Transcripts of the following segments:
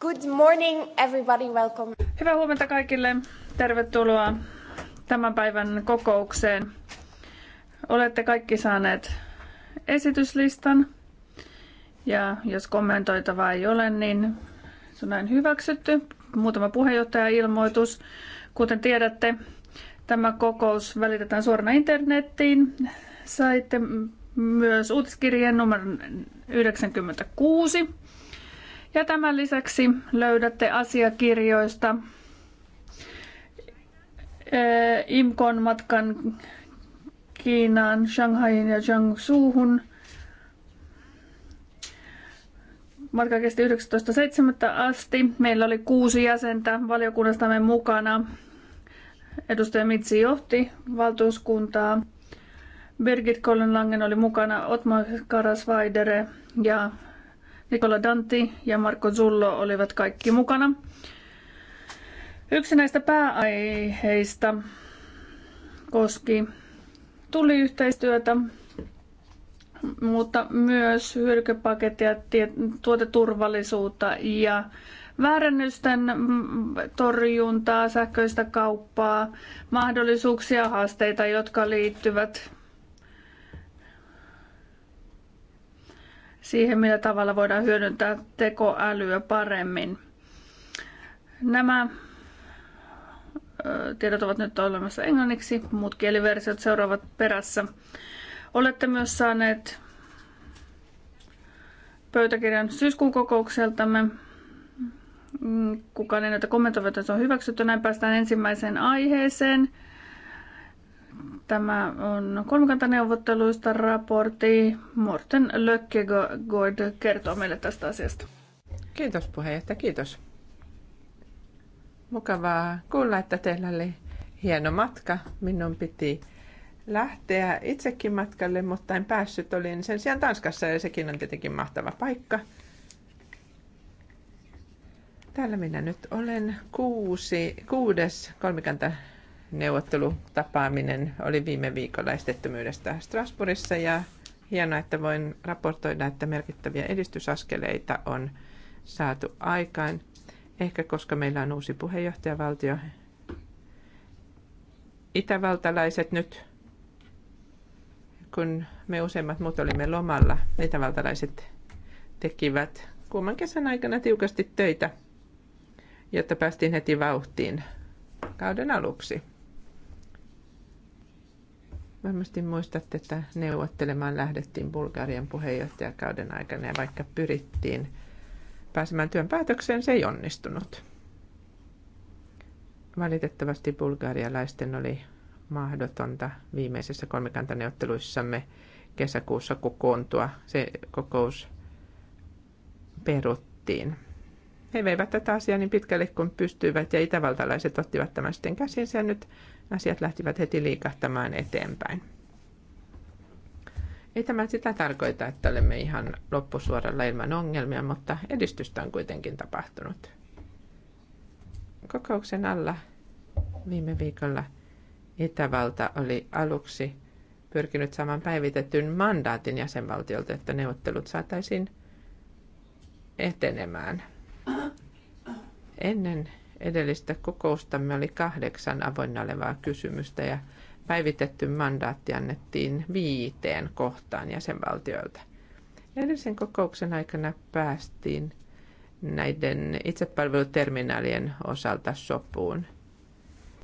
Good morning everybody, welcome. Hyvää huomenta kaikille. Tervetuloa tämän päivän kokoukseen. Olette kaikki saaneet esityslistan. Ja jos kommentoitavaa ei ole, niin se on näin hyväksytty. Muutama puheenjohtajailmoitus. Kuten tiedätte, tämä kokous välitetään suorana internettiin. Saitte myös uutiskirjeen numero 96 ja tämän lisäksi löydätte asiakirjoista eh, IMKON matkan Kiinaan, Shanghaiin ja Jiangsuuhun. Matka kesti 19.7. asti. Meillä oli kuusi jäsentä valiokunnastamme mukana. Edustaja Mitsi johti valtuuskuntaa. Birgit Kollenlangen oli mukana, Otmar Karasvaidere ja Nicola Danti ja Marco Zullo olivat kaikki mukana. Yksi näistä pääaiheista koski tuliyhteistyötä, mutta myös hyödykepaketia, tuoteturvallisuutta ja väärännysten torjuntaa, sähköistä kauppaa, mahdollisuuksia, haasteita, jotka liittyvät siihen, millä tavalla voidaan hyödyntää tekoälyä paremmin. Nämä tiedot ovat nyt olemassa englanniksi, muut kieliversiot seuraavat perässä. Olette myös saaneet pöytäkirjan syyskuun kokoukseltamme. Kukaan ei näitä kommentoivat, että se on hyväksytty. Näin päästään ensimmäiseen aiheeseen. Tämä on kolmikantaneuvotteluista raportti. Morten Lökkegoid kertoo meille tästä asiasta. Kiitos puheenjohtaja, kiitos. Mukavaa kuulla, että teillä oli hieno matka. Minun piti lähteä itsekin matkalle, mutta en päässyt. Olin sen sijaan Tanskassa ja sekin on tietenkin mahtava paikka. Täällä minä nyt olen kuusi, kuudes kolmikanta neuvottelutapaaminen oli viime viikolla estettömyydestä Strasbourgissa ja hienoa, että voin raportoida, että merkittäviä edistysaskeleita on saatu aikaan. Ehkä koska meillä on uusi puheenjohtajavaltio. Itävaltalaiset nyt, kun me useimmat muut olimme lomalla, itävaltalaiset tekivät kuuman kesän aikana tiukasti töitä, jotta päästiin heti vauhtiin kauden aluksi. Varmasti muistatte, että neuvottelemaan lähdettiin Bulgarian puheenjohtajakauden aikana ja vaikka pyrittiin pääsemään työn päätökseen, se ei onnistunut. Valitettavasti bulgarialaisten oli mahdotonta viimeisessä kolmikantaneuvotteluissamme kesäkuussa kokoontua. Se kokous peruttiin he veivät tätä asiaa niin pitkälle kuin pystyivät ja itävaltalaiset ottivat tämän sitten käsinsä ja nyt asiat lähtivät heti liikahtamaan eteenpäin. Ei tämä sitä tarkoita, että olemme ihan loppusuoralla ilman ongelmia, mutta edistystä on kuitenkin tapahtunut. Kokouksen alla viime viikolla Itävalta oli aluksi pyrkinyt saamaan päivitetyn mandaatin jäsenvaltiolta, että neuvottelut saataisiin etenemään. Ennen edellistä kokoustamme oli kahdeksan avoinna olevaa kysymystä ja päivitetty mandaatti annettiin viiteen kohtaan jäsenvaltioilta. Edellisen kokouksen aikana päästiin näiden itsepalveluterminaalien osalta sopuun.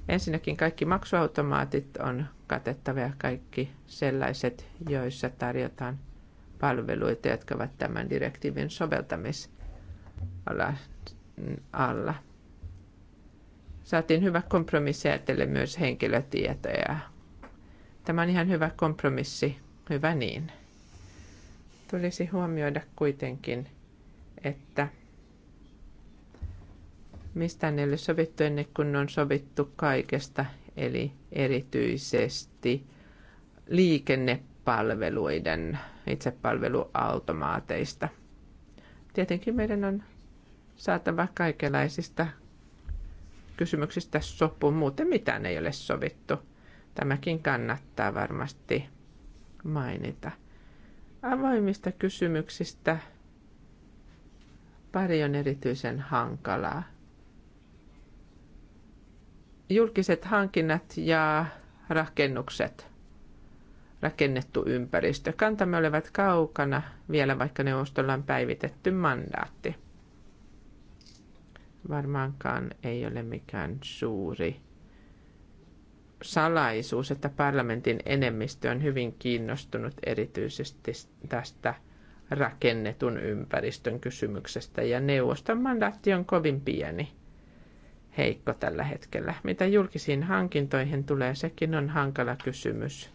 Ensinnäkin kaikki maksuautomaatit on katettava ja kaikki sellaiset, joissa tarjotaan palveluita, jotka ovat tämän direktiivin soveltamis- alla, alla. Saatiin hyvä kompromissi ajatellen myös henkilötietoja. Tämä on ihan hyvä kompromissi, hyvä niin. Tulisi huomioida kuitenkin, että mistään ei ole sovittu ennen kuin on sovittu kaikesta, eli erityisesti liikennepalveluiden itsepalveluautomaateista – Tietenkin meidän on saatava kaikenlaisista kysymyksistä sopu, muuten mitään ei ole sovittu. Tämäkin kannattaa varmasti mainita. Avoimista kysymyksistä pari on erityisen hankalaa. Julkiset hankinnat ja rakennukset – rakennettu ympäristö. Kantamme olevat kaukana vielä, vaikka neuvostolla on päivitetty mandaatti. Varmaankaan ei ole mikään suuri salaisuus, että parlamentin enemmistö on hyvin kiinnostunut erityisesti tästä rakennetun ympäristön kysymyksestä ja neuvoston mandaatti on kovin pieni heikko tällä hetkellä. Mitä julkisiin hankintoihin tulee, sekin on hankala kysymys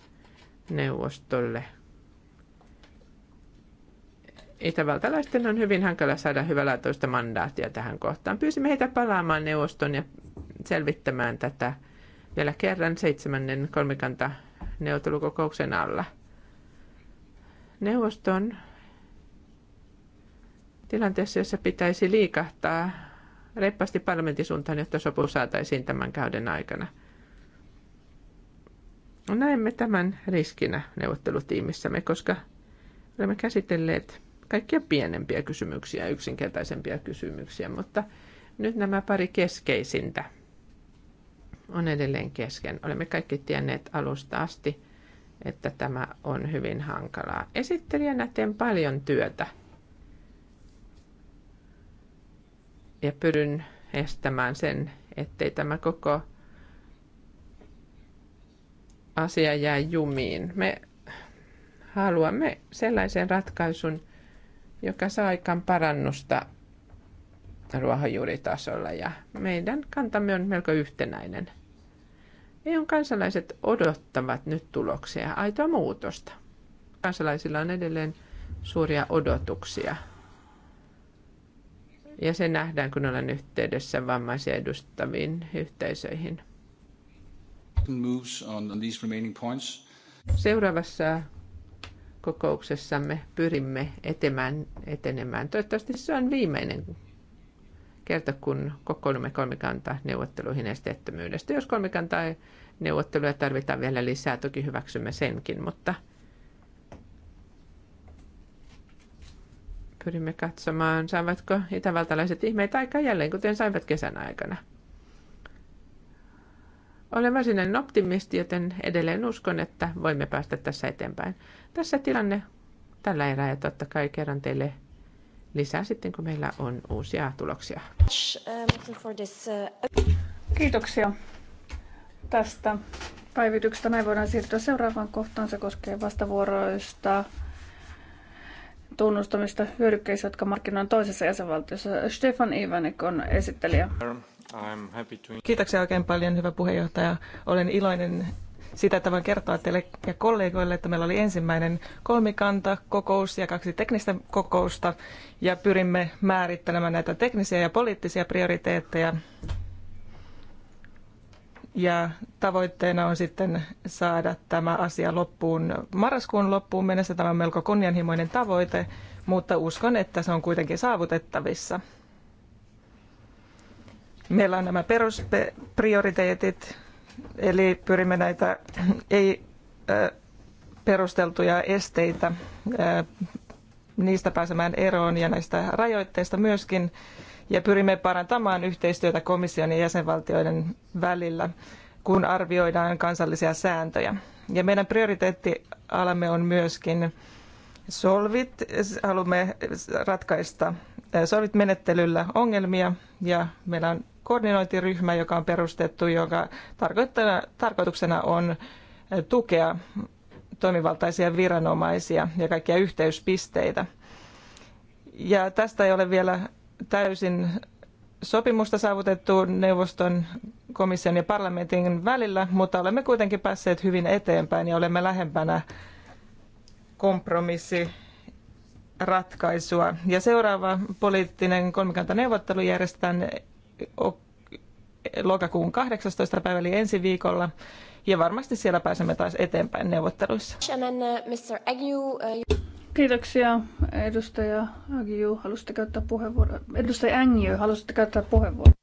neuvostolle. Itävaltalaisten on hyvin hankala saada hyvälaatuista mandaattia tähän kohtaan. Pyysimme heitä palaamaan neuvoston ja selvittämään tätä vielä kerran seitsemännen kolmikanta neuvottelukokouksen alla. Neuvoston tilanteessa, jossa pitäisi liikahtaa reippaasti parlamentin suuntaan, jotta sopu saataisiin tämän käyden aikana – näemme tämän riskinä neuvottelutiimissämme, koska olemme käsitelleet kaikkia pienempiä kysymyksiä, yksinkertaisempia kysymyksiä, mutta nyt nämä pari keskeisintä on edelleen kesken. Olemme kaikki tienneet alusta asti, että tämä on hyvin hankalaa. Esittelijänä teen paljon työtä ja pyrin estämään sen, ettei tämä koko asia jää jumiin. Me haluamme sellaisen ratkaisun, joka saa aikaan parannusta ruohonjuuritasolla ja meidän kantamme on melko yhtenäinen. EUn kansalaiset odottavat nyt tuloksia, aitoa muutosta. Kansalaisilla on edelleen suuria odotuksia. Ja se nähdään, kun ollaan yhteydessä vammaisia edustaviin yhteisöihin – Seuraavassa kokouksessamme pyrimme etemään, etenemään. Toivottavasti se on viimeinen kerta, kun kokoonnumme kolmikanta neuvotteluihin esteettömyydestä. Jos kolmikanta neuvotteluja tarvitaan vielä lisää, toki hyväksymme senkin, mutta pyrimme katsomaan, saavatko itävaltalaiset ihmeitä aikaa jälleen, kuten saivat kesän aikana. Olen varsinainen optimisti, joten edelleen uskon, että voimme päästä tässä eteenpäin. Tässä tilanne tällä erää ja totta kai kerran teille lisää sitten, kun meillä on uusia tuloksia. Kiitoksia tästä päivityksestä. Näin voidaan siirtyä seuraavaan kohtaan. Se koskee vastavuoroista tunnustamista hyödykkeistä, jotka markkinoin toisessa jäsenvaltiossa. Stefan Ivanik on esittelijä. Kiitoksia oikein paljon, hyvä puheenjohtaja. Olen iloinen sitä, että voin kertoa teille ja kollegoille, että meillä oli ensimmäinen kolmikanta kokous ja kaksi teknistä kokousta ja pyrimme määrittelemään näitä teknisiä ja poliittisia prioriteetteja. Ja tavoitteena on sitten saada tämä asia loppuun marraskuun loppuun mennessä. Tämä on melko kunnianhimoinen tavoite, mutta uskon, että se on kuitenkin saavutettavissa. Meillä on nämä perusprioriteetit, eli pyrimme näitä ei perusteltuja esteitä niistä pääsemään eroon ja näistä rajoitteista myöskin. Ja pyrimme parantamaan yhteistyötä komission ja jäsenvaltioiden välillä, kun arvioidaan kansallisia sääntöjä. Ja meidän prioriteettialamme on myöskin solvit. Haluamme ratkaista solvit-menettelyllä ongelmia ja meillä on koordinointiryhmä, joka on perustettu, jonka tarkoituksena on tukea toimivaltaisia viranomaisia ja kaikkia yhteyspisteitä. Ja tästä ei ole vielä täysin sopimusta saavutettu neuvoston, komission ja parlamentin välillä, mutta olemme kuitenkin päässeet hyvin eteenpäin ja olemme lähempänä kompromissiratkaisua. Ja seuraava poliittinen kolmikantaneuvottelu järjestetään lokakuun 18. päivä eli ensi viikolla. Ja varmasti siellä pääsemme taas eteenpäin neuvotteluissa. Uh, uh, Kiitoksia edustaja Agiu Halusitte käyttää puheenvuoron? Edustaja Agiu halusitte käyttää puheenvuoron?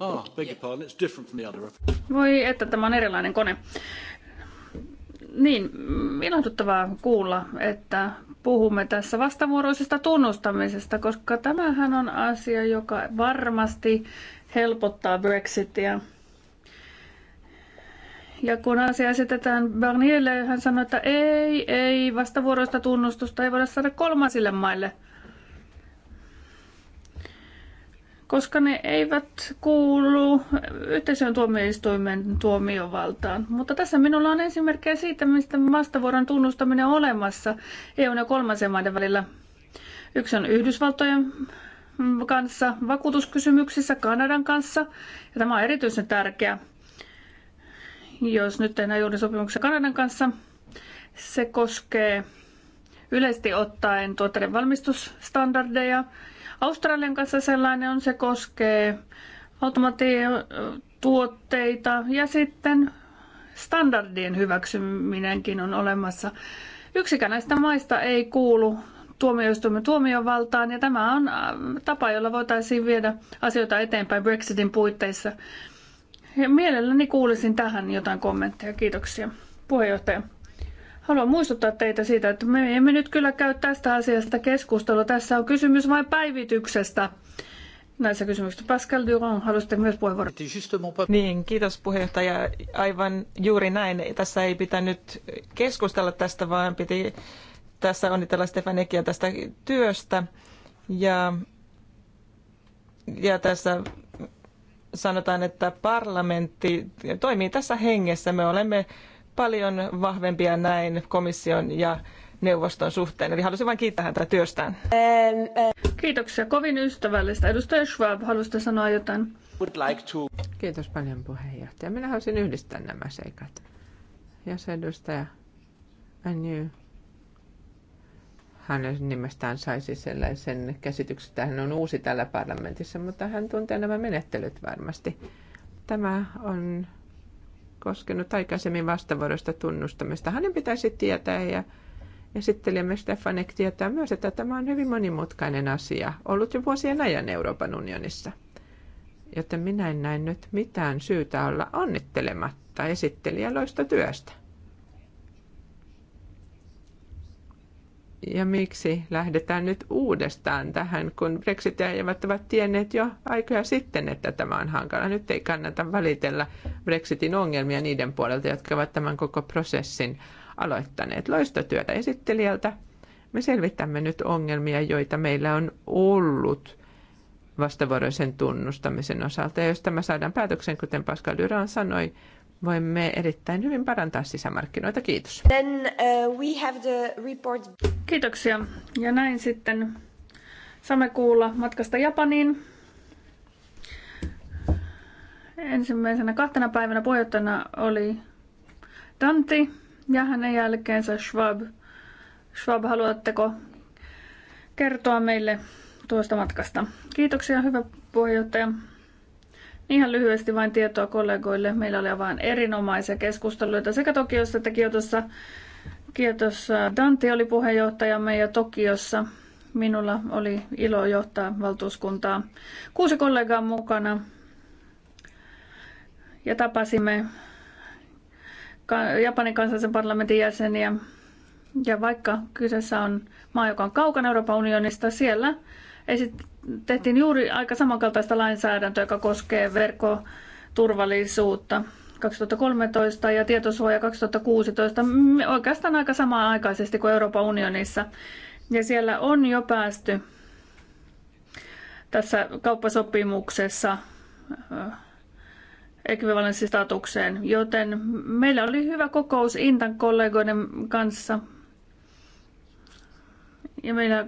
Ah, beg your pardon, it's different from the other. Voi että tämä on erilainen kone. Niin, ilahduttavaa kuulla, että puhumme tässä vastavuoroisesta tunnustamisesta, koska tämähän on asia, joka varmasti helpottaa Brexitia. Ja kun asia esitetään Barnierille, hän sanoi, että ei, ei, vastavuoroista tunnustusta ei voida saada kolmansille maille – koska ne eivät kuulu yhteisön tuomioistuimen tuomiovaltaan. Mutta tässä minulla on esimerkkejä siitä, mistä vastavuoron tunnustaminen on olemassa EUn ja kolmansien maiden välillä. Yksi on Yhdysvaltojen kanssa, vakuutuskysymyksissä Kanadan kanssa, ja tämä on erityisen tärkeä, jos nyt tehdään juuri sopimuksia Kanadan kanssa. Se koskee yleisesti ottaen tuotteiden valmistusstandardeja, Australian kanssa sellainen on, se koskee automaattituotteita ja sitten standardien hyväksyminenkin on olemassa. Yksikään näistä maista ei kuulu tuomioistuimen tuomiovaltaan ja tämä on äh, tapa, jolla voitaisiin viedä asioita eteenpäin Brexitin puitteissa. Ja mielelläni kuulisin tähän jotain kommentteja. Kiitoksia puheenjohtaja. Haluan muistuttaa teitä siitä, että me emme nyt kyllä käy tästä asiasta keskustelua. Tässä on kysymys vain päivityksestä näissä kysymyksissä. Pascal Durand, haluaisitte myös puheenvuoron. Niin, kiitos puheenjohtaja. Aivan juuri näin. Tässä ei pitänyt keskustella tästä, vaan piti tässä onnitella Stefanekia tästä työstä. Ja, ja tässä sanotaan, että parlamentti toimii tässä hengessä. Me olemme paljon vahvempia näin komission ja neuvoston suhteen. Eli halusin vain kiittää häntä työstään. Kiitoksia. Kovin ystävällistä. Edustaja Schwab, haluaisitte sanoa jotain? Would like to... Kiitos paljon puheenjohtaja. Minä haluaisin yhdistää nämä seikat. Jos edustaja Anju hänen nimestään saisi sellaisen käsityksen, että hän on uusi täällä parlamentissa, mutta hän tuntee nämä menettelyt varmasti. Tämä on koskenut aikaisemmin vastavuoroista tunnustamista. Hänen pitäisi tietää ja esittelemme Stefanek tietää myös, että tämä on hyvin monimutkainen asia, ollut jo vuosien ajan Euroopan unionissa. Joten minä en näe nyt mitään syytä olla onnittelematta esittelijä loista työstä. ja miksi lähdetään nyt uudestaan tähän, kun Brexit-äijät ovat tienneet jo aikoja sitten, että tämä on hankala. Nyt ei kannata valitella Brexitin ongelmia niiden puolelta, jotka ovat tämän koko prosessin aloittaneet. Loistotyötä esittelijältä. Me selvitämme nyt ongelmia, joita meillä on ollut vastavuoroisen tunnustamisen osalta. Ja jos tämä saadaan päätöksen, kuten Pascal Duran sanoi, voimme erittäin hyvin parantaa sisämarkkinoita. Kiitos. Then, uh, we have the report. Kiitoksia. Ja näin sitten saamme kuulla matkasta Japaniin. Ensimmäisenä kahtena päivänä puheenjohtajana oli Tanti ja hänen jälkeensä Schwab. Schwab, haluatteko kertoa meille tuosta matkasta? Kiitoksia, hyvä puheenjohtaja. Ihan lyhyesti vain tietoa kollegoille. Meillä oli vain erinomaisia keskusteluita sekä Tokiossa että Kiotossa. Kiotossa Dante oli puheenjohtajamme ja Tokiossa minulla oli ilo johtaa valtuuskuntaa. Kuusi kollegaa mukana ja tapasimme Japanin kansallisen parlamentin jäseniä. Ja vaikka kyseessä on maa, joka on kaukana Euroopan unionista, siellä esit- tehtiin juuri aika samankaltaista lainsäädäntöä, joka koskee verkkoturvallisuutta 2013 ja tietosuoja 2016, mm, oikeastaan aika samaan aikaisesti kuin Euroopan unionissa. Ja siellä on jo päästy tässä kauppasopimuksessa ekvivalenssistatukseen, joten meillä oli hyvä kokous Intan kollegoiden kanssa. Ja meillä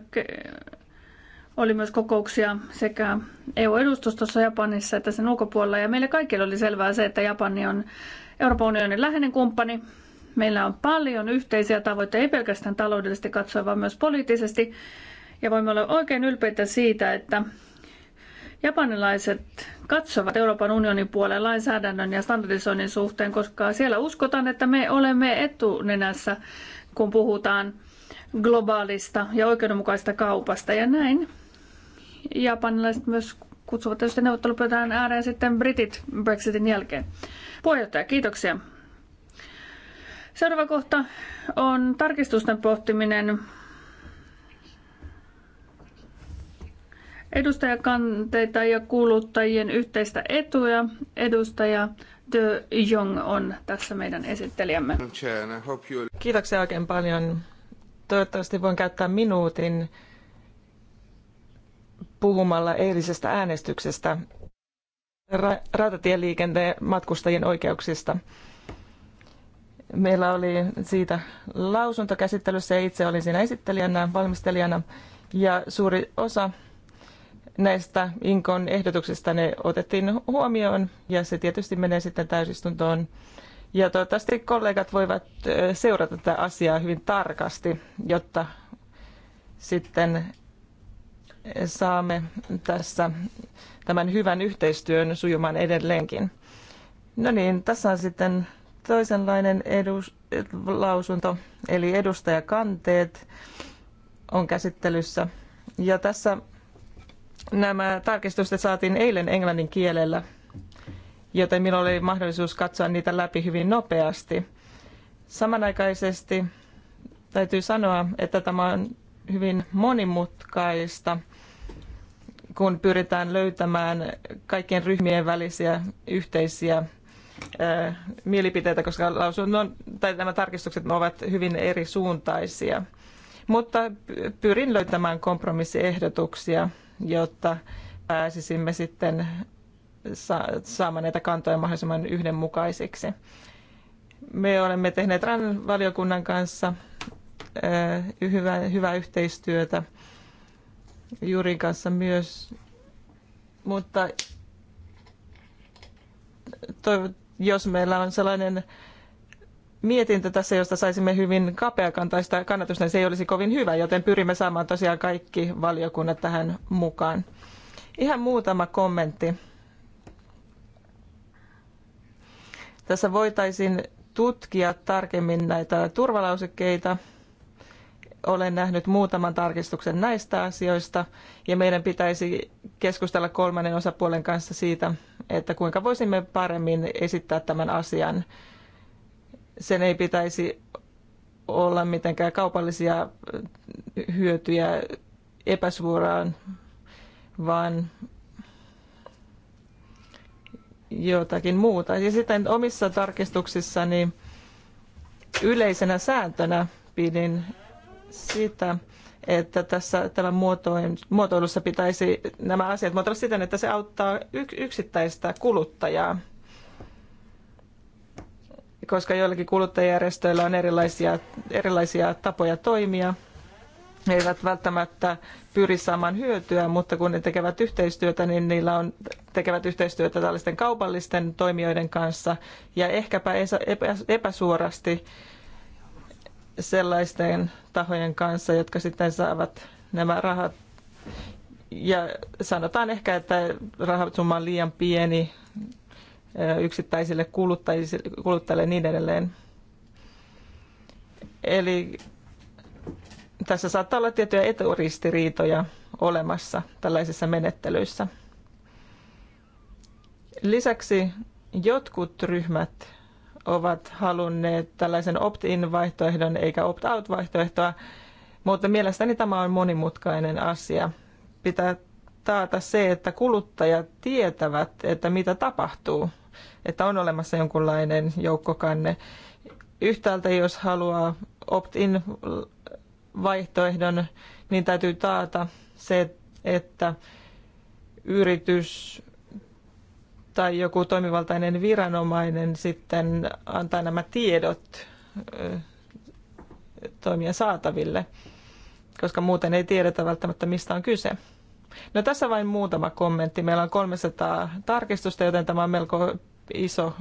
oli myös kokouksia sekä EU-edustustossa Japanissa että sen ulkopuolella. Ja meille kaikille oli selvää se, että Japani on Euroopan unionin läheinen kumppani. Meillä on paljon yhteisiä tavoitteita, ei pelkästään taloudellisesti katsoen, vaan myös poliittisesti. Ja voimme olla oikein ylpeitä siitä, että japanilaiset katsovat Euroopan unionin puolen lainsäädännön ja standardisoinnin suhteen, koska siellä uskotaan, että me olemme etunenässä, kun puhutaan globaalista ja oikeudenmukaista kaupasta. Ja näin Japanilaiset myös kutsuvat tietysti neuvottelupöytään ääreen sitten britit Brexitin jälkeen. Puheenjohtaja, kiitoksia. Seuraava kohta on tarkistusten pohtiminen. Edustajakanteita ja kuluttajien yhteistä etuja. Edustaja De Jong on tässä meidän esittelijämme. Kiitoksia oikein paljon. Toivottavasti voin käyttää minuutin puhumalla eilisestä äänestyksestä ra- rautatieliikenteen matkustajien oikeuksista. Meillä oli siitä lausuntokäsittelyssä ja itse olin siinä esittelijänä, valmistelijana ja suuri osa näistä Inkon ehdotuksista ne otettiin huomioon ja se tietysti menee sitten täysistuntoon. Ja toivottavasti kollegat voivat seurata tätä asiaa hyvin tarkasti, jotta sitten saamme tässä tämän hyvän yhteistyön sujumaan edelleenkin. No niin, tässä on sitten toisenlainen edus, lausunto, eli edustajakanteet on käsittelyssä. Ja tässä nämä tarkistukset saatiin eilen englannin kielellä, joten minulla oli mahdollisuus katsoa niitä läpi hyvin nopeasti. Samanaikaisesti täytyy sanoa, että tämä on hyvin monimutkaista kun pyritään löytämään kaikkien ryhmien välisiä yhteisiä mielipiteitä, koska lausunnon, tai nämä tarkistukset ovat hyvin eri suuntaisia. Mutta pyrin löytämään kompromissiehdotuksia, jotta pääsisimme sitten sa- saamaan näitä kantoja mahdollisimman yhdenmukaisiksi. Me olemme tehneet RAN-valiokunnan kanssa hyvää, hyvää yhteistyötä Jurin kanssa myös, mutta jos meillä on sellainen mietintö tässä, josta saisimme hyvin kapeakantaista kannatusta, niin se ei olisi kovin hyvä, joten pyrimme saamaan tosiaan kaikki valiokunnat tähän mukaan. Ihan muutama kommentti. Tässä voitaisiin tutkia tarkemmin näitä turvalausekkeita – olen nähnyt muutaman tarkistuksen näistä asioista ja meidän pitäisi keskustella kolmannen osapuolen kanssa siitä, että kuinka voisimme paremmin esittää tämän asian. Sen ei pitäisi olla mitenkään kaupallisia hyötyjä epäsuoraan, vaan jotakin muuta. Ja sitten omissa tarkistuksissani yleisenä sääntönä pidin sitä, että tässä tällä muotoilussa pitäisi nämä asiat muotoilla siten, että se auttaa yksittäistä kuluttajaa. Koska joillakin kuluttajajärjestöillä on erilaisia, erilaisia tapoja toimia, he eivät välttämättä pyri saamaan hyötyä, mutta kun ne tekevät yhteistyötä, niin niillä on, tekevät yhteistyötä tällaisten kaupallisten toimijoiden kanssa ja ehkäpä epäsuorasti sellaisten tahojen kanssa, jotka sitten saavat nämä rahat. Ja sanotaan ehkä, että rahasumma on liian pieni yksittäisille kuluttajille, kuluttajille ja niin edelleen. Eli tässä saattaa olla tiettyjä eturistiriitoja olemassa tällaisissa menettelyissä. Lisäksi jotkut ryhmät ovat halunneet tällaisen opt-in-vaihtoehdon eikä opt-out-vaihtoehtoa, mutta mielestäni tämä on monimutkainen asia. Pitää taata se, että kuluttajat tietävät, että mitä tapahtuu, että on olemassa jonkunlainen joukkokanne. Yhtäältä jos haluaa opt-in vaihtoehdon, niin täytyy taata se, että yritys tai joku toimivaltainen viranomainen sitten antaa nämä tiedot toimien saataville, koska muuten ei tiedetä välttämättä mistä on kyse. No tässä vain muutama kommentti. Meillä on 300 tarkistusta, joten tämä on melko iso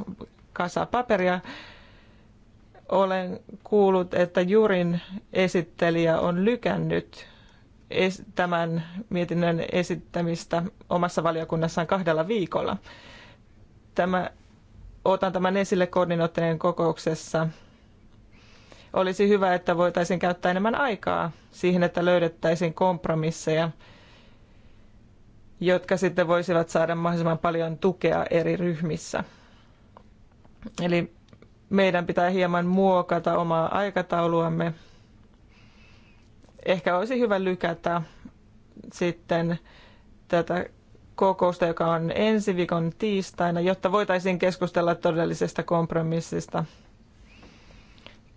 kasa paperia. Olen kuullut, että Jurin esittelijä on lykännyt tämän mietinnön esittämistä omassa valiokunnassaan kahdella viikolla. Tämä, otan tämän esille koordinoittajien kokouksessa. Olisi hyvä, että voitaisiin käyttää enemmän aikaa siihen, että löydettäisiin kompromisseja, jotka sitten voisivat saada mahdollisimman paljon tukea eri ryhmissä. Eli meidän pitää hieman muokata omaa aikatauluamme. Ehkä olisi hyvä lykätä sitten tätä kokousta, joka on ensi viikon tiistaina, jotta voitaisiin keskustella todellisesta kompromissista.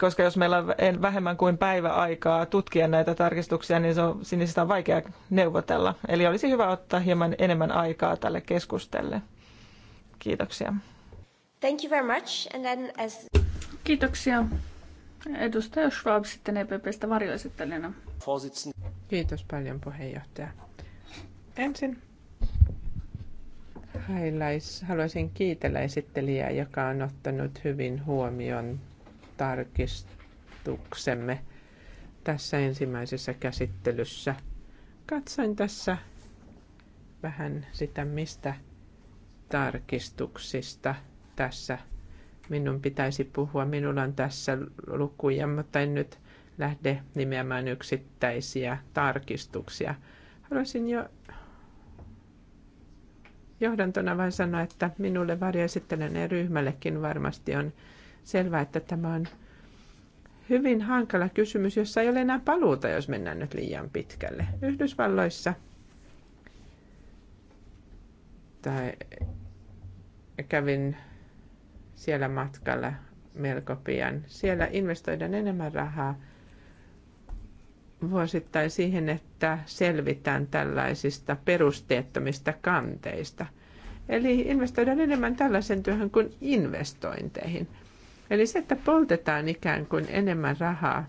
Koska jos meillä on vähemmän kuin päivä aikaa tutkia näitä tarkistuksia, niin, se on, sinisistä on vaikea neuvotella. Eli olisi hyvä ottaa hieman enemmän aikaa tälle keskustelle. Kiitoksia. Thank you very much. And then as... Kiitoksia. Edustaja Schwab sitten EPPstä varjoesittelijänä. Kiitos paljon puheenjohtaja. Ensin Highlights. Haluaisin kiitellä esittelijää, joka on ottanut hyvin huomioon tarkistuksemme tässä ensimmäisessä käsittelyssä. Katsoin tässä vähän sitä, mistä tarkistuksista tässä minun pitäisi puhua. Minulla on tässä lukuja, mutta en nyt lähde nimeämään yksittäisiä tarkistuksia. Haluaisin jo johdantona vain sanoa, että minulle varjoesittelen ja ryhmällekin varmasti on selvää, että tämä on hyvin hankala kysymys, jossa ei ole enää paluuta, jos mennään nyt liian pitkälle. Yhdysvalloissa tai kävin siellä matkalla melko pian. Siellä investoidaan enemmän rahaa vuosittain siihen, että selvitään tällaisista perusteettomista kanteista. Eli investoidaan enemmän tällaisen työhön kuin investointeihin. Eli se, että poltetaan ikään kuin enemmän rahaa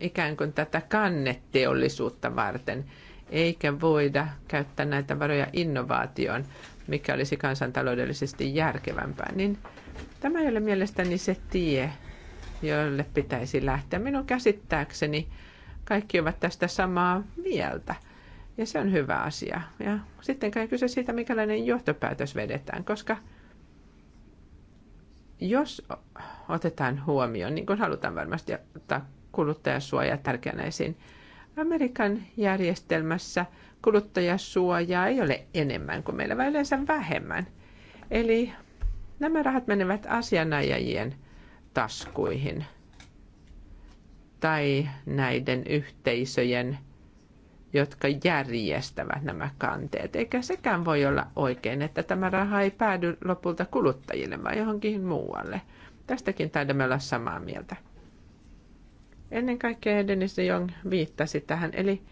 ikään kuin tätä kanneteollisuutta varten, eikä voida käyttää näitä varoja innovaatioon, mikä olisi kansantaloudellisesti järkevämpää, niin tämä ei ole mielestäni se tie, jolle pitäisi lähteä. Minun käsittääkseni kaikki ovat tästä samaa mieltä. Ja se on hyvä asia. Ja sitten kai kyse siitä, mikälainen johtopäätös vedetään, koska jos otetaan huomioon, niin kuin halutaan varmasti ottaa kuluttajasuojaa tärkeänä esiin, Amerikan järjestelmässä kuluttajasuojaa ei ole enemmän kuin meillä, vaan yleensä vähemmän. Eli nämä rahat menevät asianajajien taskuihin tai näiden yhteisöjen, jotka järjestävät nämä kanteet. Eikä sekään voi olla oikein, että tämä raha ei päädy lopulta kuluttajille, vaan johonkin muualle. Tästäkin taidamme olla samaa mieltä. Ennen kaikkea Dennis de Jong viittasi tähän, eli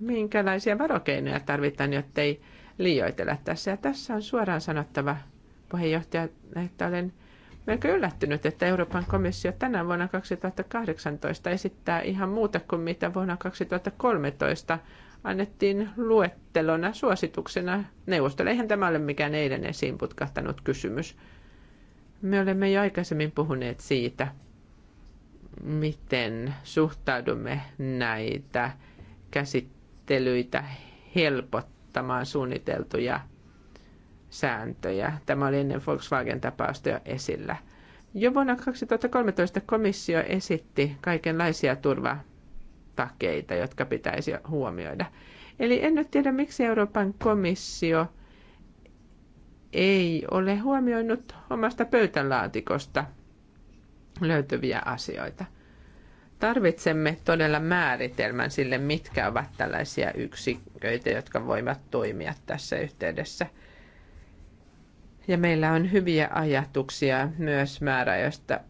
minkälaisia varokeinoja tarvitaan, jottei liioitella tässä. Ja tässä on suoraan sanottava puheenjohtaja, että olen – melko yllättynyt, että Euroopan komissio tänä vuonna 2018 esittää ihan muuta kuin mitä vuonna 2013 annettiin luettelona suosituksena neuvostolle. Eihän tämä ole mikään eilen esiin putkahtanut kysymys. Me olemme jo aikaisemmin puhuneet siitä, miten suhtaudumme näitä käsittelyitä helpottamaan suunniteltuja sääntöjä. Tämä oli ennen Volkswagen-tapausta jo esillä. Jo vuonna 2013 komissio esitti kaikenlaisia turvatakeita, jotka pitäisi huomioida. Eli en nyt tiedä, miksi Euroopan komissio ei ole huomioinut omasta pöytälaatikosta löytyviä asioita. Tarvitsemme todella määritelmän sille, mitkä ovat tällaisia yksiköitä, jotka voivat toimia tässä yhteydessä – ja meillä on hyviä ajatuksia myös määräajoista.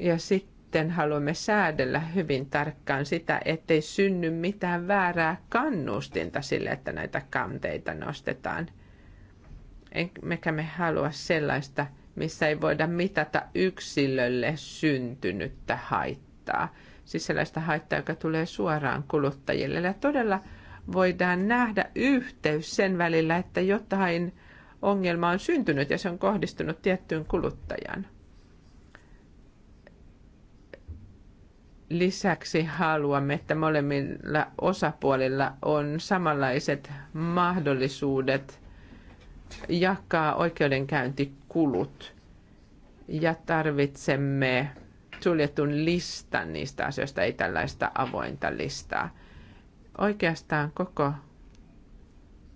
Ja sitten haluamme säädellä hyvin tarkkaan sitä, ettei synny mitään väärää kannustinta sille, että näitä kanteita nostetaan. mekä me halua sellaista, missä ei voida mitata yksilölle syntynyttä haittaa. Siis sellaista haittaa, joka tulee suoraan kuluttajille. Ja todella voidaan nähdä yhteys sen välillä, että jotain – ongelma on syntynyt ja se on kohdistunut tiettyyn kuluttajaan. Lisäksi haluamme, että molemmilla osapuolilla on samanlaiset mahdollisuudet jakaa oikeudenkäyntikulut ja tarvitsemme suljetun listan niistä asioista, ei tällaista avointa listaa. Oikeastaan koko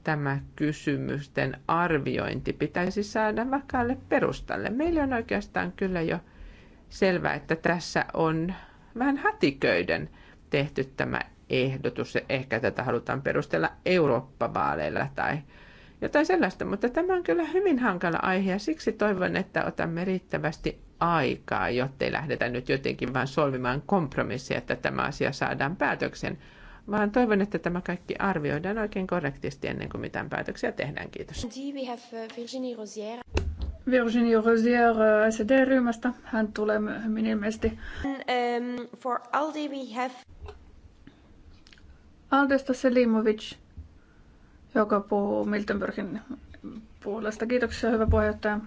tämä kysymysten arviointi pitäisi saada vakaalle perustalle. Meillä on oikeastaan kyllä jo selvää, että tässä on vähän hätiköiden tehty tämä ehdotus. Ehkä tätä halutaan perustella Eurooppa-vaaleilla tai jotain sellaista, mutta tämä on kyllä hyvin hankala aihe ja siksi toivon, että otamme riittävästi aikaa, jotta ei lähdetä nyt jotenkin vain solvimaan kompromissia, että tämä asia saadaan päätöksen vaan toivon, että tämä kaikki arvioidaan oikein korrektisti ennen kuin mitään päätöksiä tehdään. Kiitos. Uh, Virginie Rosier uh, SD-ryhmästä. Hän tulee myöhemmin ilmeisesti. Um, for Aldi we have... Aldesta Selimovic, joka puhuu Miltenbergin puolesta. Kiitoksia, hyvä puheenjohtaja.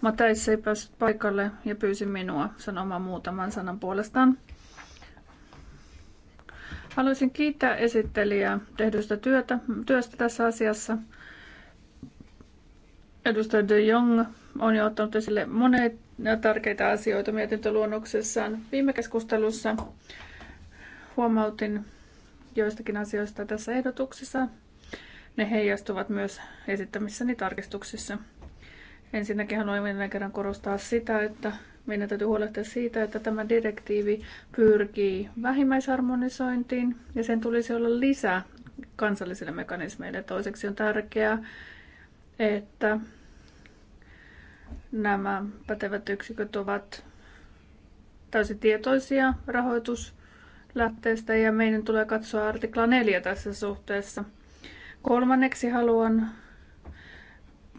Matthijs ei päässyt paikalle ja pyysi minua sanomaan muutaman sanan puolestaan. Haluaisin kiittää esittelijää tehdystä työtä, työstä tässä asiassa. Edustaja De Jong on jo ottanut esille monia tärkeitä asioita mietintöluonnoksessaan. Viime keskustelussa huomautin joistakin asioista tässä ehdotuksessa. Ne heijastuvat myös esittämissäni tarkistuksissa. Ensinnäkin haluan vielä kerran korostaa sitä, että meidän täytyy huolehtia siitä, että tämä direktiivi pyrkii vähimmäisharmonisointiin ja sen tulisi olla lisä kansallisille mekanismeille. Toiseksi on tärkeää, että nämä pätevät yksiköt ovat täysin tietoisia rahoituslähteistä ja meidän tulee katsoa artikla 4 tässä suhteessa. Kolmanneksi haluan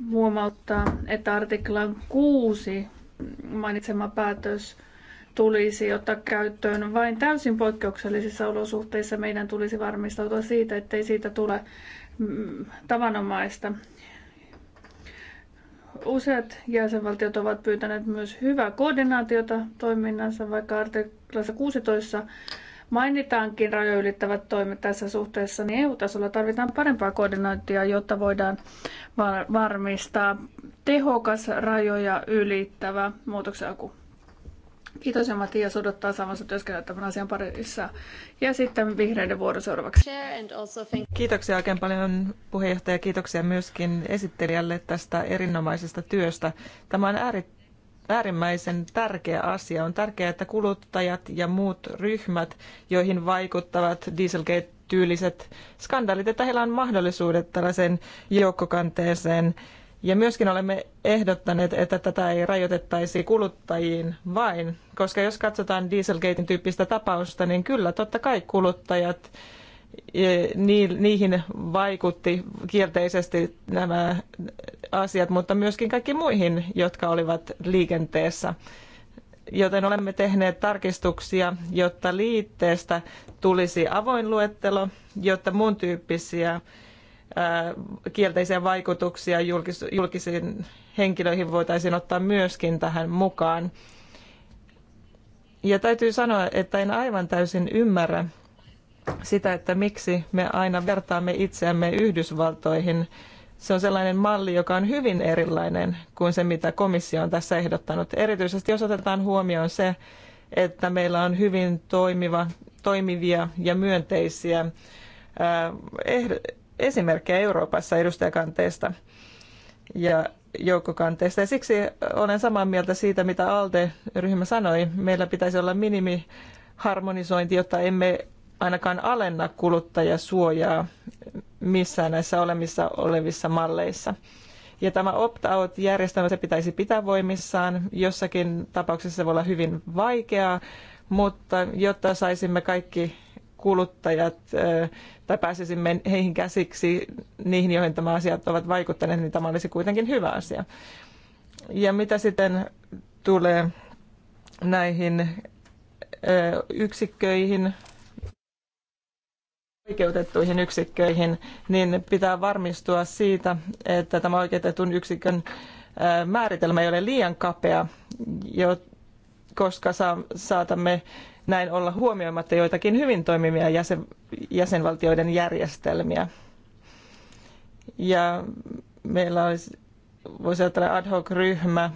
huomauttaa, että artiklan 6 mainitsema päätös tulisi ottaa käyttöön vain täysin poikkeuksellisissa olosuhteissa. Meidän tulisi varmistautua siitä, ettei siitä tule mm, tavanomaista. Useat jäsenvaltiot ovat pyytäneet myös hyvää koordinaatiota toiminnassa, vaikka artiklassa 16 mainitaankin rajoja ylittävät toimet tässä suhteessa, niin EU-tasolla tarvitaan parempaa koordinointia, jotta voidaan varmistaa tehokas rajoja ylittävä muutoksenhaku. Kiitos ja Matias odottaa samassa työskennellä tämän asian parissa. Ja sitten vihreiden vuoro seuraavaksi. Kiitoksia oikein paljon puheenjohtaja. Kiitoksia myöskin esittelijälle tästä erinomaisesta työstä. Tämä on äärettömän äärimmäisen tärkeä asia. On tärkeää, että kuluttajat ja muut ryhmät, joihin vaikuttavat Dieselgate-tyyliset skandaalit, että heillä on mahdollisuudet tällaiseen joukkokanteeseen. Ja myöskin olemme ehdottaneet, että tätä ei rajoitettaisi kuluttajiin vain, koska jos katsotaan Dieselgatein tyyppistä tapausta, niin kyllä totta kai kuluttajat eh, niihin vaikutti kielteisesti nämä asiat, mutta myöskin kaikki muihin, jotka olivat liikenteessä. Joten olemme tehneet tarkistuksia, jotta liitteestä tulisi avoin luettelo, jotta muun tyyppisiä kielteisiä vaikutuksia julkis- julkisiin henkilöihin voitaisiin ottaa myöskin tähän mukaan. Ja täytyy sanoa, että en aivan täysin ymmärrä sitä, että miksi me aina vertaamme itseämme Yhdysvaltoihin – se on sellainen malli, joka on hyvin erilainen kuin se, mitä komissio on tässä ehdottanut. Erityisesti jos otetaan huomioon se, että meillä on hyvin toimiva, toimivia ja myönteisiä esimerkkejä Euroopassa edustajakanteista ja joukkokanteista. Ja siksi olen samaa mieltä siitä, mitä ALDE-ryhmä sanoi. Meillä pitäisi olla minimiharmonisointi, jotta emme ainakaan alenna kuluttajasuojaa missään näissä olemissa olevissa malleissa. Ja tämä opt-out-järjestelmä, se pitäisi pitää voimissaan. Jossakin tapauksessa se voi olla hyvin vaikeaa, mutta jotta saisimme kaikki kuluttajat tai pääsisimme heihin käsiksi niihin, joihin tämä asiat ovat vaikuttaneet, niin tämä olisi kuitenkin hyvä asia. Ja mitä sitten tulee näihin yksikköihin, oikeutettuihin yksikköihin, niin pitää varmistua siitä, että tämä oikeutetun yksikön määritelmä ei ole liian kapea, koska saatamme näin olla huomioimatta joitakin hyvin toimivia jäsen, jäsenvaltioiden järjestelmiä. Ja meillä olisi, voisi olla ad hoc-ryhmä.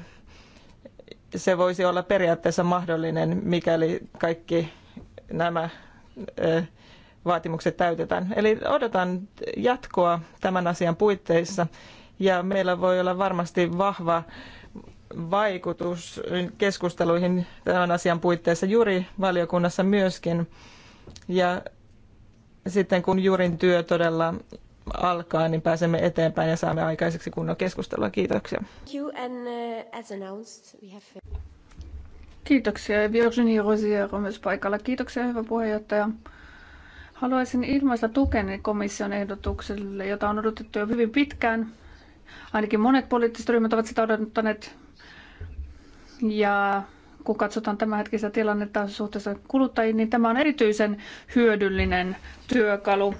Se voisi olla periaatteessa mahdollinen, mikäli kaikki nämä vaatimukset täytetään. Eli odotan jatkoa tämän asian puitteissa ja meillä voi olla varmasti vahva vaikutus keskusteluihin tämän asian puitteissa juuri valiokunnassa myöskin. Ja sitten kun jurin työ todella alkaa, niin pääsemme eteenpäin ja saamme aikaiseksi kunnon keskustelua. Kiitoksia. Uh, Kiitoksia. Virginie Rosier on myös paikalla. Kiitoksia, hyvä puheenjohtaja. Haluaisin ilmaista tukeni komission ehdotukselle, jota on odotettu jo hyvin pitkään. Ainakin monet poliittiset ryhmät ovat sitä odottaneet. Ja kun katsotaan tämänhetkistä tilannetta suhteessa kuluttajiin, niin tämä on erityisen hyödyllinen työkalu.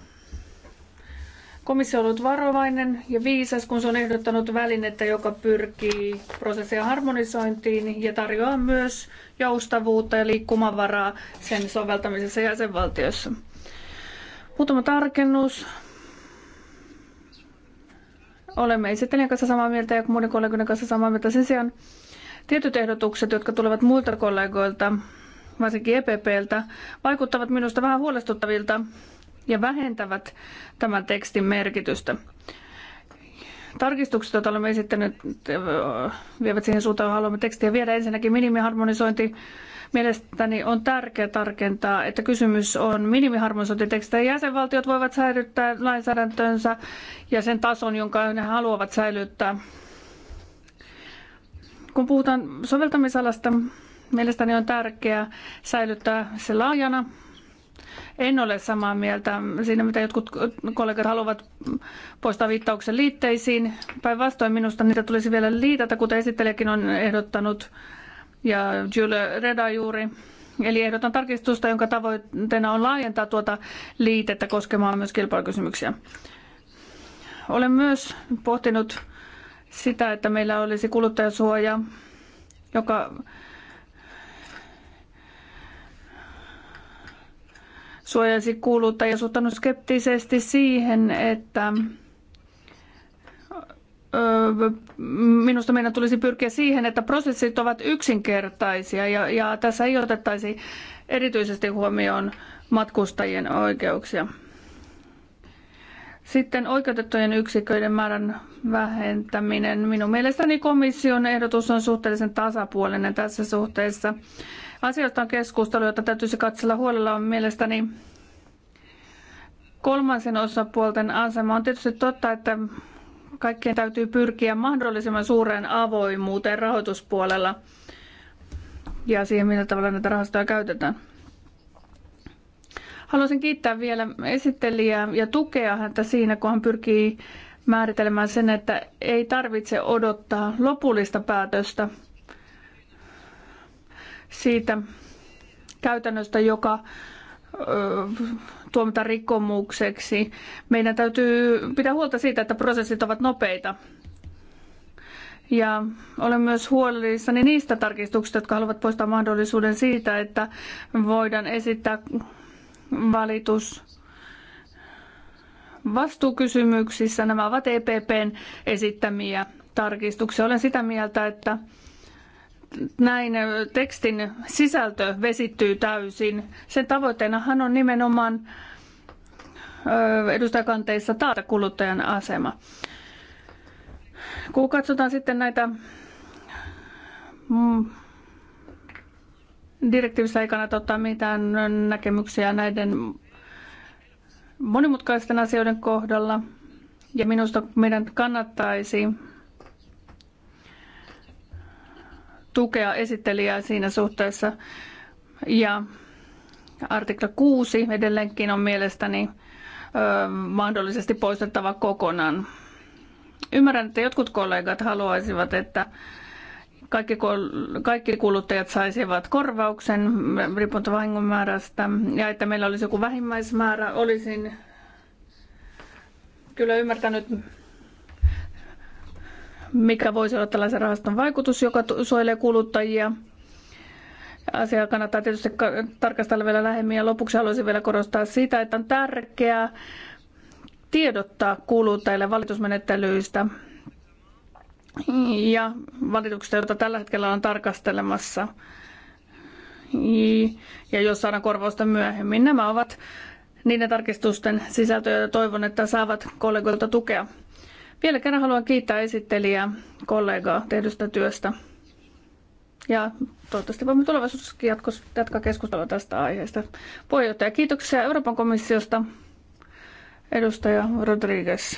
Komissio on ollut varovainen ja viisas, kun se on ehdottanut välinettä, joka pyrkii prosessia harmonisointiin ja tarjoaa myös joustavuutta ja liikkumavaraa sen soveltamisessa jäsenvaltiossa. Muutama tarkennus. Olemme esittelijän kanssa samaa mieltä ja muiden kollegoiden kanssa samaa mieltä. Sen sijaan tietyt ehdotukset, jotka tulevat muilta kollegoilta, varsinkin EPPltä, vaikuttavat minusta vähän huolestuttavilta ja vähentävät tämän tekstin merkitystä. Tarkistukset, joita olemme esittäneet, vievät siihen suuntaan, johon haluamme tekstiä viedä. Ensinnäkin minimiharmonisointi Mielestäni on tärkeää tarkentaa, että kysymys on minimiharmonisointitekstistä. Jäsenvaltiot voivat säilyttää lainsäädäntönsä ja sen tason, jonka ne haluavat säilyttää. Kun puhutaan soveltamisalasta, mielestäni on tärkeää säilyttää se laajana. En ole samaa mieltä siinä, mitä jotkut kollegat haluavat poistaa viittauksen liitteisiin. Päinvastoin minusta niitä tulisi vielä liitata, kuten esittelijäkin on ehdottanut ja Julia Reda juuri. Eli ehdotan tarkistusta, jonka tavoitteena on laajentaa tuota liitettä koskemaan myös kilpailukysymyksiä. Olen myös pohtinut sitä, että meillä olisi kuluttajasuoja, joka suojaisi kuluttajia suhtautunut skeptisesti siihen, että minusta meidän tulisi pyrkiä siihen, että prosessit ovat yksinkertaisia ja, ja tässä ei otettaisi erityisesti huomioon matkustajien oikeuksia. Sitten oikeutettujen yksiköiden määrän vähentäminen. Minun mielestäni komission ehdotus on suhteellisen tasapuolinen tässä suhteessa. Asioista on keskustelu, jota täytyisi katsella huolella on mielestäni kolmansen osapuolten asema. On tietysti totta, että kaikkien täytyy pyrkiä mahdollisimman suureen avoimuuteen rahoituspuolella ja siihen, millä tavalla näitä rahastoja käytetään. Haluaisin kiittää vielä esittelijää ja tukea häntä siinä, kun hän pyrkii määritelemään sen, että ei tarvitse odottaa lopullista päätöstä siitä käytännöstä, joka tuomita rikkomukseksi. Meidän täytyy pitää huolta siitä, että prosessit ovat nopeita. Ja olen myös huolissani niistä tarkistuksista, jotka haluavat poistaa mahdollisuuden siitä, että voidaan esittää valitus vastuukysymyksissä. Nämä ovat EPPn esittämiä tarkistuksia. Olen sitä mieltä, että näin tekstin sisältö vesittyy täysin. Sen tavoitteenahan on nimenomaan edustajakanteissa taata kuluttajan asema. Kun katsotaan sitten näitä mm, direktiivissä ei kannata ottaa mitään näkemyksiä näiden monimutkaisten asioiden kohdalla. Ja minusta meidän kannattaisi tukea esittelijää siinä suhteessa. Ja artikla 6 edelleenkin on mielestäni ö, mahdollisesti poistettava kokonaan. Ymmärrän, että jotkut kollegat haluaisivat, että kaikki, kaikki kuluttajat saisivat korvauksen riippumatta vahingon määrästä ja että meillä olisi joku vähimmäismäärä. Olisin kyllä ymmärtänyt mikä voisi olla tällaisen rahaston vaikutus, joka suojelee kuluttajia. Asia kannattaa tietysti tarkastella vielä lähemmin ja lopuksi haluaisin vielä korostaa sitä, että on tärkeää tiedottaa kuluttajille valitusmenettelyistä ja valituksista, joita tällä hetkellä on tarkastelemassa. Ja jos saadaan korvausta myöhemmin, nämä ovat niiden tarkistusten sisältöjä, joita toivon, että saavat kollegoilta tukea. Vielä kerran haluan kiittää esittelijää, kollegaa tehdystä työstä. Ja toivottavasti voimme tulevaisuudessakin jatkossa jatkaa keskustelua tästä aiheesta. Puheenjohtaja, kiitoksia Euroopan komissiosta. Edustaja Rodriguez.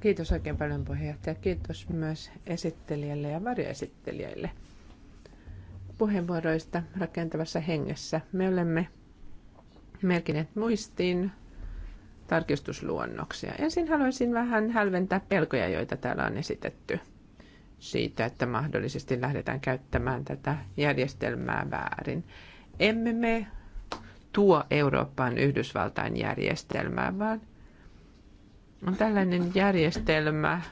Kiitos oikein paljon puheenjohtaja. Kiitos myös esittelijälle ja varjoesittelijälle puheenvuoroista rakentavassa hengessä. Me olemme merkineet muistiin tarkistusluonnoksia. Ensin haluaisin vähän hälventää pelkoja, joita täällä on esitetty siitä, että mahdollisesti lähdetään käyttämään tätä järjestelmää väärin. Emme me tuo Eurooppaan Yhdysvaltain järjestelmää, vaan on tällainen järjestelmä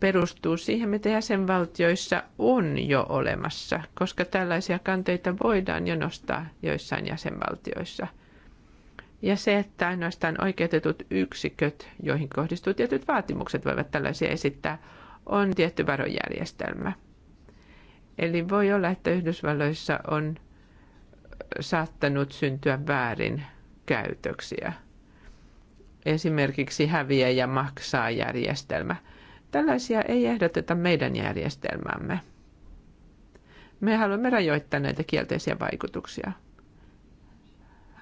perustuu siihen, mitä jäsenvaltioissa on jo olemassa, koska tällaisia kanteita voidaan jo nostaa joissain jäsenvaltioissa – ja se, että ainoastaan oikeutetut yksiköt, joihin kohdistuu tietyt vaatimukset, voivat tällaisia esittää, on tietty varojärjestelmä. Eli voi olla, että Yhdysvalloissa on saattanut syntyä väärin käytöksiä. Esimerkiksi häviä ja maksaa järjestelmä. Tällaisia ei ehdoteta meidän järjestelmämme. Me haluamme rajoittaa näitä kielteisiä vaikutuksia.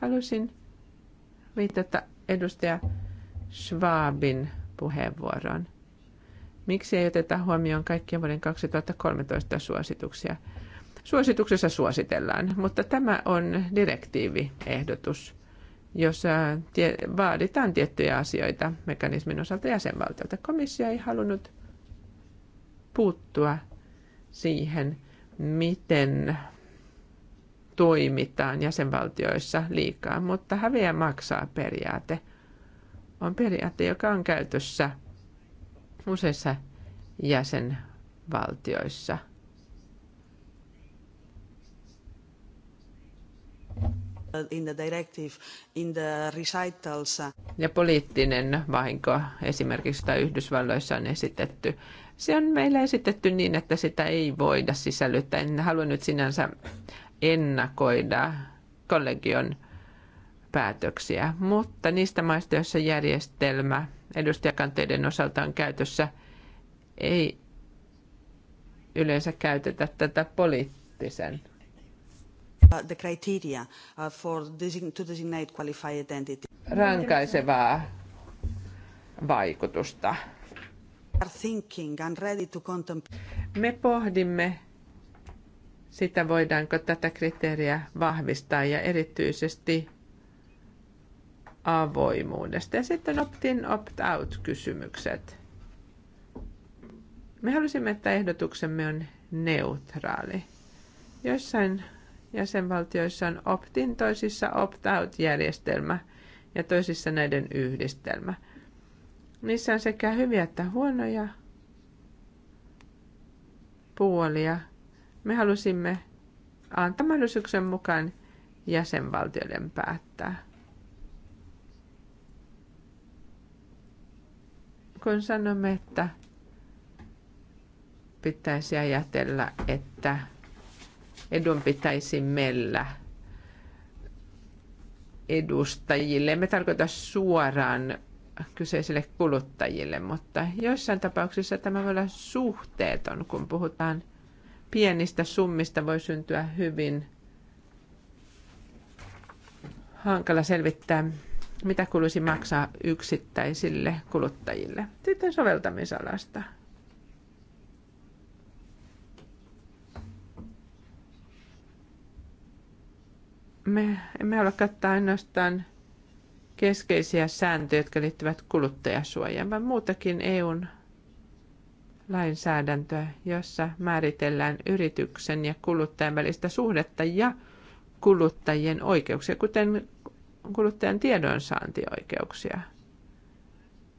Halusin viitata edustaja Schwabin puheenvuoroon. Miksi ei oteta huomioon kaikkien vuoden 2013 suosituksia? Suosituksessa suositellaan, mutta tämä on direktiiviehdotus, jossa tie- vaaditaan tiettyjä asioita mekanismin osalta jäsenvaltiolta. Komissio ei halunnut puuttua siihen, miten toimitaan jäsenvaltioissa liikaa, mutta häviä maksaa periaate on periaate, joka on käytössä useissa jäsenvaltioissa. In the directive, in the recitals. Ja poliittinen vahinko esimerkiksi sitä Yhdysvalloissa on esitetty. Se on meillä esitetty niin, että sitä ei voida sisällyttää. En halua nyt sinänsä ennakoida kollegion päätöksiä, mutta niistä maista, joissa järjestelmä edustajakanteiden osalta on käytössä, ei yleensä käytetä tätä poliittisen the criteria uh, for to designate qualified entity. Rankaisevaa vaikutusta. Me pohdimme sitä, voidaanko tätä kriteeriä vahvistaa ja erityisesti avoimuudesta. Ja sitten opt-in, opt-out kysymykset. Me halusimme, että ehdotuksemme on neutraali. Joissain jäsenvaltioissa on opt-in, toisissa opt-out-järjestelmä ja toisissa näiden yhdistelmä. Niissä on sekä hyviä että huonoja puolia – me halusimme antaa mahdollisuuksien mukaan jäsenvaltioiden päättää. Kun sanomme, että pitäisi ajatella, että edun pitäisi mellä edustajille. Me tarkoita suoraan kyseisille kuluttajille, mutta joissain tapauksissa tämä voi olla suhteeton, kun puhutaan pienistä summista voi syntyä hyvin hankala selvittää, mitä kuluisi maksaa yksittäisille kuluttajille. Sitten soveltamisalasta. Me emme ole kattaa ainoastaan keskeisiä sääntöjä, jotka liittyvät kuluttajasuojaan, vaan muutakin EUn lainsäädäntöä, jossa määritellään yrityksen ja kuluttajan välistä suhdetta ja kuluttajien oikeuksia, kuten kuluttajan tiedonsaantioikeuksia.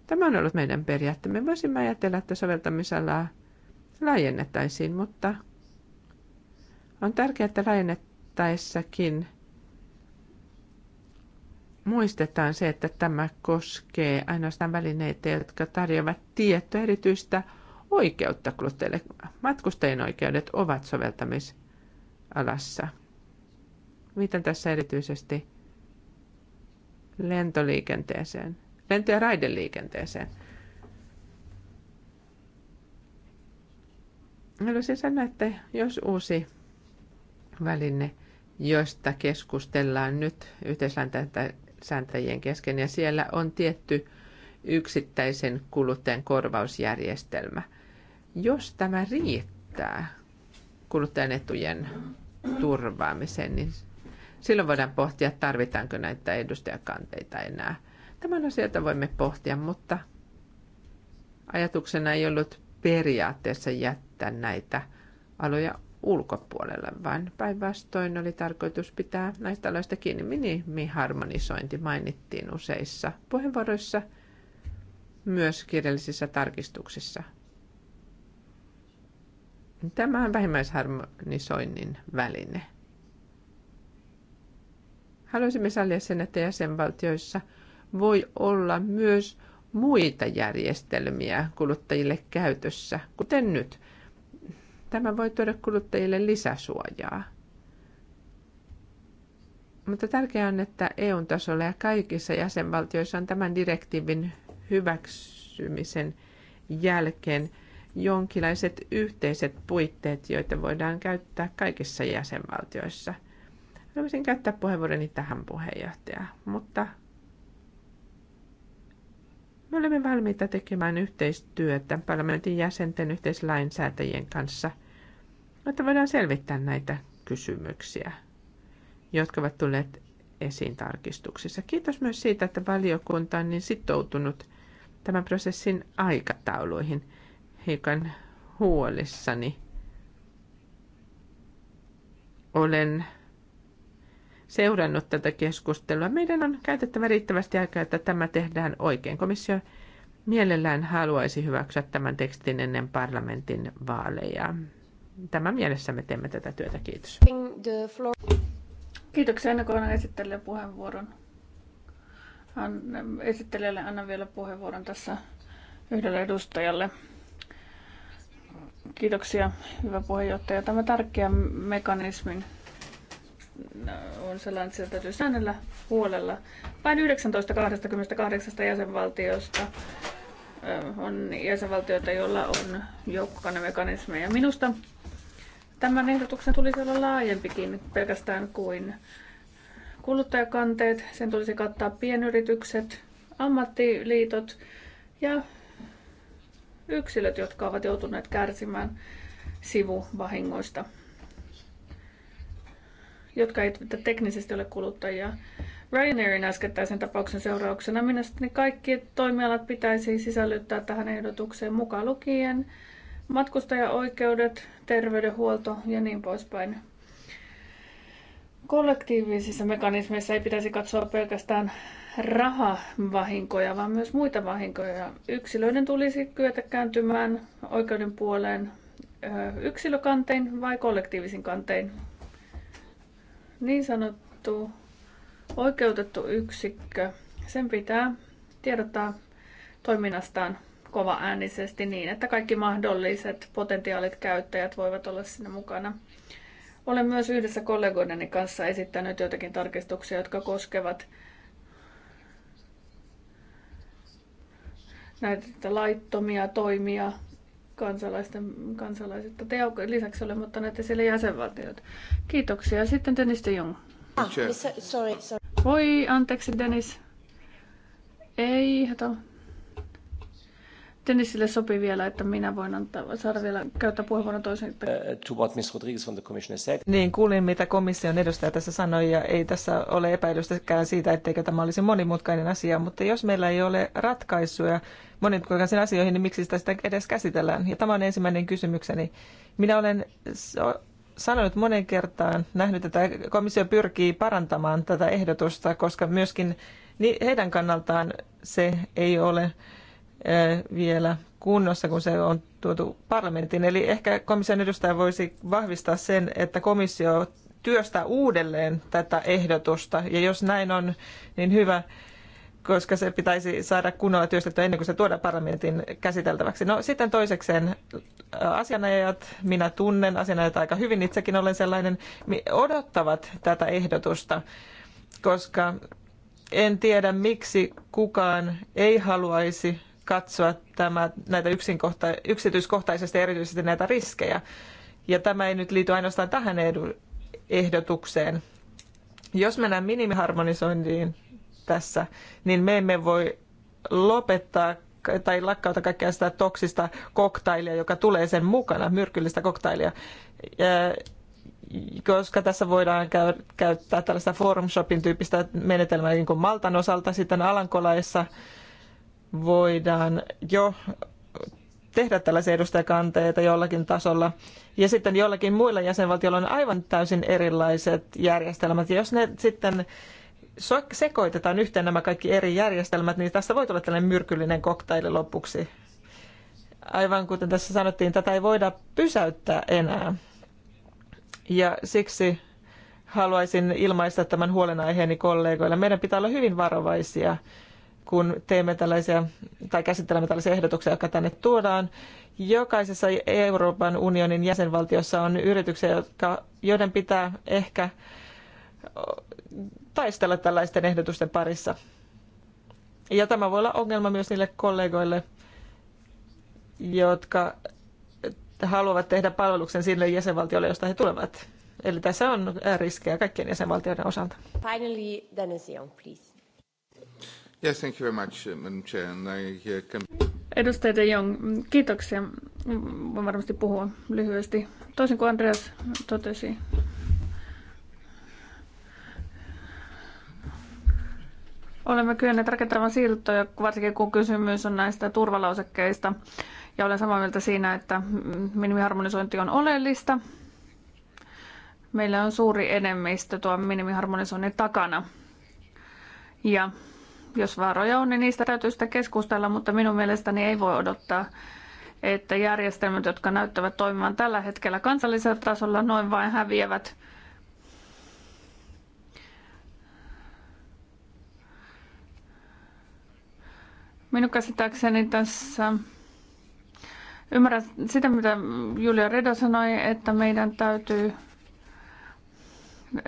Tämä on ollut meidän periaatteemme. Voisimme ajatella, että soveltamisalaa laajennettaisiin, mutta on tärkeää, että laajennettaessakin muistetaan se, että tämä koskee ainoastaan välineitä, jotka tarjoavat tietoa erityistä oikeutta kuluttajille. Matkustajien oikeudet ovat soveltamisalassa. Viitan tässä erityisesti lentoliikenteeseen, lento- ja raideliikenteeseen. Haluaisin sanoa, että jos uusi väline, josta keskustellaan nyt yhteislääntäjien kesken, ja siellä on tietty yksittäisen kuluttajan korvausjärjestelmä – jos tämä riittää kuluttajan etujen turvaamiseen, niin silloin voidaan pohtia, tarvitaanko näitä edustajakanteita enää. Tämän asioita voimme pohtia, mutta ajatuksena ei ollut periaatteessa jättää näitä aloja ulkopuolelle, vaan päinvastoin oli tarkoitus pitää näistä aloista kiinni. Minimiharmonisointi mainittiin useissa puheenvuoroissa, myös kirjallisissa tarkistuksissa. Tämä on vähimmäisharmonisoinnin väline. Haluaisimme sallia sen, että jäsenvaltioissa voi olla myös muita järjestelmiä kuluttajille käytössä, kuten nyt. Tämä voi tuoda kuluttajille lisäsuojaa. Mutta tärkeää on, että EU-tasolla ja kaikissa jäsenvaltioissa on tämän direktiivin hyväksymisen jälkeen – jonkinlaiset yhteiset puitteet, joita voidaan käyttää kaikissa jäsenvaltioissa. Haluaisin käyttää puheenvuoroni tähän puheenjohtajaan, mutta me olemme valmiita tekemään yhteistyötä parlamentin jäsenten yhteislainsäätäjien kanssa, jotta voidaan selvittää näitä kysymyksiä, jotka ovat tulleet esiin tarkistuksissa. Kiitos myös siitä, että valiokunta on niin sitoutunut tämän prosessin aikatauluihin – hiukan huolissani. Olen seurannut tätä keskustelua. Meidän on käytettävä riittävästi aikaa, että tämä tehdään oikein. Komissio mielellään haluaisi hyväksyä tämän tekstin ennen parlamentin vaaleja. Tämä mielessä me teemme tätä työtä. Kiitos. Kiitoksia ennen kuin esittelijä puheenvuoron. Esittelijälle annan vielä puheenvuoron tässä yhdelle edustajalle. Kiitoksia, hyvä puheenjohtaja. Tämä tärkeä mekanismin äh, on sellainen, että sieltä täytyy säännellä huolella. Vain 19.28 jäsenvaltiosta äh, on jäsenvaltioita, joilla on joukkokannemekanismeja. Minusta tämän ehdotuksen tulisi olla laajempikin pelkästään kuin kuluttajakanteet. Sen tulisi kattaa pienyritykset, ammattiliitot ja yksilöt, jotka ovat joutuneet kärsimään sivuvahingoista, jotka eivät teknisesti ole kuluttajia. Ryanairin äskettäisen tapauksen seurauksena mielestäni kaikki toimialat pitäisi sisällyttää tähän ehdotukseen mukaan lukien matkustajaoikeudet, terveydenhuolto ja niin poispäin. Kollektiivisissa mekanismeissa ei pitäisi katsoa pelkästään rahavahinkoja, vaan myös muita vahinkoja. Yksilöiden tulisi kyetä kääntymään oikeuden puoleen yksilökantein vai kollektiivisin kantein. Niin sanottu oikeutettu yksikkö, sen pitää tiedottaa toiminnastaan kova äänisesti niin, että kaikki mahdolliset potentiaalit käyttäjät voivat olla siinä mukana. Olen myös yhdessä kollegoideni kanssa esittänyt joitakin tarkistuksia, jotka koskevat näitä laittomia toimia kansalaisten, kansalaisista. Te lisäksi olemme näitä siellä jäsenvaltioita. Kiitoksia. Sitten Dennis de Jong. Ah, sorry, sorry. Voi, anteeksi Dennis. Ei, hato. Dennisille sopii vielä, että minä voin antaa, saada vielä käyttää puheenvuoron toisen. to what Ms. Rodriguez from the commission said. Niin, kuulin mitä komission edustaja tässä sanoi ja ei tässä ole epäilystäkään siitä, etteikö tämä olisi monimutkainen asia, mutta jos meillä ei ole ratkaisuja monimutkaisiin asioihin, niin miksi sitä, sitä edes käsitellään? Ja tämä on ensimmäinen kysymykseni. Minä olen sanonut monen kertaan, nähnyt, että komissio pyrkii parantamaan tätä ehdotusta, koska myöskin heidän kannaltaan se ei ole Eh, vielä kunnossa, kun se on tuotu parlamenttiin. Eli ehkä komission edustaja voisi vahvistaa sen, että komissio työstää uudelleen tätä ehdotusta. Ja jos näin on, niin hyvä, koska se pitäisi saada kunnolla työstettyä ennen kuin se tuodaan parlamentin käsiteltäväksi. No sitten toisekseen eh, asianajajat, minä tunnen asianajajat aika hyvin, itsekin olen sellainen, odottavat tätä ehdotusta, koska en tiedä miksi kukaan ei haluaisi katsoa tämä, näitä yksinkohta, yksityiskohtaisesti erityisesti näitä riskejä. Ja tämä ei nyt liity ainoastaan tähän edu, ehdotukseen. Jos mennään minimiharmonisointiin tässä, niin me emme voi lopettaa tai lakkauta kaikkea sitä toksista koktailia, joka tulee sen mukana, myrkyllistä koktailia. Ja, koska tässä voidaan käy, käyttää tällaista forum shopping tyyppistä menetelmää niin kuin Maltan osalta, sitten Alankolaissa voidaan jo tehdä tällaisia edustajakanteita jollakin tasolla. Ja sitten jollakin muilla jäsenvaltioilla on aivan täysin erilaiset järjestelmät. Ja jos ne sitten sekoitetaan yhteen nämä kaikki eri järjestelmät, niin tästä voi tulla tällainen myrkyllinen koktaili lopuksi. Aivan kuten tässä sanottiin, tätä ei voida pysäyttää enää. Ja siksi haluaisin ilmaista tämän huolenaiheeni kollegoille. Meidän pitää olla hyvin varovaisia kun teemme tällaisia tai käsittelemme tällaisia ehdotuksia, jotka tänne tuodaan. Jokaisessa Euroopan unionin jäsenvaltiossa on yrityksiä, jotka, joiden pitää ehkä taistella tällaisten ehdotusten parissa. Ja tämä voi olla ongelma myös niille kollegoille, jotka haluavat tehdä palveluksen sille jäsenvaltiolle, josta he tulevat. Eli tässä on riskejä kaikkien jäsenvaltioiden osalta. Finally, Dennis Young, please. Yes, thank you very much, uh, Madam Chair. And I uh, Edustaja De Jong, mm, kiitoksia. Mm, voin varmasti puhua lyhyesti. Toisin kuin Andreas totesi, olemme kyenneet rakentamaan siltoja, varsinkin kun kysymys on näistä turvalausekkeista. Ja olen samaa mieltä siinä, että minimiharmonisointi on oleellista. Meillä on suuri enemmistö tuon minimiharmonisoinnin takana. Ja jos varoja on, niin niistä täytyy sitä keskustella, mutta minun mielestäni ei voi odottaa, että järjestelmät, jotka näyttävät toimivan tällä hetkellä kansallisella tasolla, noin vain häviävät. Minun käsittääkseni tässä ymmärrän sitä, mitä Julia Redo sanoi, että meidän täytyy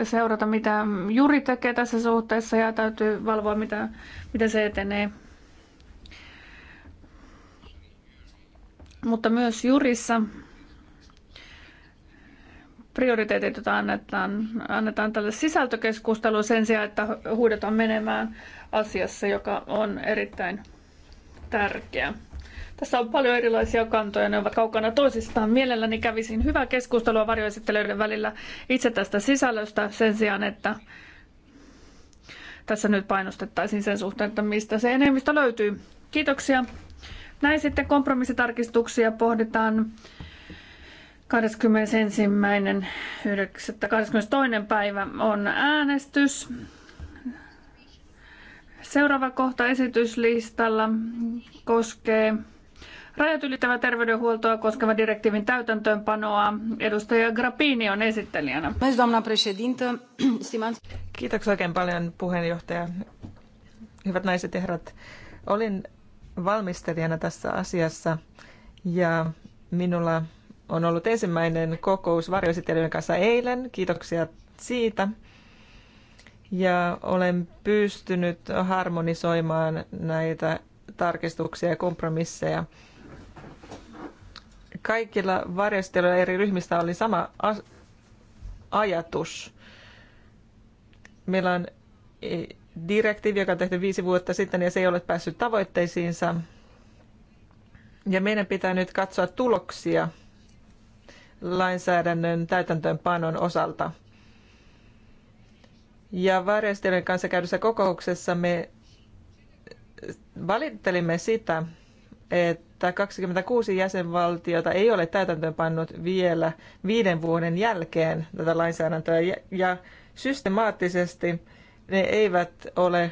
seurata, mitä Juri tekee tässä suhteessa ja täytyy valvoa, mitä, miten se etenee. Mutta myös jurissa prioriteetit, joita annetaan, annetaan tälle sisältökeskusteluun sen sijaan, että huudetaan menemään asiassa, joka on erittäin tärkeä. Tässä on paljon erilaisia kantoja, ne ovat kaukana toisistaan. Mielelläni kävisin hyvää keskustelua varjoesittelyiden välillä itse tästä sisällöstä sen sijaan, että tässä nyt painostettaisiin sen suhteen, että mistä se enemmistö löytyy. Kiitoksia. Näin sitten kompromissitarkistuksia pohditaan 21.9.22. päivä on äänestys. Seuraava kohta esityslistalla koskee Rajat ylittävää terveydenhuoltoa koskeva direktiivin täytäntöönpanoa. Edustaja Grappini on esittelijänä. Kiitoksia oikein paljon puheenjohtaja. Hyvät naiset ja herrat, olin valmistelijana tässä asiassa ja minulla on ollut ensimmäinen kokous varjoesittelijöiden kanssa eilen. Kiitoksia siitä. Ja olen pystynyt harmonisoimaan näitä tarkistuksia ja kompromisseja Kaikilla varjostelijoilla eri ryhmistä oli sama ajatus. Meillä on e, direktiivi, joka on tehty viisi vuotta sitten ja se ei ole päässyt tavoitteisiinsa. Ja meidän pitää nyt katsoa tuloksia lainsäädännön täytäntöönpanon osalta. Ja varjastelijoiden kanssa käydyssä kokouksessa me valittelimme sitä, että että 26 jäsenvaltiota ei ole täytäntöönpannut vielä viiden vuoden jälkeen tätä lainsäädäntöä ja systemaattisesti ne eivät ole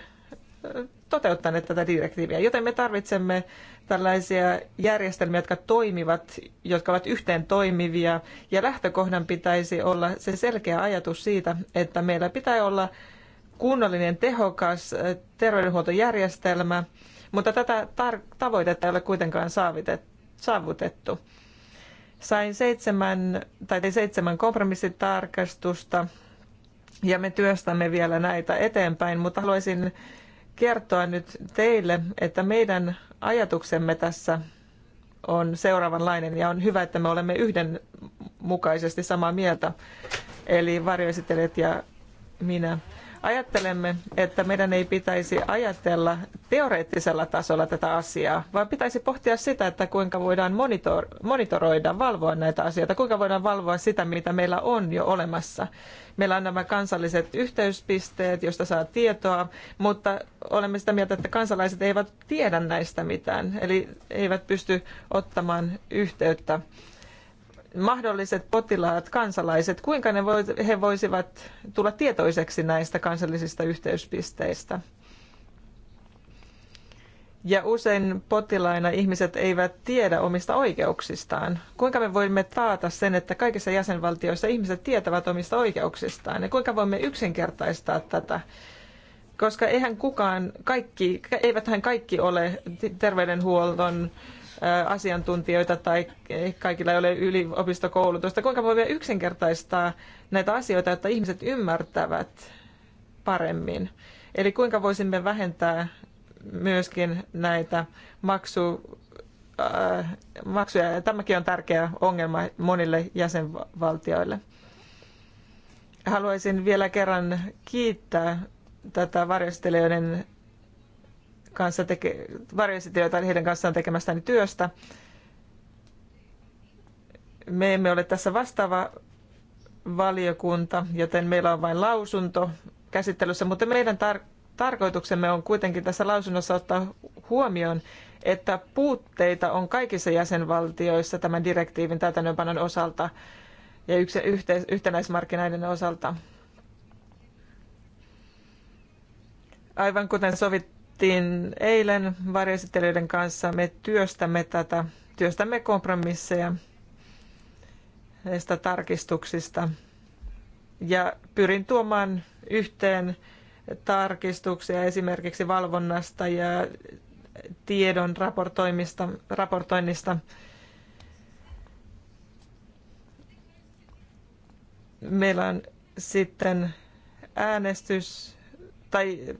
toteuttaneet tätä direktiiviä, joten me tarvitsemme tällaisia järjestelmiä, jotka toimivat, jotka ovat yhteen toimivia. Ja lähtökohdan pitäisi olla se selkeä ajatus siitä, että meillä pitää olla kunnollinen, tehokas terveydenhuoltojärjestelmä, mutta tätä tavoitetta ei ole kuitenkaan saavutettu. Sain seitsemän, tai seitsemän kompromissitarkastusta ja me työstämme vielä näitä eteenpäin, mutta haluaisin kertoa nyt teille, että meidän ajatuksemme tässä on seuraavanlainen ja on hyvä, että me olemme yhdenmukaisesti samaa mieltä, eli varjoesittelijät ja minä. Ajattelemme, että meidän ei pitäisi ajatella teoreettisella tasolla tätä asiaa, vaan pitäisi pohtia sitä, että kuinka voidaan monitor- monitoroida, valvoa näitä asioita, kuinka voidaan valvoa sitä, mitä meillä on jo olemassa. Meillä on nämä kansalliset yhteyspisteet, joista saa tietoa, mutta olemme sitä mieltä, että kansalaiset eivät tiedä näistä mitään, eli eivät pysty ottamaan yhteyttä mahdolliset potilaat, kansalaiset, kuinka ne he voisivat tulla tietoiseksi näistä kansallisista yhteyspisteistä. Ja usein potilaina ihmiset eivät tiedä omista oikeuksistaan. Kuinka me voimme taata sen, että kaikissa jäsenvaltioissa ihmiset tietävät omista oikeuksistaan? Ja kuinka voimme yksinkertaistaa tätä? Koska eihän kukaan, kaikki, eiväthän kaikki ole terveydenhuollon asiantuntijoita tai kaikilla ei ole yliopistokoulutusta. Kuinka voimme yksinkertaistaa näitä asioita, jotta ihmiset ymmärtävät paremmin? Eli kuinka voisimme vähentää myöskin näitä maksu, äh, maksuja? Tämäkin on tärkeä ongelma monille jäsenvaltioille. Haluaisin vielä kerran kiittää tätä varjostelijoiden kanssa teke, varjoesittelijöitä heidän kanssaan tekemästäni työstä. Me emme ole tässä vastaava valiokunta, joten meillä on vain lausunto käsittelyssä, mutta meidän tar- tarkoituksemme on kuitenkin tässä lausunnossa ottaa huomioon, että puutteita on kaikissa jäsenvaltioissa tämän direktiivin täytäntöönpanon osalta ja yks- yhte- yhtenäismarkkinaiden osalta. Aivan kuten sovit päätettiin eilen varjoesittelijöiden kanssa. Me työstämme tätä, työstämme kompromisseja näistä tarkistuksista. Ja pyrin tuomaan yhteen tarkistuksia esimerkiksi valvonnasta ja tiedon raportoimista, raportoinnista. Meillä on sitten äänestys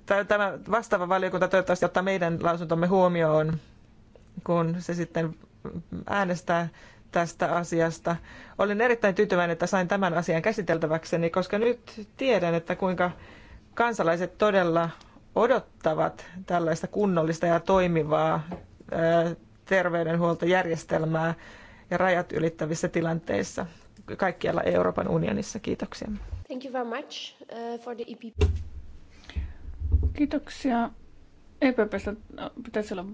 tai tämä vastaava valiokunta toivottavasti ottaa meidän lausuntomme huomioon, kun se sitten äänestää tästä asiasta. Olen erittäin tyytyväinen, että sain tämän asian käsiteltäväkseni, koska nyt tiedän, että kuinka kansalaiset todella odottavat tällaista kunnollista ja toimivaa terveydenhuoltojärjestelmää ja rajat ylittävissä tilanteissa kaikkialla Euroopan unionissa. Kiitoksia. Thank you very much uh, for the EPP. Kiitoksia. EPPstä no, pitäisi olla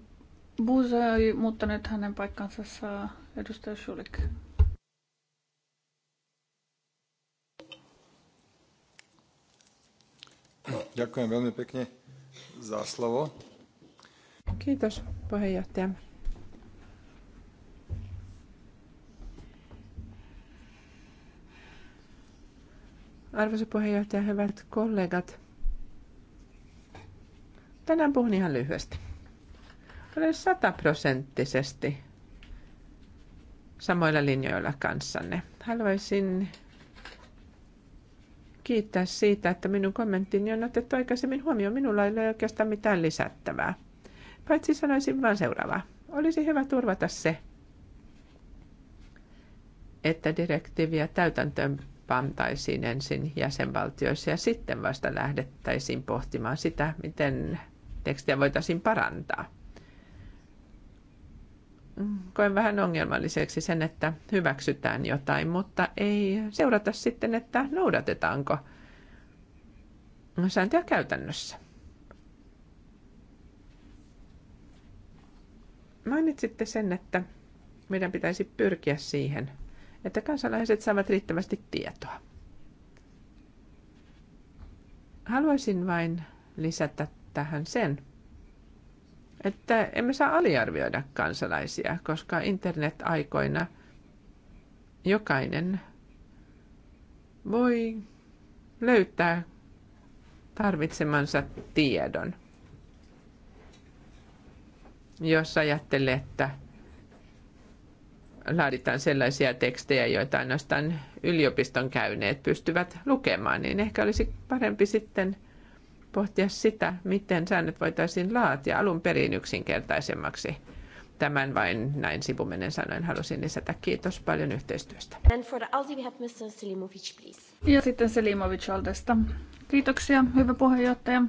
Buzai, mutta nyt hänen paikkansa saa edustaja Schulik. Ďakujem veľmi pekne za slovo. Kiitos puheenjohtaja. Arvoisa puheenjohtaja, hyvät kollegat. Tänään puhun ihan lyhyesti. Olen sataprosenttisesti samoilla linjoilla kanssanne. Haluaisin kiittää siitä, että minun kommenttini on otettu aikaisemmin huomioon. Minulla ei ole oikeastaan mitään lisättävää. Paitsi sanoisin vain seuraavaa. Olisi hyvä turvata se, että direktiiviä täytäntöön pantaisiin ensin jäsenvaltioissa ja sitten vasta lähdettäisiin pohtimaan sitä, miten tekstiä voitaisiin parantaa. Koen vähän ongelmalliseksi sen, että hyväksytään jotain, mutta ei seurata sitten, että noudatetaanko sääntöä käytännössä. Mainitsitte sen, että meidän pitäisi pyrkiä siihen, että kansalaiset saavat riittävästi tietoa. Haluaisin vain lisätä tähän sen, että emme saa aliarvioida kansalaisia, koska internet-aikoina jokainen voi löytää tarvitsemansa tiedon. Jos ajattelee, että laaditaan sellaisia tekstejä, joita ainoastaan yliopiston käyneet pystyvät lukemaan, niin ehkä olisi parempi sitten – pohtia sitä, miten säännöt voitaisiin laatia alun perin yksinkertaisemmaksi. Tämän vain näin sivumennen sanoen halusin lisätä. Kiitos paljon yhteistyöstä. Ja sitten Selimovic Aldesta. Kiitoksia, hyvä puheenjohtaja.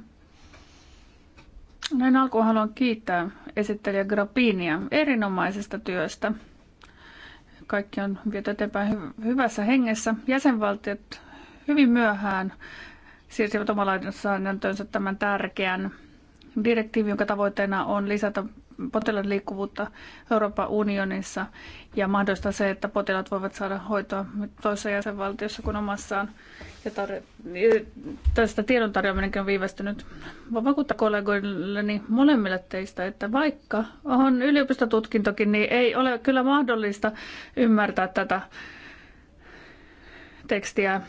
Näin alkuun haluan kiittää esittelijä Grappinia erinomaisesta työstä. Kaikki on viety eteenpäin hyvässä hengessä. Jäsenvaltiot hyvin myöhään siirsivät omalainsäädäntönsä tämän tärkeän direktiivin, jonka tavoitteena on lisätä potilaan liikkuvuutta Euroopan unionissa ja mahdollistaa se, että potilaat voivat saada hoitoa toisessa jäsenvaltiossa kuin omassaan. Ja tar- tästä tiedon tarjoaminenkin on viivästynyt. Voin vakuuttaa kollegoilleni molemmille teistä, että vaikka on yliopistotutkintokin, niin ei ole kyllä mahdollista ymmärtää tätä tekstiä.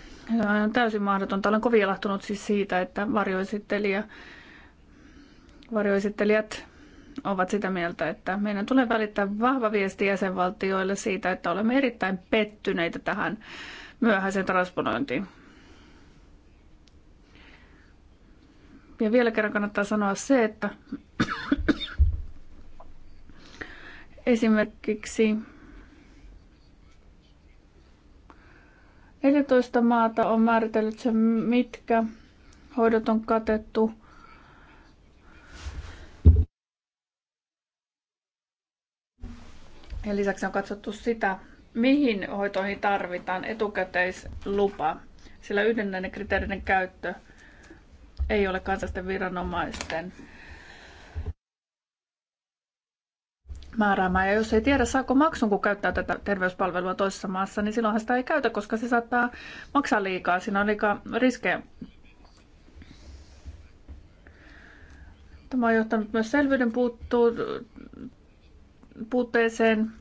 On täysin mahdotonta. Olen kovin ilahtunut siis siitä, että varjoesittelijä, varjoesittelijät ovat sitä mieltä, että meidän tulee välittää vahva viesti jäsenvaltioille siitä, että olemme erittäin pettyneitä tähän myöhäiseen transponointiin. Ja vielä kerran kannattaa sanoa se, että esimerkiksi 14 maata on määritellyt sen, mitkä hoidot on katettu. Ja lisäksi on katsottu sitä, mihin hoitoihin tarvitaan etukäteislupa, sillä yhden näiden käyttö ei ole kansallisten viranomaisten määräämään. Ja jos ei tiedä, saako maksun, kun käyttää tätä terveyspalvelua toisessa maassa, niin silloinhan sitä ei käytä, koska se saattaa maksaa liikaa. Siinä on liikaa riskejä. Tämä on johtanut myös selvyyden puutteeseen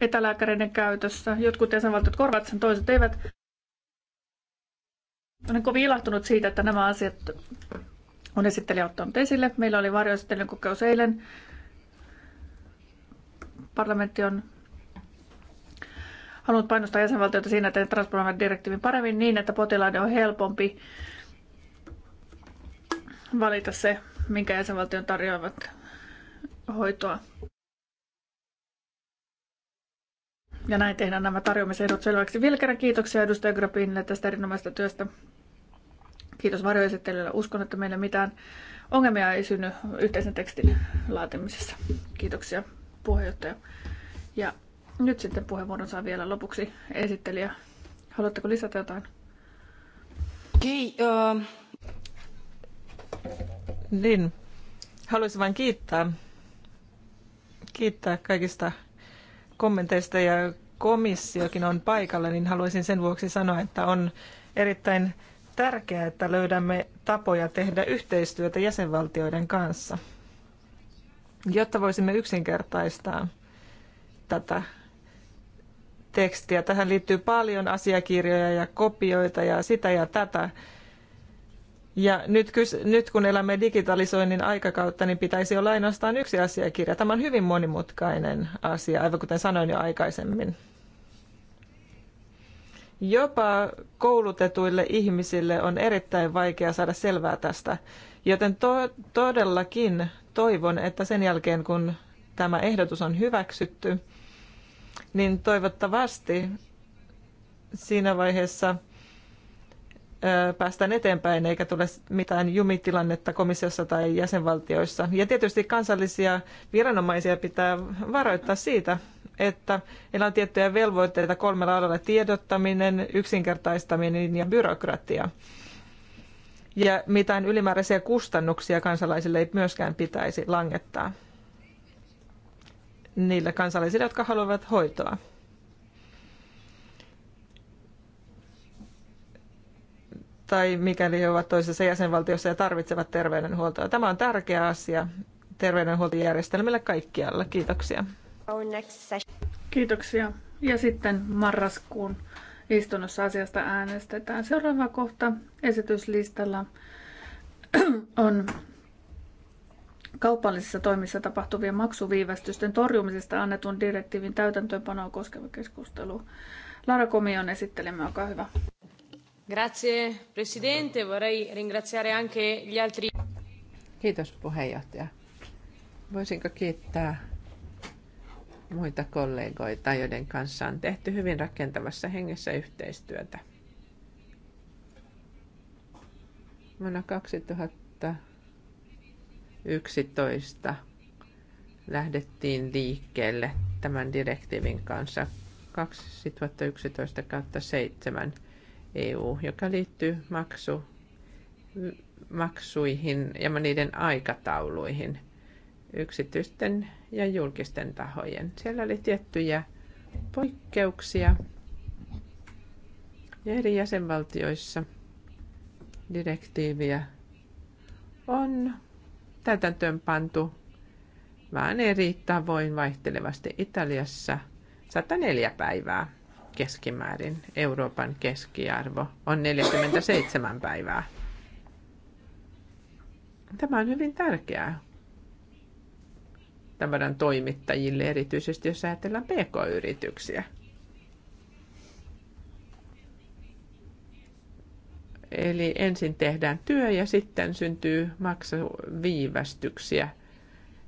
etälääkäreiden käytössä. Jotkut jäsenvaltiot korvat sen, toiset eivät. Olen kovin ilahtunut siitä, että nämä asiat on esittelijä ottanut esille. Meillä oli varjoesittelijän kokeus eilen parlamentti on halunnut painostaa jäsenvaltioita siinä, että transponoivat direktiivin paremmin niin, että potilaiden on helpompi valita se, minkä jäsenvaltion tarjoavat hoitoa. Ja näin tehdään nämä tarjoamisehdot selväksi. Vielä kerran kiitoksia edustaja Grappinille tästä erinomaisesta työstä. Kiitos varjoesittelylle. Uskon, että meillä mitään ongelmia ei synny yhteisen tekstin laatimisessa. Kiitoksia puheenjohtaja. Ja nyt sitten puheenvuoron saa vielä lopuksi esittelijä. Haluatteko lisätä jotain? Kii, uh... Ähm. Niin. Haluaisin vain kiittää. Kiittää kaikista kommenteista ja komissiokin on paikalla, niin haluaisin sen vuoksi sanoa, että on erittäin tärkeää, että löydämme tapoja tehdä yhteistyötä jäsenvaltioiden kanssa jotta voisimme yksinkertaistaa tätä tekstiä. Tähän liittyy paljon asiakirjoja ja kopioita ja sitä ja tätä. Ja nyt, nyt kun elämme digitalisoinnin aikakautta, niin pitäisi olla ainoastaan yksi asiakirja. Tämä on hyvin monimutkainen asia, aivan kuten sanoin jo aikaisemmin. Jopa koulutetuille ihmisille on erittäin vaikea saada selvää tästä, joten to- todellakin toivon, että sen jälkeen kun tämä ehdotus on hyväksytty, niin toivottavasti siinä vaiheessa päästään eteenpäin eikä tule mitään jumitilannetta komissiossa tai jäsenvaltioissa. Ja tietysti kansallisia viranomaisia pitää varoittaa siitä, että meillä on tiettyjä velvoitteita kolmella alalla tiedottaminen, yksinkertaistaminen ja byrokratia ja mitään ylimääräisiä kustannuksia kansalaisille ei myöskään pitäisi langettaa niille kansalaisille, jotka haluavat hoitoa. tai mikäli he ovat toisessa jäsenvaltiossa ja tarvitsevat terveydenhuoltoa. Tämä on tärkeä asia terveydenhuoltojärjestelmille kaikkialla. Kiitoksia. Kiitoksia. Ja sitten marraskuun istunnossa asiasta äänestetään. Seuraava kohta esityslistalla on kaupallisissa toimissa tapahtuvien maksuviivästysten torjumisesta annetun direktiivin täytäntöönpanoa koskeva keskustelu. Lara Komion esittelemä, olkaa hyvä. Grazie Presidente, vorrei ringraziare anche gli altri. Kiitos puheenjohtaja. Voisinko kiittää muita kollegoita, joiden kanssa on tehty hyvin rakentavassa hengessä yhteistyötä. Vuonna 2011 lähdettiin liikkeelle tämän direktiivin kanssa 2011 7 EU, joka liittyy maksu, maksuihin ja niiden aikatauluihin – yksityisten ja julkisten tahojen. Siellä oli tiettyjä poikkeuksia ja eri jäsenvaltioissa direktiiviä on täytäntöön pantu vähän eri tavoin vaihtelevasti Italiassa 104 päivää keskimäärin. Euroopan keskiarvo on 47 päivää. Tämä on hyvin tärkeää, tavaran toimittajille, erityisesti jos ajatellaan pk-yrityksiä. Eli ensin tehdään työ ja sitten syntyy maksaviivästyksiä.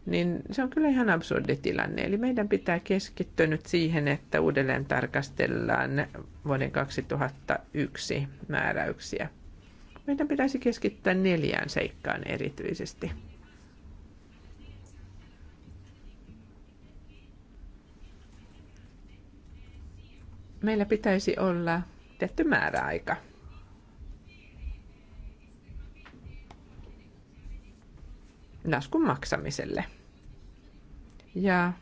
Niin se on kyllä ihan absurdi tilanne. Eli meidän pitää keskittyä nyt siihen, että uudelleen tarkastellaan vuoden 2001 määräyksiä. Meidän pitäisi keskittää neljään seikkaan erityisesti. meillä pitäisi olla tietty määräaika. laskun maksamiselle. Ja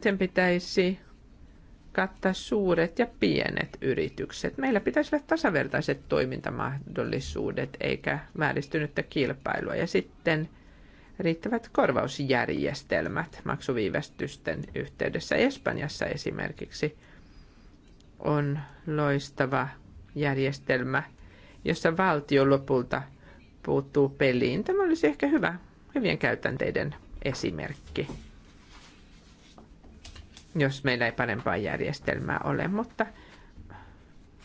sen pitäisi kattaa suuret ja pienet yritykset. Meillä pitäisi olla tasavertaiset toimintamahdollisuudet eikä vääristynyttä kilpailua. Ja sitten riittävät korvausjärjestelmät maksuviivästysten yhteydessä. Espanjassa esimerkiksi on loistava järjestelmä, jossa valtio lopulta puuttuu peliin. Tämä olisi ehkä hyvä, hyvien käytänteiden esimerkki, jos meillä ei parempaa järjestelmää ole, mutta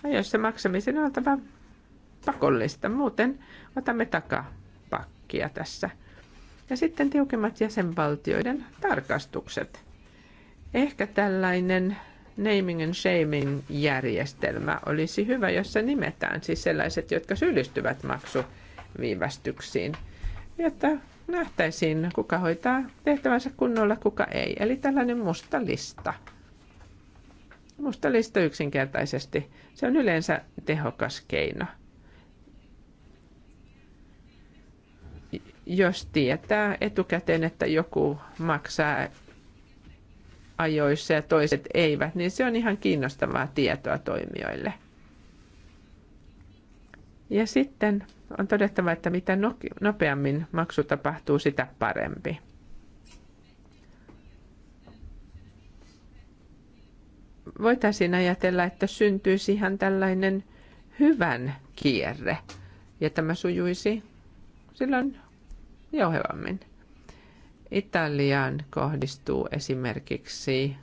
ajoissa maksamisen on oltava pakollista. Muuten otamme takapakkia tässä. Ja sitten tiukemmat jäsenvaltioiden tarkastukset. Ehkä tällainen naming and shaming järjestelmä olisi hyvä, jossa nimetään siis sellaiset, jotka syyllistyvät maksuviivästyksiin, jotta nähtäisiin, kuka hoitaa tehtävänsä kunnolla, kuka ei. Eli tällainen musta lista. Musta lista yksinkertaisesti. Se on yleensä tehokas keino – jos tietää etukäteen, että joku maksaa ajoissa ja toiset eivät, niin se on ihan kiinnostavaa tietoa toimijoille. Ja sitten on todettava, että mitä nopeammin maksu tapahtuu, sitä parempi. Voitaisiin ajatella, että syntyisi ihan tällainen hyvän kierre ja tämä sujuisi silloin jouhevammin. Italiaan kohdistuu esimerkiksi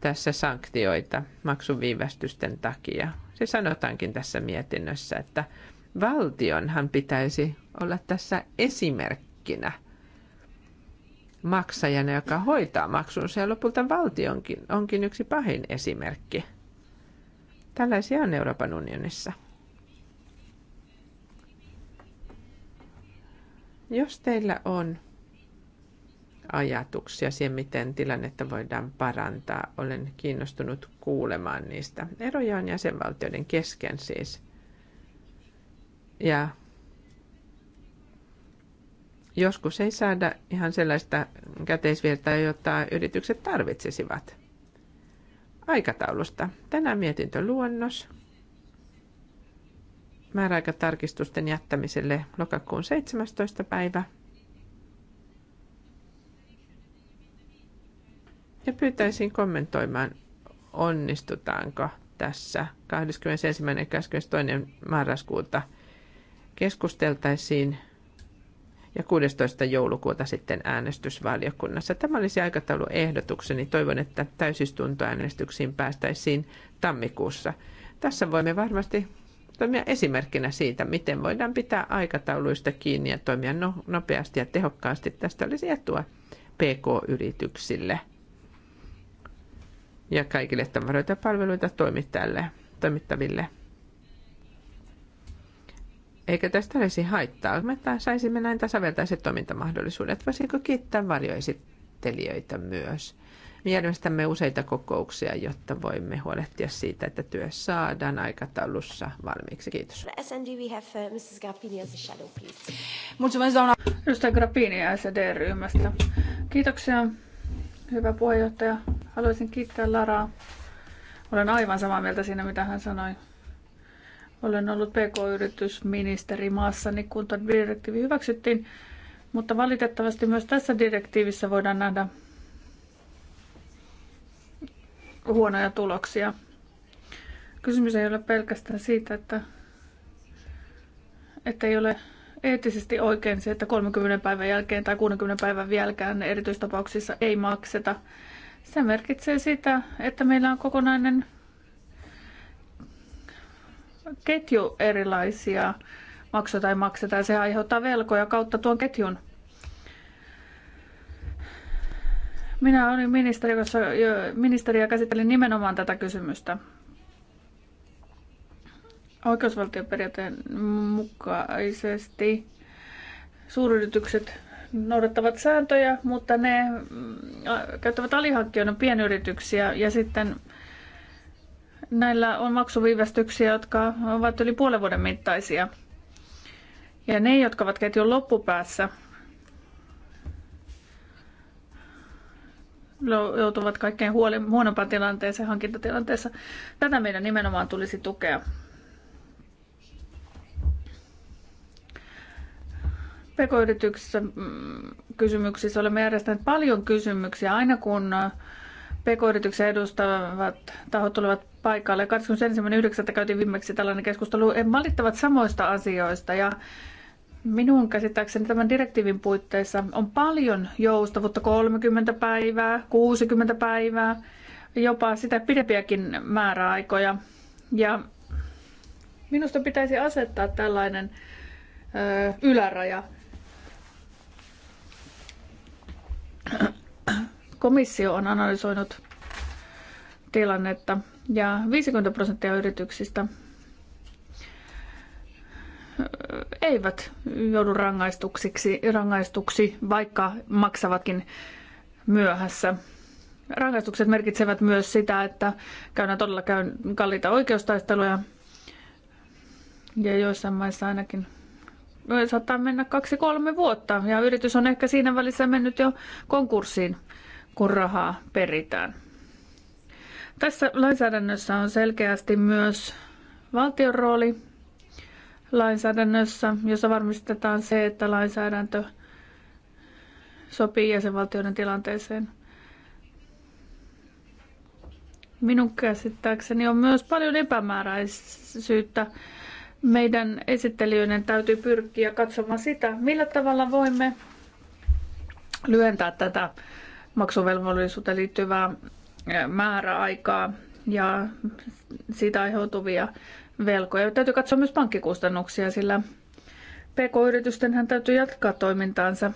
tässä sanktioita maksuviivästysten takia. Se sanotaankin tässä mietinnössä, että valtionhan pitäisi olla tässä esimerkkinä maksajana, joka hoitaa maksunsa ja lopulta valtionkin onkin yksi pahin esimerkki. Tällaisia on Euroopan unionissa. Jos teillä on ajatuksia siihen, miten tilannetta voidaan parantaa, olen kiinnostunut kuulemaan niistä. Eroja on jäsenvaltioiden kesken siis. Ja joskus ei saada ihan sellaista käteisvirtaa, jota yritykset tarvitsisivat. Aikataulusta. Tänään mietintö luonnos määräaikatarkistusten jättämiselle lokakuun 17. päivä. Ja pyytäisin kommentoimaan, onnistutaanko tässä 21. ja 22. marraskuuta keskusteltaisiin ja 16. joulukuuta sitten äänestysvaliokunnassa. Tämä olisi aikatauluehdotukseni. Toivon, että täysistuntoäänestyksiin päästäisiin tammikuussa. Tässä voimme varmasti toimia esimerkkinä siitä, miten voidaan pitää aikatauluista kiinni ja toimia no, nopeasti ja tehokkaasti. Tästä olisi etua PK-yrityksille ja kaikille tavaroita ja palveluita toimittajille, toimittaville. Eikä tästä olisi haittaa. Me saisimme näin tasavertaiset toimintamahdollisuudet. Voisinko kiittää varjoesittelijöitä myös? Me järjestämme useita kokouksia, jotta voimme huolehtia siitä, että työ saadaan aikataulussa valmiiksi. Kiitos. SND, we have uh, Mrs. Grappini as a shadow, please. Edustaja Grappini SD-ryhmästä. Kiitoksia, hyvä puheenjohtaja. Haluaisin kiittää Laraa. Olen aivan samaa mieltä siinä, mitä hän sanoi. Olen ollut PK-yritysministeri maassani, kun tuon direktiivi hyväksyttiin, mutta valitettavasti myös tässä direktiivissä voidaan nähdä huonoja tuloksia. Kysymys ei ole pelkästään siitä, että, että ei ole eettisesti oikein se, että 30 päivän jälkeen tai 60 päivän jälkeen erityistapauksissa ei makseta. Se merkitsee sitä, että meillä on kokonainen ketju erilaisia maksoja tai maksetaan. Se aiheuttaa velkoja kautta tuon ketjun Minä olin ministeri, jossa ministeriä käsittelin nimenomaan tätä kysymystä. Oikeusvaltioperiaatteen mukaisesti suuryritykset noudattavat sääntöjä, mutta ne mm, käyttävät alihankkijoina pienyrityksiä ja sitten näillä on maksuviivästyksiä, jotka ovat yli puolen vuoden mittaisia. Ja ne, jotka ovat ketjun loppupäässä, joutuvat kaikkein huoli, huonompaan tilanteeseen hankintatilanteessa. Tätä meidän nimenomaan tulisi tukea. PK-yrityksissä mm, kysymyksissä olemme järjestäneet paljon kysymyksiä. Aina kun PK-yrityksen edustavat tahot tulevat paikalle. 21.9. käytiin viimeksi tällainen keskustelu. En valittavat samoista asioista ja Minun käsittääkseni tämän direktiivin puitteissa on paljon joustavuutta, 30 päivää, 60 päivää, jopa sitä pidempiäkin määräaikoja. Ja minusta pitäisi asettaa tällainen ö, yläraja. Komissio on analysoinut tilannetta ja 50 prosenttia yrityksistä eivät joudu rangaistuksiksi, rangaistuksi, vaikka maksavatkin myöhässä. Rangaistukset merkitsevät myös sitä, että käydään todella käyn kalliita oikeustaisteluja ja joissain maissa ainakin saattaa mennä kaksi-kolme vuotta ja yritys on ehkä siinä välissä mennyt jo konkurssiin, kun rahaa peritään. Tässä lainsäädännössä on selkeästi myös valtion rooli lainsäädännössä, jossa varmistetaan se, että lainsäädäntö sopii jäsenvaltioiden tilanteeseen. Minun käsittääkseni on myös paljon epämääräisyyttä. Meidän esittelijöiden täytyy pyrkiä katsomaan sitä, millä tavalla voimme lyhentää tätä maksuvelvollisuuteen liittyvää määräaikaa ja siitä aiheutuvia velkoja. Täytyy katsoa myös pankkikustannuksia, sillä pk hän täytyy jatkaa toimintaansa.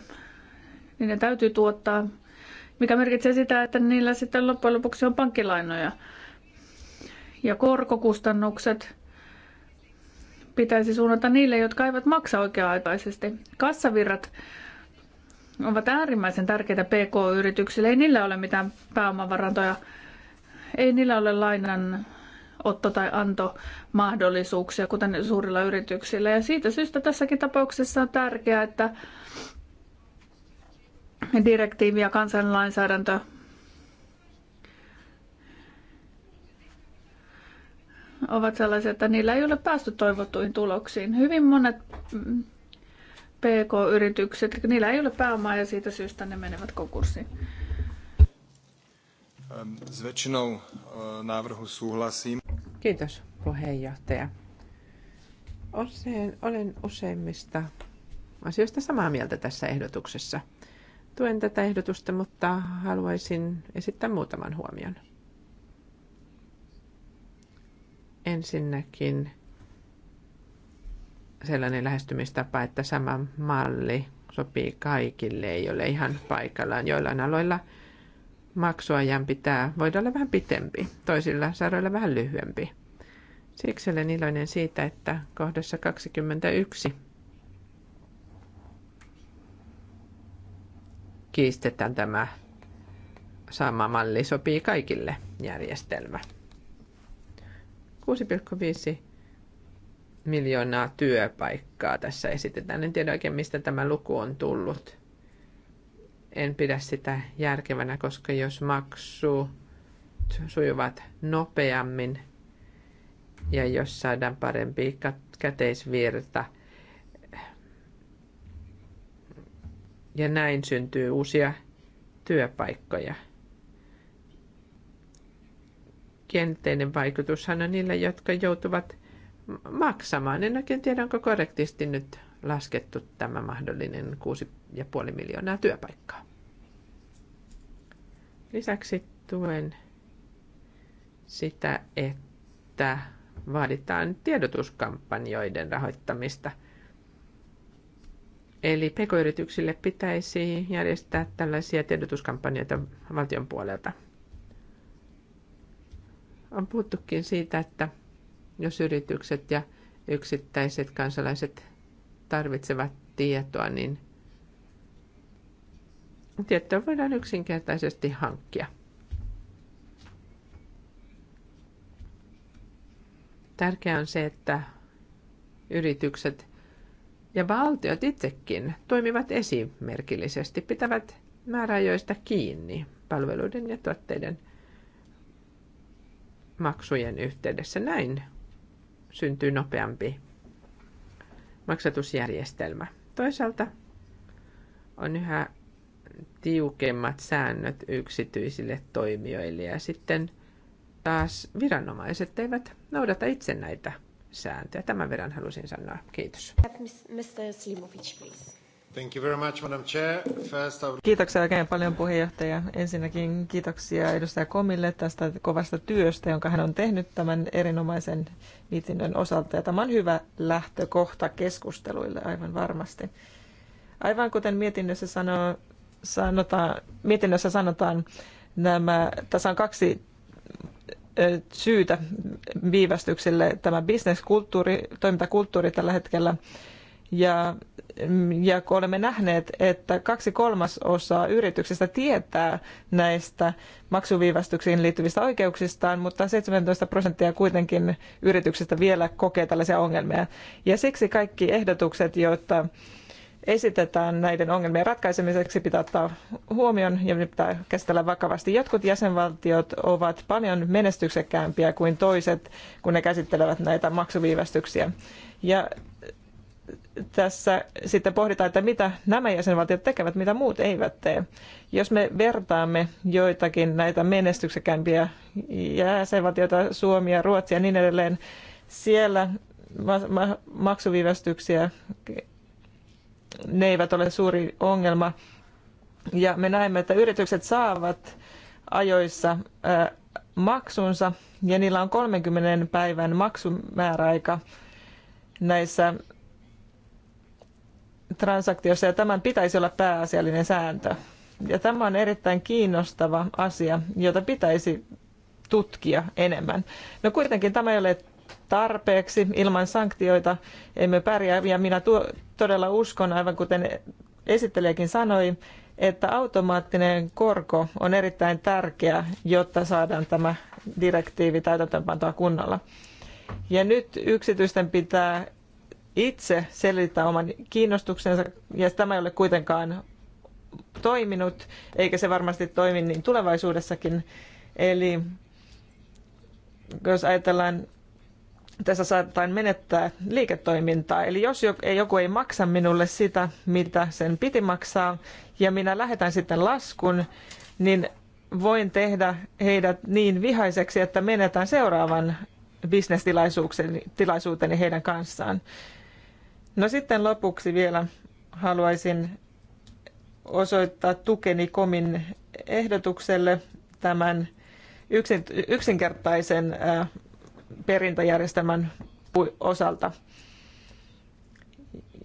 Niin ne täytyy tuottaa, mikä merkitsee sitä, että niillä sitten loppujen lopuksi on pankkilainoja. Ja korkokustannukset pitäisi suunnata niille, jotka eivät maksa oikea-aikaisesti. Kassavirrat ovat äärimmäisen tärkeitä PK-yrityksille. Ei niillä ole mitään pääomavarantoja, ei niillä ole lainan otto- tai antomahdollisuuksia, kuten suurilla yrityksillä. Ja siitä syystä tässäkin tapauksessa on tärkeää, että direktiivi ja kansanlainsäädäntö ovat sellaisia, että niillä ei ole päästy toivottuihin tuloksiin. Hyvin monet PK-yritykset, niillä ei ole pääomaa ja siitä syystä ne menevät konkurssiin. S väčšinou e, návrhu súhlasím. Kiitos puheenjohtaja. Usein, olen useimmista asioista samaa mieltä tässä ehdotuksessa. Tuen tätä ehdotusta, mutta haluaisin esittää muutaman huomion. Ensinnäkin sellainen lähestymistapa, että sama malli sopii kaikille, ei ole ihan paikallaan. Joillain aloilla maksuajan pitää voida olla vähän pitempi, toisilla saroilla vähän lyhyempi. Siksi olen iloinen siitä, että kohdassa 21 kiistetään tämä sama malli sopii kaikille järjestelmä. 6,5 miljoonaa työpaikkaa tässä esitetään. En tiedä oikein, mistä tämä luku on tullut en pidä sitä järkevänä, koska jos maksu sujuvat nopeammin ja jos saadaan parempi käteisvirta, ja näin syntyy uusia työpaikkoja. Kenteinen vaikutushan on niillä, jotka joutuvat maksamaan. En oikein tiedä, onko korrektisti nyt laskettu tämä mahdollinen 6,5 miljoonaa työpaikkaa. Lisäksi tuen sitä, että vaaditaan tiedotuskampanjoiden rahoittamista. Eli pekoyrityksille pitäisi järjestää tällaisia tiedotuskampanjoita valtion puolelta. On puhuttukin siitä, että jos yritykset ja yksittäiset kansalaiset tarvitsevat tietoa, niin tietoa voidaan yksinkertaisesti hankkia. Tärkeää on se, että yritykset ja valtiot itsekin toimivat esimerkillisesti, pitävät määräajoista kiinni palveluiden ja tuotteiden maksujen yhteydessä. Näin syntyy nopeampi maksatusjärjestelmä. Toisaalta on yhä tiukemmat säännöt yksityisille toimijoille ja sitten taas viranomaiset eivät noudata itse näitä sääntöjä. Tämän verran halusin sanoa. Kiitos. Mr. Slimovic, please. Kiitoksia oikein paljon puheenjohtaja. Ensinnäkin kiitoksia edustaja Komille tästä kovasta työstä, jonka hän on tehnyt tämän erinomaisen mietinnön osalta. Ja tämä on hyvä lähtökohta keskusteluille aivan varmasti. Aivan kuten mietinnössä, sanoo, sanotaan, mietinnössä sanotaan, nämä, tässä on kaksi syytä viivästyksille. Tämä bisneskulttuuri, toimintakulttuuri tällä hetkellä ja, mm, ja kun olemme nähneet, että kaksi kolmasosaa yrityksistä tietää näistä maksuviivästyksiin liittyvistä oikeuksistaan, mutta 17 prosenttia kuitenkin yrityksistä vielä kokee tällaisia ongelmia. Ja siksi kaikki ehdotukset, joita esitetään näiden ongelmien ratkaisemiseksi, pitää ottaa huomioon ja pitää käsitellä vakavasti. Jotkut jäsenvaltiot ovat paljon menestyksekkäämpiä kuin toiset, kun ne käsittelevät näitä maksuviivästyksiä. Ja tässä sitten pohditaan, että mitä nämä jäsenvaltiot tekevät, mitä muut eivät tee. Jos me vertaamme joitakin näitä menestyksekämpiä jäsenvaltioita, ja Ruotsi ja niin edelleen, siellä maksuviivästyksiä, ne eivät ole suuri ongelma. Ja me näemme, että yritykset saavat ajoissa maksunsa ja niillä on 30 päivän maksumääräaika näissä transaktiossa ja tämän pitäisi olla pääasiallinen sääntö. Ja tämä on erittäin kiinnostava asia, jota pitäisi tutkia enemmän. No kuitenkin tämä ei ole tarpeeksi. Ilman sanktioita emme pärjää. Ja minä tuo, todella uskon, aivan kuten esittelijäkin sanoi, että automaattinen korko on erittäin tärkeä, jotta saadaan tämä direktiivi täytäntöönpantoa kunnolla. Ja nyt yksityisten pitää itse selittää oman kiinnostuksensa ja tämä ei ole kuitenkaan toiminut, eikä se varmasti toimi niin tulevaisuudessakin. Eli jos ajatellaan, tässä saatetaan menettää liiketoimintaa. Eli jos joku ei maksa minulle sitä, mitä sen piti maksaa, ja minä lähetän sitten laskun, niin voin tehdä heidät niin vihaiseksi, että menetään seuraavan bisnestilaisuuteni heidän kanssaan. No sitten lopuksi vielä haluaisin osoittaa tukeni komin ehdotukselle tämän yksinkertaisen perintäjärjestelmän osalta.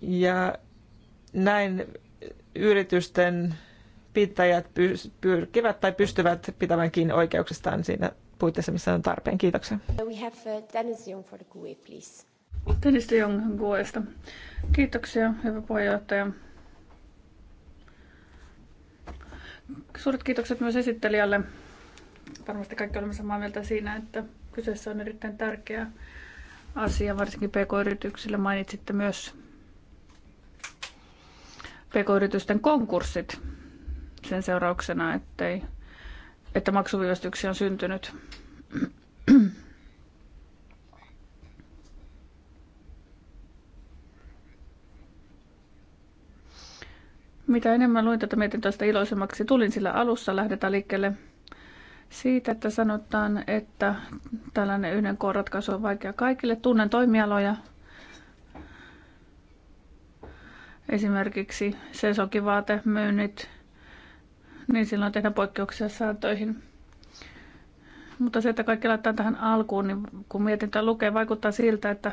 Ja näin yritysten pitäjät pyrkivät tai pystyvät pitämään kiinni oikeuksistaan siinä puitteissa, missä on tarpeen. Kiitoksia. We have uh, Tenistä Jong Guesta. Kiitoksia, hyvä puheenjohtaja. Suuret kiitokset myös esittelijälle. Varmasti kaikki olemme samaa mieltä siinä, että kyseessä on erittäin tärkeä asia, varsinkin pk-yrityksille. Mainitsitte myös pk-yritysten konkurssit sen seurauksena, ettei, että maksuviivästyksiä on syntynyt. Mitä enemmän luin tätä mietintöä, sitä iloisemmaksi tulin, sillä alussa lähdetään liikkeelle siitä, että sanotaan, että tällainen yhden koon ratkaisu on vaikea kaikille. Tunnen toimialoja, esimerkiksi myynnit niin silloin tehdään poikkeuksia sääntöihin. Mutta se, että kaikki laittaa tähän alkuun, niin kun mietintä lukee, vaikuttaa siltä, että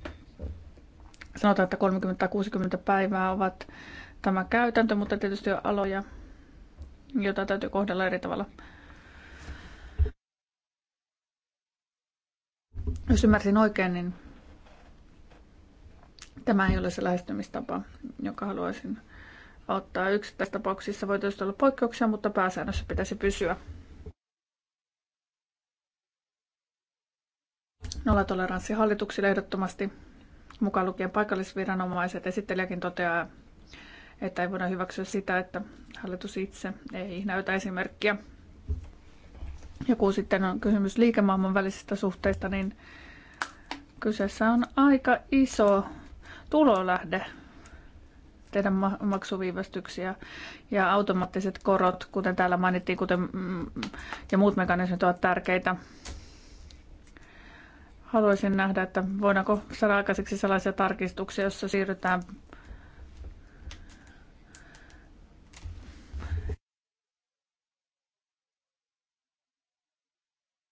sanotaan, että 30 tai 60 päivää ovat tämä käytäntö, mutta tietysti on aloja, joita täytyy kohdella eri tavalla. Jos ymmärsin oikein, niin tämä ei ole se lähestymistapa, joka haluaisin ottaa. tapauksissa voi tietysti olla poikkeuksia, mutta pääsäännössä pitäisi pysyä. Nollatoleranssi hallituksille ehdottomasti, mukaan lukien paikallisviranomaiset. Esittelijäkin toteaa, että ei voida hyväksyä sitä, että hallitus itse ei näytä esimerkkiä. Ja kun sitten on kysymys liikemaailman välisistä suhteista, niin kyseessä on aika iso tulolähde tehdä maksuviivästyksiä ja automaattiset korot, kuten täällä mainittiin, kuten, mm, ja muut mekanismit ovat tärkeitä. Haluaisin nähdä, että voidaanko saada aikaiseksi sellaisia tarkistuksia, joissa siirrytään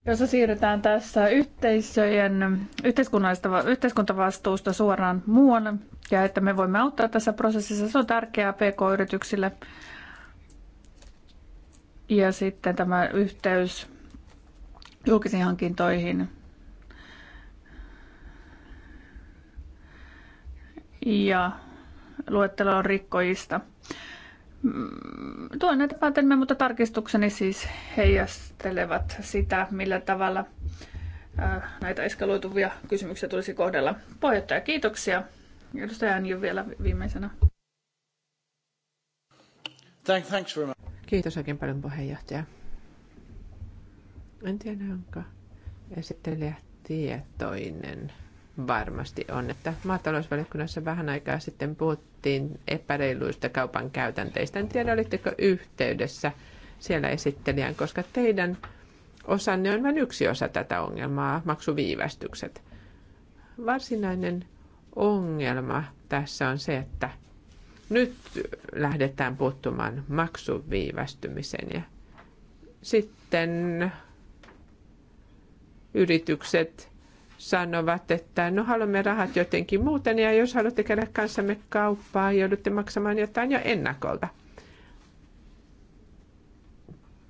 jossa siirrytään tässä yhteisöjen yhteiskunnallista, yhteiskuntavastuusta suoraan muualle ja että me voimme auttaa tässä prosessissa. Se on tärkeää PK-yrityksille. Ja sitten tämä yhteys julkisiin hankintoihin. Ja luettelo on rikkojista. Tuo näitä päätelmiä, mutta tarkistukseni siis heijastelevat sitä, millä tavalla näitä eskaloituvia kysymyksiä tulisi kohdella. Pohjoittaja, kiitoksia. Edustaja Anju vielä viimeisenä. Thank, thanks very much. Kiitos oikein paljon puheenjohtaja. En tiedä, onko esittelijä tietoinen varmasti on, että maatalousvaliokunnassa vähän aikaa sitten puhuttiin epäreiluista kaupan käytänteistä. En tiedä, olitteko yhteydessä siellä esittelijän, koska teidän osanne on vain yksi osa tätä ongelmaa, maksuviivästykset. Varsinainen ongelma tässä on se, että nyt lähdetään puuttumaan maksuviivästymiseen ja sitten yritykset – sanovat, että no haluamme rahat jotenkin muuten ja jos haluatte käydä kanssamme kauppaa, joudutte maksamaan jotain jo ennakolta.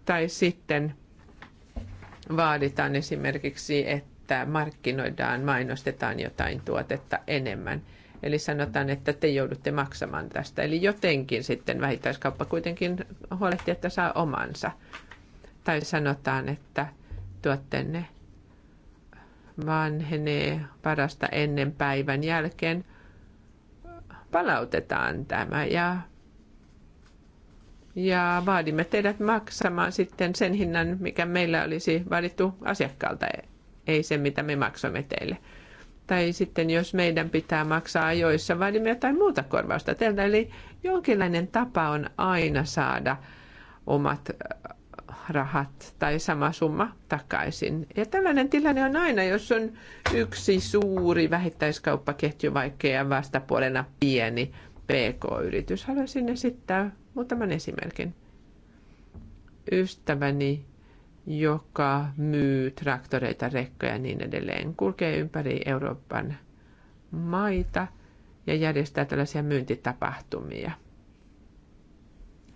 Tai sitten vaaditaan esimerkiksi, että markkinoidaan, mainostetaan jotain tuotetta enemmän. Eli sanotaan, että te joudutte maksamaan tästä. Eli jotenkin sitten vähittäiskauppa kuitenkin huolehtii, että saa omansa. Tai sanotaan, että tuotteenne vanhenee parasta ennen päivän jälkeen, palautetaan tämä ja, ja vaadimme teidät maksamaan sitten sen hinnan, mikä meillä olisi valittu asiakkaalta, ei se mitä me maksamme teille. Tai sitten jos meidän pitää maksaa ajoissa, vaadimme jotain muuta korvausta teiltä. Eli jonkinlainen tapa on aina saada omat rahat tai sama summa takaisin. Ja tällainen tilanne on aina, jos on yksi suuri vähittäiskauppaketju, vaikea vastapuolena pieni PK-yritys. Haluaisin esittää muutaman esimerkin. Ystäväni, joka myy traktoreita, rekkoja ja niin edelleen, kulkee ympäri Euroopan maita ja järjestää tällaisia myyntitapahtumia.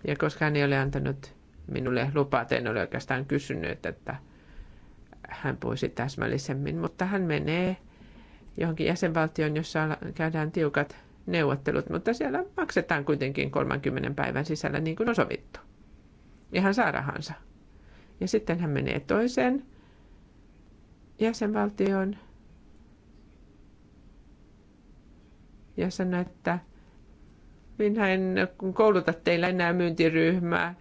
Ja koska hän ei ole antanut minulle että en ole oikeastaan kysynyt, että hän puhuisi täsmällisemmin, mutta hän menee johonkin jäsenvaltioon, jossa käydään tiukat neuvottelut, mutta siellä maksetaan kuitenkin 30 päivän sisällä niin kuin on sovittu. Ja hän saa rahansa. Ja sitten hän menee toiseen jäsenvaltioon ja sanoo, että minä en kouluta teillä enää myyntiryhmää,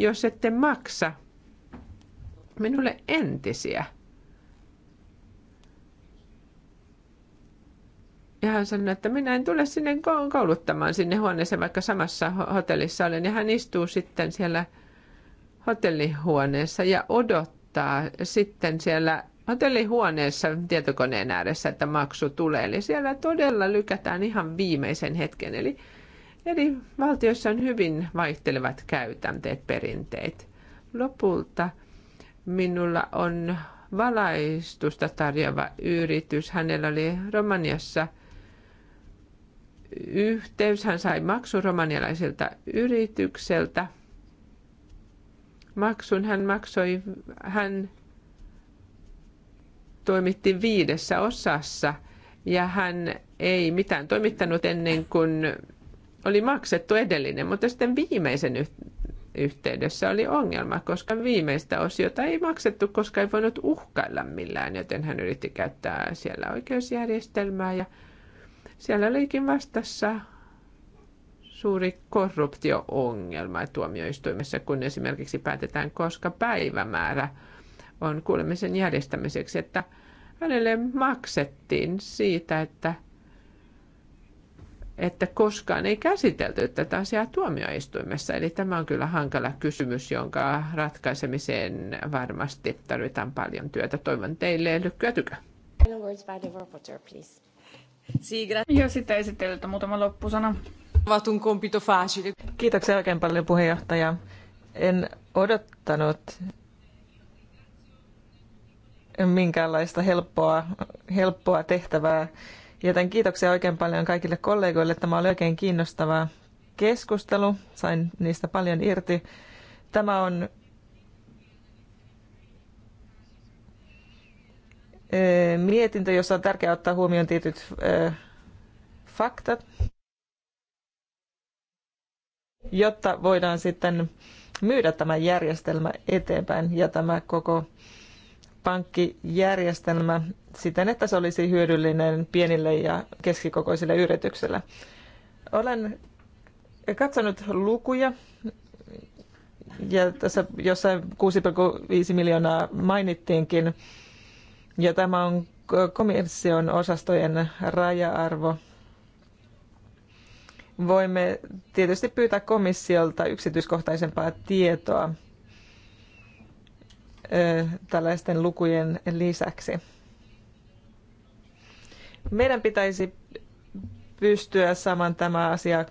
jos ette maksa minulle entisiä. Ja hän sanoi, että minä en tule sinne kouluttamaan sinne huoneeseen, vaikka samassa hotellissa olen. Ja hän istuu sitten siellä hotellihuoneessa ja odottaa sitten siellä hotellihuoneessa tietokoneen ääressä, että maksu tulee. Eli siellä todella lykätään ihan viimeisen hetken. Eli Eli valtioissa on hyvin vaihtelevat käytänteet, perinteet. Lopulta minulla on valaistusta tarjoava yritys. Hänellä oli Romaniassa yhteys. Hän sai maksun romanialaiselta yritykseltä. Maksun hän maksoi, hän toimitti viidessä osassa ja hän ei mitään toimittanut ennen kuin oli maksettu edellinen, mutta sitten viimeisen yhteydessä oli ongelma, koska viimeistä osiota ei maksettu, koska ei voinut uhkailla millään, joten hän yritti käyttää siellä oikeusjärjestelmää ja siellä olikin vastassa suuri korruptio-ongelma tuomioistuimessa, kun esimerkiksi päätetään, koska päivämäärä on kuulemisen järjestämiseksi, että hänelle maksettiin siitä, että – että koskaan ei käsitelty tätä asiaa tuomioistuimessa. Eli tämä on kyllä hankala kysymys, jonka ratkaisemiseen varmasti tarvitaan paljon työtä. Toivon teille lykkyä tykö. Ja sitten esitellyt muutama loppusana. Vatun compito facile. Kiitoksia oikein paljon puheenjohtaja. En odottanut minkäänlaista helppoa, helppoa tehtävää Joten kiitoksia oikein paljon kaikille kollegoille. Tämä oli oikein kiinnostava keskustelu. Sain niistä paljon irti. Tämä on eh, mietintö, jossa on tärkeää ottaa huomioon tietyt eh, faktat, jotta voidaan sitten myydä tämä järjestelmä eteenpäin ja tämä koko pankkijärjestelmä siten, että se olisi hyödyllinen pienille ja keskikokoisille yrityksille. Olen katsonut lukuja ja tässä jossain 6,5 miljoonaa mainittiinkin ja tämä on komission osastojen raja-arvo. Voimme tietysti pyytää komissiolta yksityiskohtaisempaa tietoa tällaisten lukujen lisäksi. Meidän pitäisi pystyä saamaan tämä asia äh,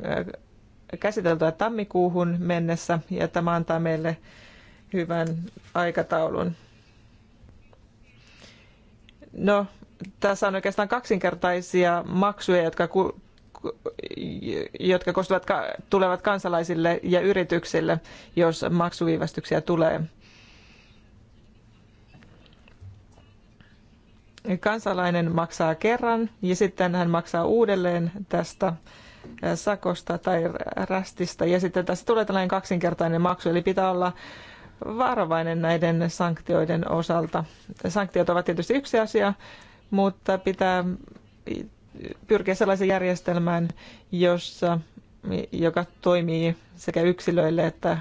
käsiteltyä tammikuuhun mennessä ja tämä antaa meille hyvän aikataulun. No, tässä on oikeastaan kaksinkertaisia maksuja, jotka, ku, jotka kostuvat, tulevat kansalaisille ja yrityksille, jos maksuviivästyksiä tulee. kansalainen maksaa kerran ja sitten hän maksaa uudelleen tästä äh, sakosta tai rästistä ja sitten tässä tulee tällainen kaksinkertainen maksu, eli pitää olla varovainen näiden sanktioiden osalta. Sanktiot ovat tietysti yksi asia, mutta pitää pyrkiä sellaiseen järjestelmään, jossa, joka toimii sekä yksilöille että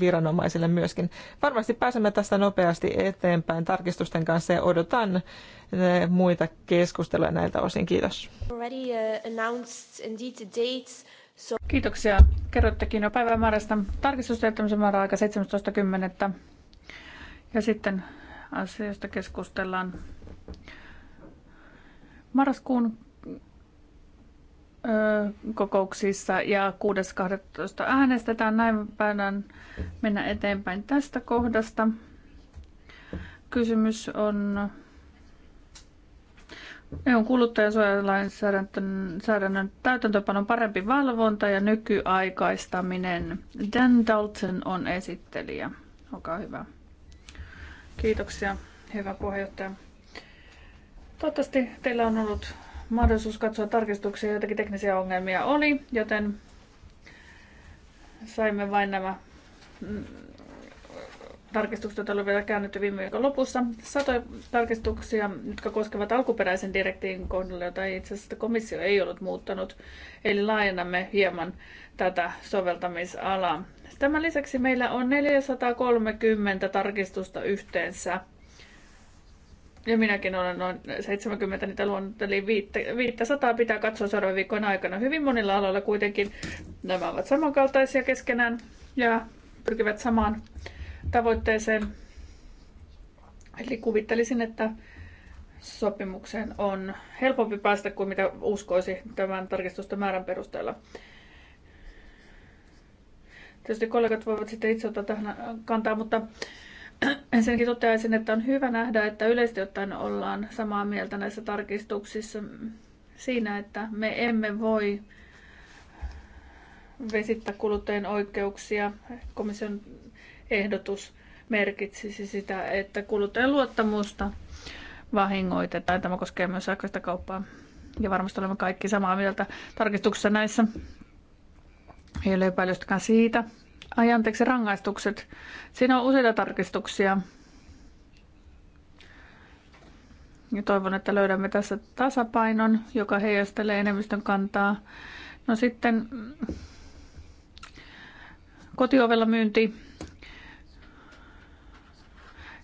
viranomaisille myöskin. Varmasti pääsemme tästä nopeasti eteenpäin tarkistusten kanssa ja odotan eh, muita keskusteluja näiltä osin. Kiitos. Eh, Kiitoksia. Kerrottekin jo päivämäärästä. Tarkistustehtämisen aika 17.10. Ja sitten asiasta keskustellaan marraskuun kokouksissa ja 6.12. äänestetään. Näin päivän mennä eteenpäin tästä kohdasta. Kysymys on EUn kuluttajansuojalainsäädännön täytäntöpanon parempi valvonta ja nykyaikaistaminen. Dan Dalton on esittelijä. Olkaa hyvä. Kiitoksia, hyvä puheenjohtaja. Toivottavasti teillä on ollut mahdollisuus katsoa tarkistuksia, joitakin teknisiä ongelmia oli, joten saimme vain nämä mm, tarkistukset, joita oli vielä käännetty viime viikon lopussa. Satoi tarkistuksia, jotka koskevat alkuperäisen direktiivin kohdalla, jota itse asiassa komissio ei ollut muuttanut. Eli laajennamme hieman tätä soveltamisalaa. Tämän lisäksi meillä on 430 tarkistusta yhteensä ja minäkin olen noin 70 niitä luonut, eli 500 pitää katsoa seuraavan viikon aikana. Hyvin monilla aloilla kuitenkin nämä ovat samankaltaisia keskenään ja pyrkivät samaan tavoitteeseen. Eli kuvittelisin, että sopimukseen on helpompi päästä kuin mitä uskoisi tämän tarkistusta määrän perusteella. Tietysti kollegat voivat sitten itse ottaa tähän kantaa, mutta Ensinnäkin toteaisin, että on hyvä nähdä, että yleisesti ottaen ollaan samaa mieltä näissä tarkistuksissa siinä, että me emme voi vesittää kuluttajien oikeuksia. Komission ehdotus merkitsisi sitä, että kuluttajien luottamusta vahingoitetaan. Tämä koskee myös sähköistä kauppaa. Ja varmasti olemme kaikki samaa mieltä tarkistuksessa näissä. Ei ole epäilystäkään siitä, Ai anteeksi, rangaistukset. Siinä on useita tarkistuksia. Ja toivon, että löydämme tässä tasapainon, joka heijastelee enemmistön kantaa. No sitten mm, kotiovella myynti.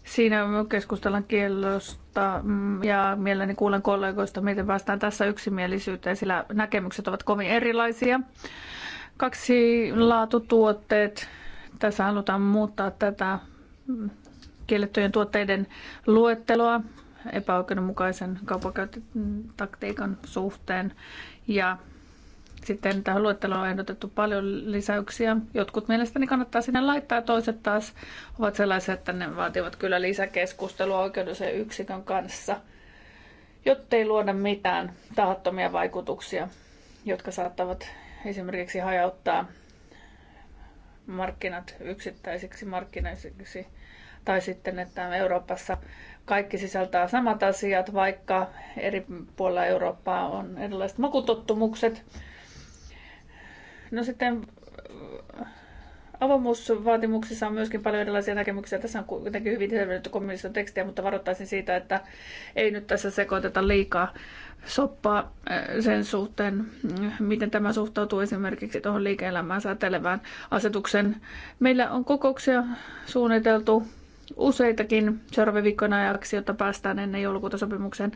Siinä keskustellaan kiellosta mm, ja mielelläni kuulen kollegoista, miten päästään tässä yksimielisyyteen, sillä näkemykset ovat kovin erilaisia. Kaksi laatutuotteet. Tässä halutaan muuttaa tätä kiellettyjen tuotteiden luetteloa epäoikeudenmukaisen kaupankäyntitaktiikan suhteen. Ja sitten tähän luetteloon on ehdotettu paljon lisäyksiä. Jotkut mielestäni kannattaa sinne laittaa, toiset taas ovat sellaisia, että ne vaativat kyllä lisäkeskustelua oikeudellisen yksikön kanssa, jotta ei luoda mitään tahattomia vaikutuksia, jotka saattavat esimerkiksi hajauttaa markkinat yksittäisiksi markkinaisiksi tai sitten, että Euroopassa kaikki sisältää samat asiat, vaikka eri puolilla Eurooppaa on erilaiset makutottumukset. No sitten avoimuusvaatimuksissa on myöskin paljon erilaisia näkemyksiä. Tässä on kuitenkin hyvin selvennetty kommunistista tekstiä, mutta varoittaisin siitä, että ei nyt tässä sekoiteta liikaa soppaa eh, sen suhteen, mm, miten tämä suhtautuu esimerkiksi tuohon liike-elämään säätelevään asetukseen. Meillä on kokouksia suunniteltu useitakin seuraavien viikkojen ajaksi, jotta päästään ennen joulukuuta sopimukseen.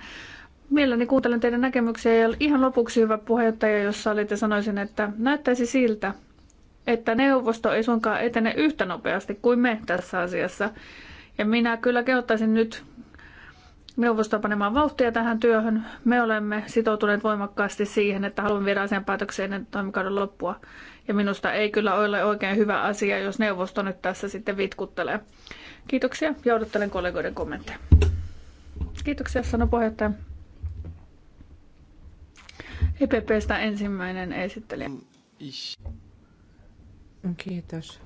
Mielelläni kuuntelen teidän näkemyksiä ja ihan lopuksi hyvä puheenjohtaja, jos olitte sanoisin, että näyttäisi siltä, että neuvosto ei suinkaan etene yhtä nopeasti kuin me tässä asiassa. Ja minä kyllä kehottaisin nyt neuvostoa panemaan vauhtia tähän työhön. Me olemme sitoutuneet voimakkaasti siihen, että haluamme viedä asian päätökseen ennen toimikauden loppua. Ja minusta ei kyllä ole oikein hyvä asia, jos neuvosto nyt tässä sitten vitkuttelee. Kiitoksia ja odottelen kollegoiden kommentteja. Kiitoksia, sanoi puheenjohtaja. EPPstä ensimmäinen esittelijä. Kiitos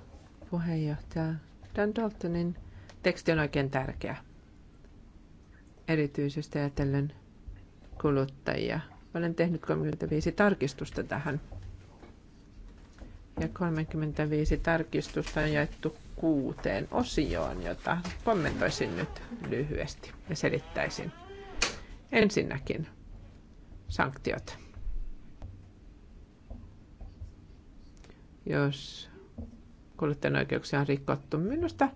puheenjohtaja. Dan Daltonin teksti on oikein tärkeä erityisesti ajatellen kuluttajia. Olen tehnyt 35 tarkistusta tähän. Ja 35 tarkistusta on jaettu kuuteen osioon, jota kommentoisin nyt lyhyesti ja selittäisin. Ensinnäkin sanktiot. Jos kuluttajan oikeuksia on rikottu, minusta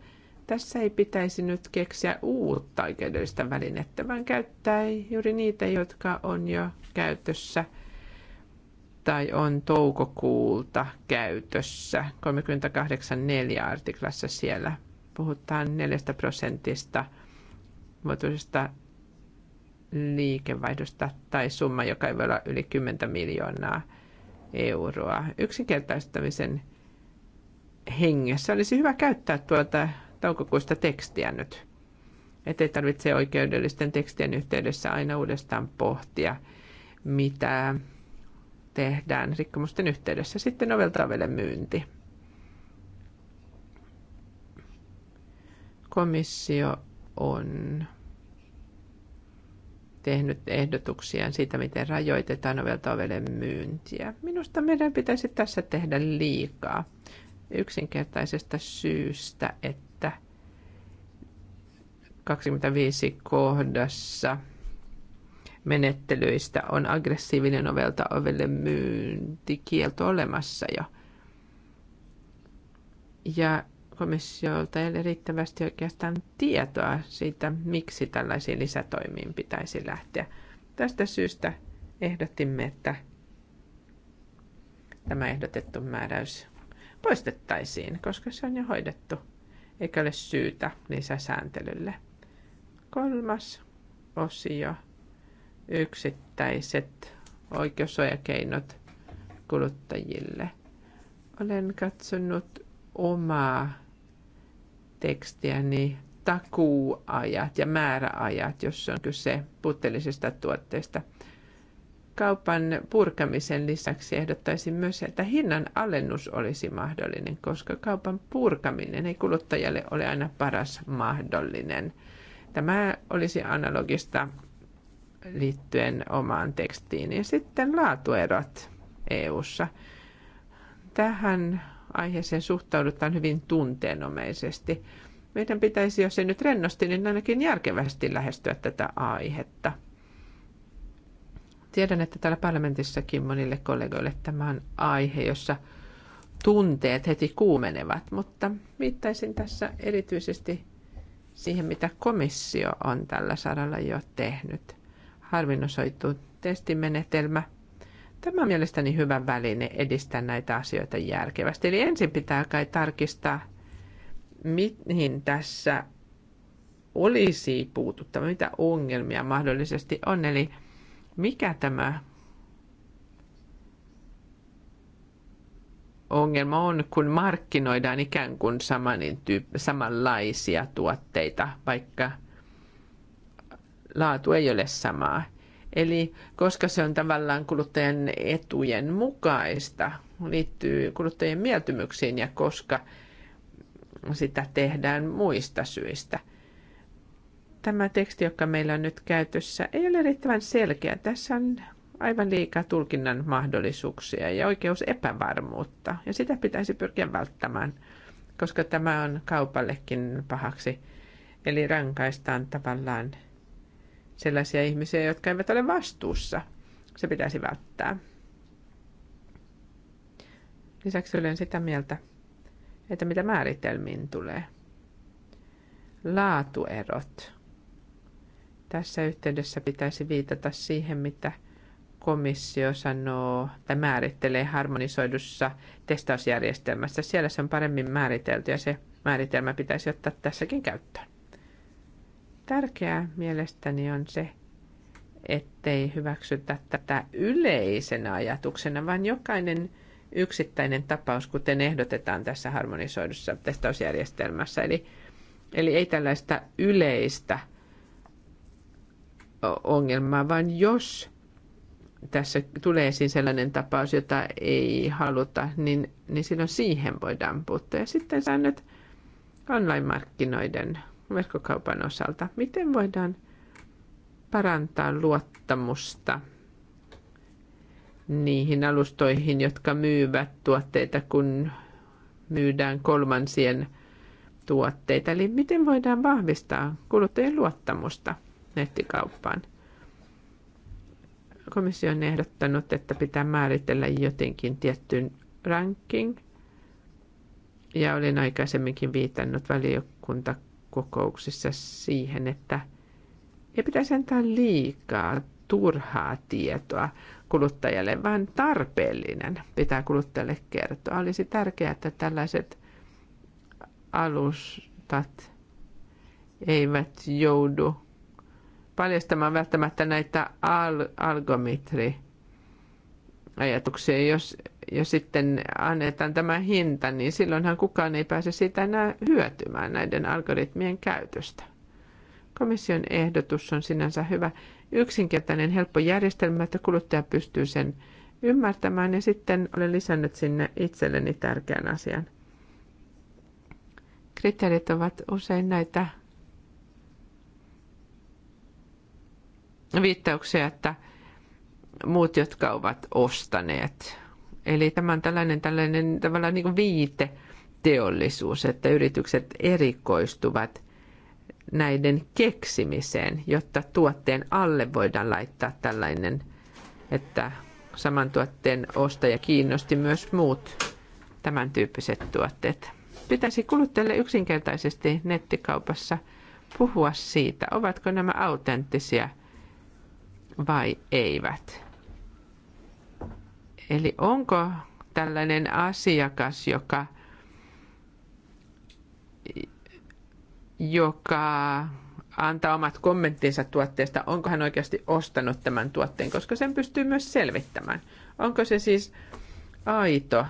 tässä ei pitäisi nyt keksiä uutta oikeudellista välinettä, vaan käyttää juuri niitä, jotka on jo käytössä tai on toukokuulta käytössä. 38.4 artiklassa siellä puhutaan 4 prosentista vuotuisesta liikevaihdosta tai summa, joka ei voi olla yli 10 miljoonaa euroa. Yksinkertaistamisen hengessä olisi hyvä käyttää tuota toukokuista tekstiä nyt. Ettei tarvitse oikeudellisten tekstien yhteydessä aina uudestaan pohtia, mitä tehdään rikkomusten yhteydessä. Sitten oveltravelen myynti. Komissio on tehnyt ehdotuksia siitä, miten rajoitetaan oveltravelen myyntiä. Minusta meidän pitäisi tässä tehdä liikaa yksinkertaisesta syystä, että 25 kohdassa menettelyistä on aggressiivinen ovelta ovelle myyntikielto olemassa jo. Ja komissiolta ei ole riittävästi oikeastaan tietoa siitä, miksi tällaisiin lisätoimiin pitäisi lähteä. Tästä syystä ehdotimme, että tämä ehdotettu määräys poistettaisiin, koska se on jo hoidettu, eikä ole syytä lisäsääntelylle. Kolmas osio, yksittäiset oikeussuojakeinot kuluttajille. Olen katsonut omaa tekstiäni takuuajat ja määräajat, jos on kyse puutteellisista tuotteista. Kaupan purkamisen lisäksi ehdottaisin myös, että hinnan alennus olisi mahdollinen, koska kaupan purkaminen ei kuluttajalle ole aina paras mahdollinen Tämä olisi analogista liittyen omaan tekstiin. Ja sitten laatuerot EU:ssa. Tähän aiheeseen suhtaudutaan hyvin tunteenomaisesti. Meidän pitäisi, jos ei nyt rennosti, niin ainakin järkevästi lähestyä tätä aihetta. Tiedän, että täällä parlamentissakin monille kollegoille tämä on aihe, jossa tunteet heti kuumenevat, mutta viittaisin tässä erityisesti siihen, mitä komissio on tällä saralla jo tehnyt. Harvinnosoitu testimenetelmä. Tämä on mielestäni hyvä väline edistää näitä asioita järkevästi. Eli ensin pitää kai tarkistaa, mihin tässä olisi puututtava, mitä ongelmia mahdollisesti on. Eli mikä tämä ongelma on, kun markkinoidaan ikään kuin samanlaisia tuotteita, vaikka laatu ei ole samaa. Eli koska se on tavallaan kuluttajan etujen mukaista, liittyy kuluttajien mieltymyksiin ja koska sitä tehdään muista syistä. Tämä teksti, joka meillä on nyt käytössä, ei ole riittävän selkeä. Tässä on aivan liikaa tulkinnan mahdollisuuksia ja oikeus epävarmuutta. Ja sitä pitäisi pyrkiä välttämään, koska tämä on kaupallekin pahaksi. Eli rankaistaan tavallaan sellaisia ihmisiä, jotka eivät ole vastuussa. Se pitäisi välttää. Lisäksi olen sitä mieltä, että mitä määritelmiin tulee. Laatuerot. Tässä yhteydessä pitäisi viitata siihen, mitä – komissio sanoo, tai määrittelee harmonisoidussa testausjärjestelmässä. Siellä se on paremmin määritelty ja se määritelmä pitäisi ottaa tässäkin käyttöön. Tärkeää mielestäni on se, ettei hyväksytä tätä yleisenä ajatuksena, vaan jokainen yksittäinen tapaus, kuten ehdotetaan tässä harmonisoidussa testausjärjestelmässä. Eli, eli ei tällaista yleistä ongelmaa, vaan jos tässä tulee esiin sellainen tapaus, jota ei haluta, niin, niin silloin siihen voidaan puuttua. Ja sitten säännöt online-markkinoiden verkkokaupan osalta. Miten voidaan parantaa luottamusta niihin alustoihin, jotka myyvät tuotteita, kun myydään kolmansien tuotteita. Eli miten voidaan vahvistaa kuluttajien luottamusta nettikauppaan? komissio on ehdottanut, että pitää määritellä jotenkin tiettyyn ranking. Ja olin aikaisemminkin viitannut valiokuntakokouksissa siihen, että ei pitäisi antaa liikaa turhaa tietoa kuluttajalle, vaan tarpeellinen pitää kuluttajalle kertoa. Olisi tärkeää, että tällaiset alustat eivät joudu paljastamaan välttämättä näitä al- algometri ajatuksia. Jos, jos sitten annetaan tämä hinta, niin silloinhan kukaan ei pääse siitä enää hyötymään näiden algoritmien käytöstä. Komission ehdotus on sinänsä hyvä yksinkertainen, helppo järjestelmä, että kuluttaja pystyy sen ymmärtämään ja sitten olen lisännyt sinne itselleni tärkeän asian. Kriteerit ovat usein näitä viittauksia, että muut, jotka ovat ostaneet. Eli tämä on tällainen, tällainen tavallaan niin kuin viite teollisuus, että yritykset erikoistuvat näiden keksimiseen, jotta tuotteen alle voidaan laittaa tällainen, että saman tuotteen ostaja kiinnosti myös muut tämän tyyppiset tuotteet. Pitäisi kuluttajille yksinkertaisesti nettikaupassa puhua siitä, ovatko nämä autenttisia – vai eivät. Eli onko tällainen asiakas, joka, joka antaa omat kommenttinsa tuotteesta, onko hän oikeasti ostanut tämän tuotteen, koska sen pystyy myös selvittämään. Onko se siis aito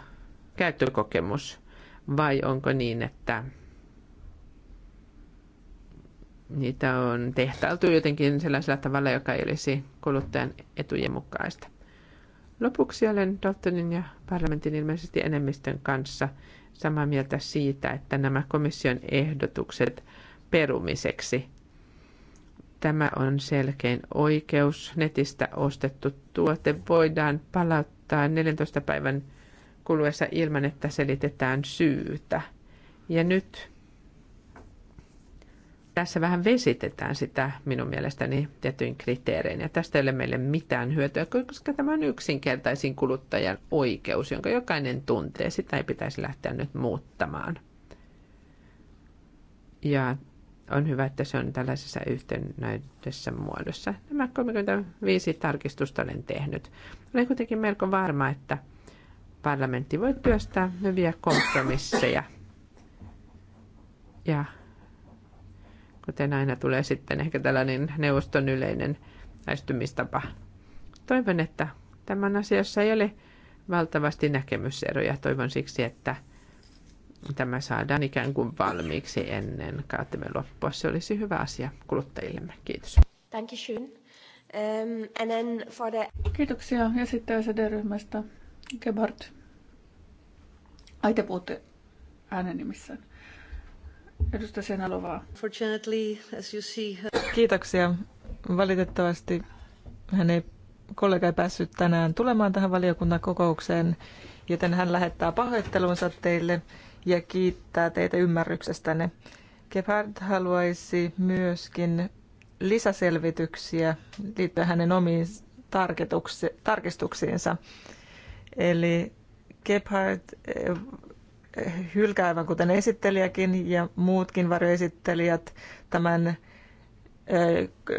käyttökokemus vai onko niin, että niitä on tehtailtu jotenkin sellaisella tavalla, joka ei olisi kuluttajan etujen mukaista. Lopuksi olen Daltonin ja parlamentin ilmeisesti enemmistön kanssa samaa mieltä siitä, että nämä komission ehdotukset perumiseksi. Tämä on selkein oikeus. Netistä ostettu tuote voidaan palauttaa 14 päivän kuluessa ilman, että selitetään syytä. Ja nyt tässä vähän vesitetään sitä minun mielestäni tietyin kriteerein. Ja tästä ei ole meille mitään hyötyä, koska tämä on yksinkertaisin kuluttajan oikeus, jonka jokainen tuntee. Sitä ei pitäisi lähteä nyt muuttamaan. Ja on hyvä, että se on tällaisessa yhtenäisessä muodossa. Nämä 35 tarkistusta olen tehnyt. Olen kuitenkin melko varma, että parlamentti voi työstää hyviä kompromisseja. Ja kuten aina tulee sitten ehkä tällainen neuvoston yleinen lähestymistapa. Toivon, että tämän asiassa ei ole valtavasti näkemyseroja. Toivon siksi, että tämä saadaan ikään kuin valmiiksi ennen kaatemme loppua. Se olisi hyvä asia kuluttajillemme. Kiitos. Dankeschön. Um, and then for the... Kiitoksia. Ja sitten ryhmästä Gebhardt. Ai te puhutte äänen nimissään. Edustaja Senalovaa. Kiitoksia. Valitettavasti hän ei, kollega ei päässyt tänään tulemaan tähän valiokunnan kokoukseen, joten hän lähettää pahoittelunsa teille ja kiittää teitä ymmärryksestänne. Gebhardt haluaisi myöskin lisäselvityksiä liittyen hänen omiin tarkistuksiinsa. Eli Gebhardt eh, hylkäävän, kuten esittelijäkin ja muutkin varjoesittelijät, tämän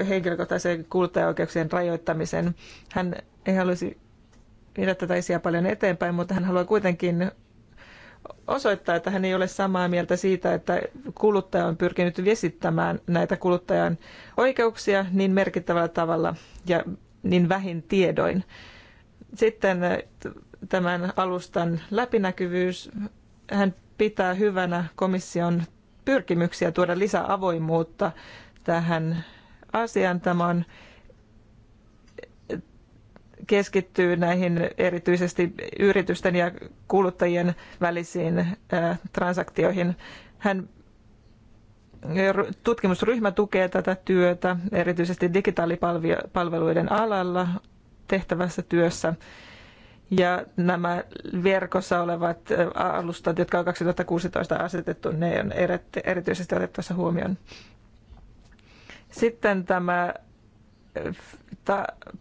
henkilökohtaisen kuluttajaoikeuksien rajoittamisen. Hän ei halusi viedä tätä asiaa paljon eteenpäin, mutta hän haluaa kuitenkin osoittaa, että hän ei ole samaa mieltä siitä, että kuluttaja on pyrkinyt vesittämään näitä kuluttajan oikeuksia niin merkittävällä tavalla ja niin vähin tiedoin. Sitten tämän alustan läpinäkyvyys hän pitää hyvänä komission pyrkimyksiä tuoda lisää avoimuutta tähän asiaan. Tämä on, keskittyy näihin erityisesti yritysten ja kuluttajien välisiin transaktioihin. Hän Tutkimusryhmä tukee tätä työtä erityisesti digitaalipalveluiden alalla tehtävässä työssä ja nämä verkossa olevat alustat, jotka on 2016 asetettu, ne on erityisesti otettavassa huomioon. Sitten tämä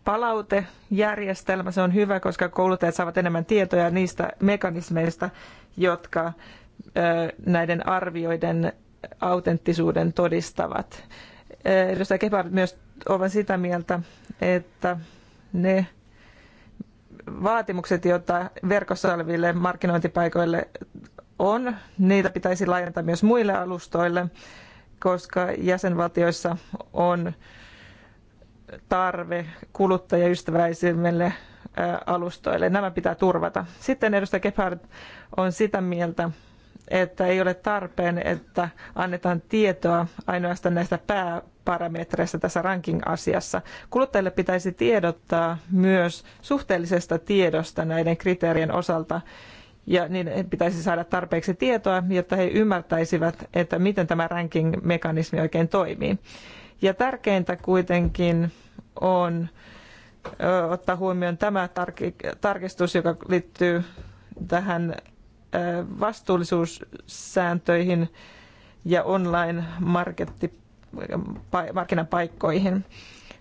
palautejärjestelmä, se on hyvä, koska kouluttajat saavat enemmän tietoja niistä mekanismeista, jotka näiden arvioiden autenttisuuden todistavat. Edustaja Kepard myös ovat sitä mieltä, että ne vaatimukset, joita verkossa oleville markkinointipaikoille on, niitä pitäisi laajentaa myös muille alustoille, koska jäsenvaltioissa on tarve kuluttajaystäväisemmille alustoille. Nämä pitää turvata. Sitten edustaja Gebhardt on sitä mieltä, että ei ole tarpeen, että annetaan tietoa ainoastaan näistä pää, parametreissa tässä ranking-asiassa. Kuluttajille pitäisi tiedottaa myös suhteellisesta tiedosta näiden kriteerien osalta, ja niin pitäisi saada tarpeeksi tietoa, jotta he ymmärtäisivät, että miten tämä ranking-mekanismi oikein toimii. Ja tärkeintä kuitenkin on ottaa huomioon tämä tarkistus, joka liittyy tähän vastuullisuussääntöihin ja online-marketti markkinapaikkoihin.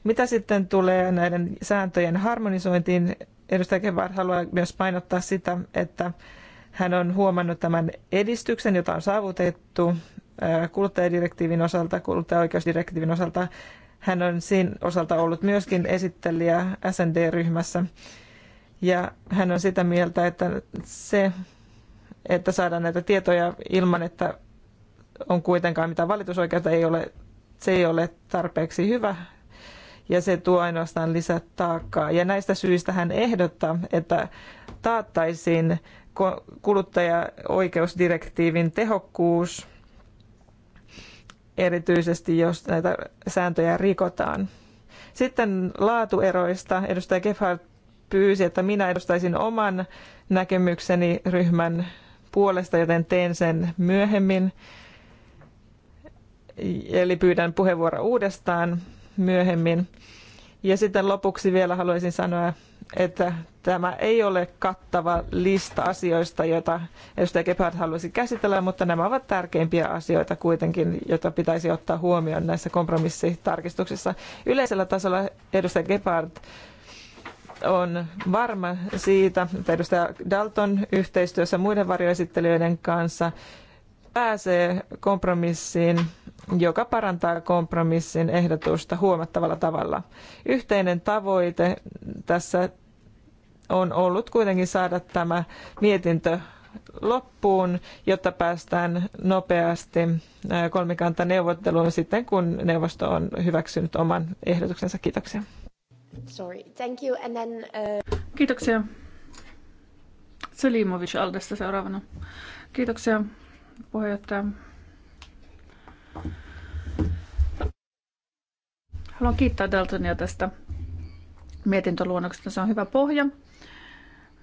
Mitä sitten tulee näiden sääntöjen harmonisointiin, edustaja Kevar haluaa myös painottaa sitä, että hän on huomannut tämän edistyksen, jota on saavutettu kuluttajadirektiivin osalta, kuluttajaoikeusdirektiivin osalta. Hän on siinä osalta ollut myöskin esittelijä SND-ryhmässä. Ja hän on sitä mieltä, että se, että saadaan näitä tietoja ilman, että on kuitenkaan mitään valitusoikeutta, ei ole se ei ole tarpeeksi hyvä ja se tuo ainoastaan taakkaa. Ja näistä syistä hän ehdottaa, että taattaisiin kuluttajaoikeusdirektiivin tehokkuus, erityisesti jos näitä sääntöjä rikotaan. Sitten laatueroista edustaja Gebhardt pyysi, että minä edustaisin oman näkemykseni ryhmän puolesta, joten teen sen myöhemmin eli pyydän puheenvuoro uudestaan myöhemmin. Ja sitten lopuksi vielä haluaisin sanoa, että tämä ei ole kattava lista asioista, joita edustaja Gebhardt haluaisi käsitellä, mutta nämä ovat tärkeimpiä asioita kuitenkin, joita pitäisi ottaa huomioon näissä kompromissitarkistuksissa. Yleisellä tasolla edustaja Gebhardt on varma siitä, että edustaja Dalton yhteistyössä muiden varjoesittelijöiden kanssa pääsee kompromissiin, joka parantaa kompromissin ehdotusta huomattavalla tavalla. Yhteinen tavoite tässä on ollut kuitenkin saada tämä mietintö loppuun, jotta päästään nopeasti kolmikantaneuvotteluun sitten, kun neuvosto on hyväksynyt oman ehdotuksensa. Kiitoksia. Sorry. Thank you. And then, uh... Kiitoksia. Selimovic Aldesta seuraavana. Kiitoksia puheenjohtaja. Haluan kiittää Daltonia tästä mietintöluonnoksesta. Se on hyvä pohja.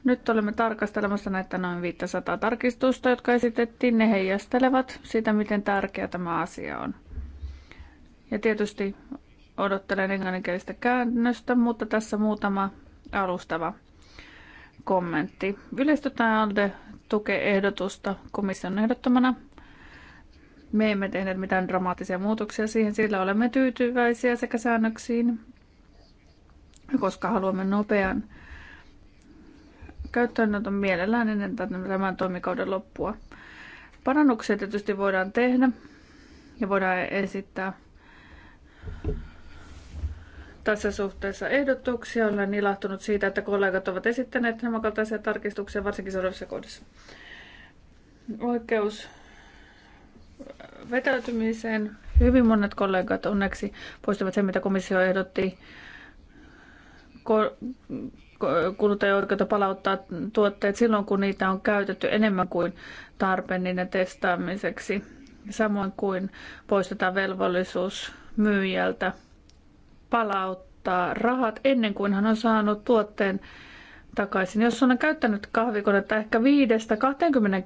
Nyt olemme tarkastelemassa näitä noin 500 tarkistusta, jotka esitettiin. Ne heijastelevat sitä, miten tärkeä tämä asia on. Ja tietysti odottelen englanninkielistä käännöstä, mutta tässä muutama alustava kommentti. Yleistö ALDE tukee ehdotusta komission ehdottamana. Me emme tehneet mitään dramaattisia muutoksia siihen, sillä olemme tyytyväisiä sekä säännöksiin, koska haluamme nopean käyttöönoton mielellään ennen tämän toimikauden loppua. Parannuksia tietysti voidaan tehdä ja voidaan esittää tässä suhteessa ehdotuksia. Olen niin ilahtunut siitä, että kollegat ovat esittäneet nämä kaltaisia tarkistuksia, varsinkin seuraavassa kohdassa. Oikeus äh, vetäytymiseen. Hyvin monet kollegat onneksi poistavat sen, mitä komissio ehdotti kuluttajaoikeutta palauttaa tuotteet silloin, kun niitä on käytetty enemmän kuin tarpeen niiden testaamiseksi. Samoin kuin poistetaan velvollisuus myyjältä palauttaa rahat ennen kuin hän on saanut tuotteen takaisin. Jos on käyttänyt kahvikonetta ehkä 5-20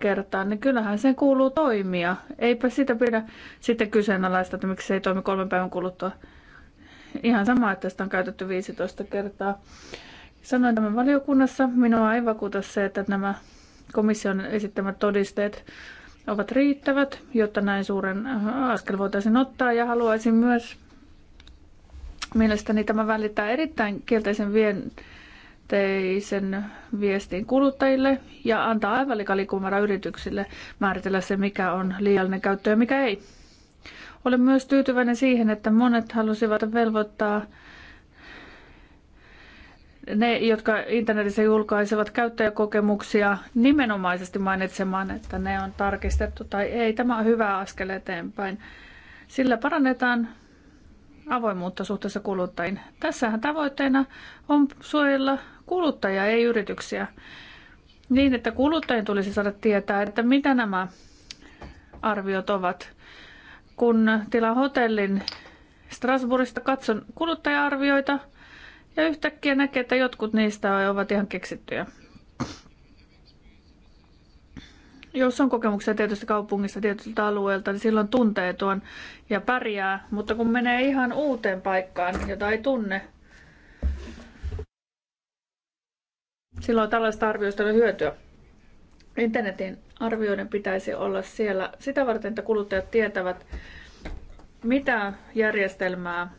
kertaa, niin kyllähän sen kuuluu toimia. Eipä sitä pidä sitten kyseenalaista, että miksi se ei toimi kolmen päivän kuluttua. Ihan sama, että sitä on käytetty 15 kertaa. Sanoin tämän valiokunnassa. Minua ei vakuuta se, että nämä komission esittämät todisteet ovat riittävät, jotta näin suuren askel voitaisiin ottaa. Ja haluaisin myös Mielestäni tämä välittää erittäin kielteisen vienteisen viestin kuluttajille ja antaa aivan likalikumara yrityksille määritellä se, mikä on liiallinen käyttö ja mikä ei. Olen myös tyytyväinen siihen, että monet halusivat velvoittaa ne, jotka internetissä julkaisevat käyttäjäkokemuksia nimenomaisesti mainitsemaan, että ne on tarkistettu tai ei. Tämä on hyvä askel eteenpäin. Sillä parannetaan avoimuutta suhteessa kuluttajiin. Tässähän tavoitteena on suojella kuluttajia, ei yrityksiä. Niin, että kuluttajien tulisi saada tietää, että mitä nämä arviot ovat. Kun tilaa hotellin Strasbourgista, katson kuluttaja-arvioita ja yhtäkkiä näkee, että jotkut niistä ovat ihan keksittyjä. jos on kokemuksia tietystä kaupungista, tietyltä alueelta, niin silloin tuntee tuon ja pärjää. Mutta kun menee ihan uuteen paikkaan, jota ei tunne, silloin tällaista arvioista on hyötyä. Internetin arvioiden pitäisi olla siellä sitä varten, että kuluttajat tietävät, mitä järjestelmää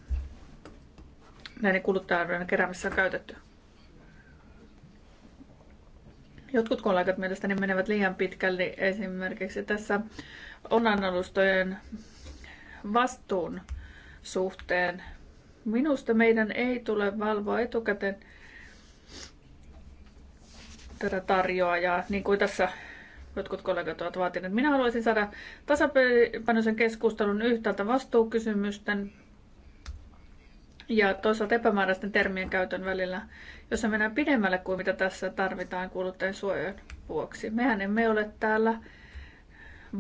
näiden kuluttaja-arvioiden keräämisessä on käytetty. Jotkut kollegat mielestäni menevät liian pitkälle niin esimerkiksi tässä onnanalustojen vastuun suhteen. Minusta meidän ei tule valvoa etukäteen tätä tarjoajaa, niin kuin tässä jotkut kollegat ovat vaatineet. Minä haluaisin saada tasapainoisen keskustelun yhtäältä vastuukysymysten ja toisaalta epämääräisten termien käytön välillä, jossa mennään pidemmälle kuin mitä tässä tarvitaan kuluttajien suojan vuoksi. Mehän emme ole täällä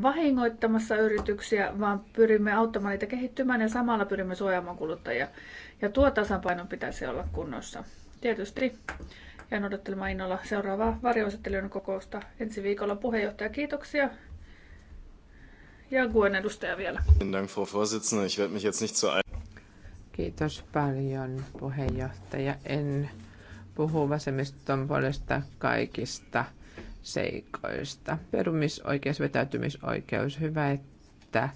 vahingoittamassa yrityksiä, vaan pyrimme auttamaan niitä kehittymään ja samalla pyrimme suojaamaan kuluttajia. Ja tuo tasapaino pitäisi olla kunnossa. Tietysti jään odottelemaan innolla seuraavaa varjoesittelijän kokousta ensi viikolla. Puheenjohtaja, kiitoksia. Ja Guen edustaja vielä. Kiitos paljon puheenjohtaja. En puhu vasemmiston puolesta kaikista seikoista. Perumisoikeus, vetäytymisoikeus. Hyvä, että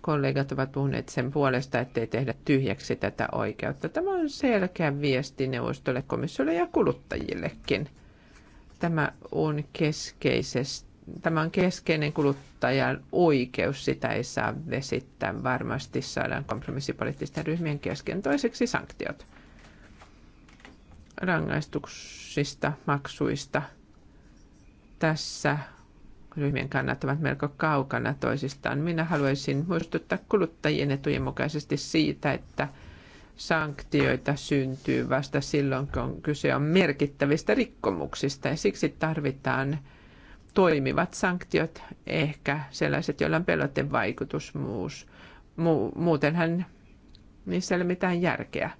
kollegat ovat puhuneet sen puolesta, ettei tehdä tyhjäksi tätä oikeutta. Tämä on selkeä viesti neuvostolle, komissiolle ja kuluttajillekin. Tämä on keskeisesti tämä on keskeinen kuluttajan oikeus, sitä ei saa vesittää. Varmasti saadaan kompromissipoliittisten ryhmien kesken. Toiseksi sanktiot rangaistuksista, maksuista. Tässä ryhmien kannat ovat melko kaukana toisistaan. Minä haluaisin muistuttaa kuluttajien etujen mukaisesti siitä, että sanktioita syntyy vasta silloin, kun kyse on merkittävistä rikkomuksista ja siksi tarvitaan toimivat sanktiot, ehkä sellaiset, joilla on pelotteen vaikutus Mu- muutenhan niissä ei ole mitään järkeä.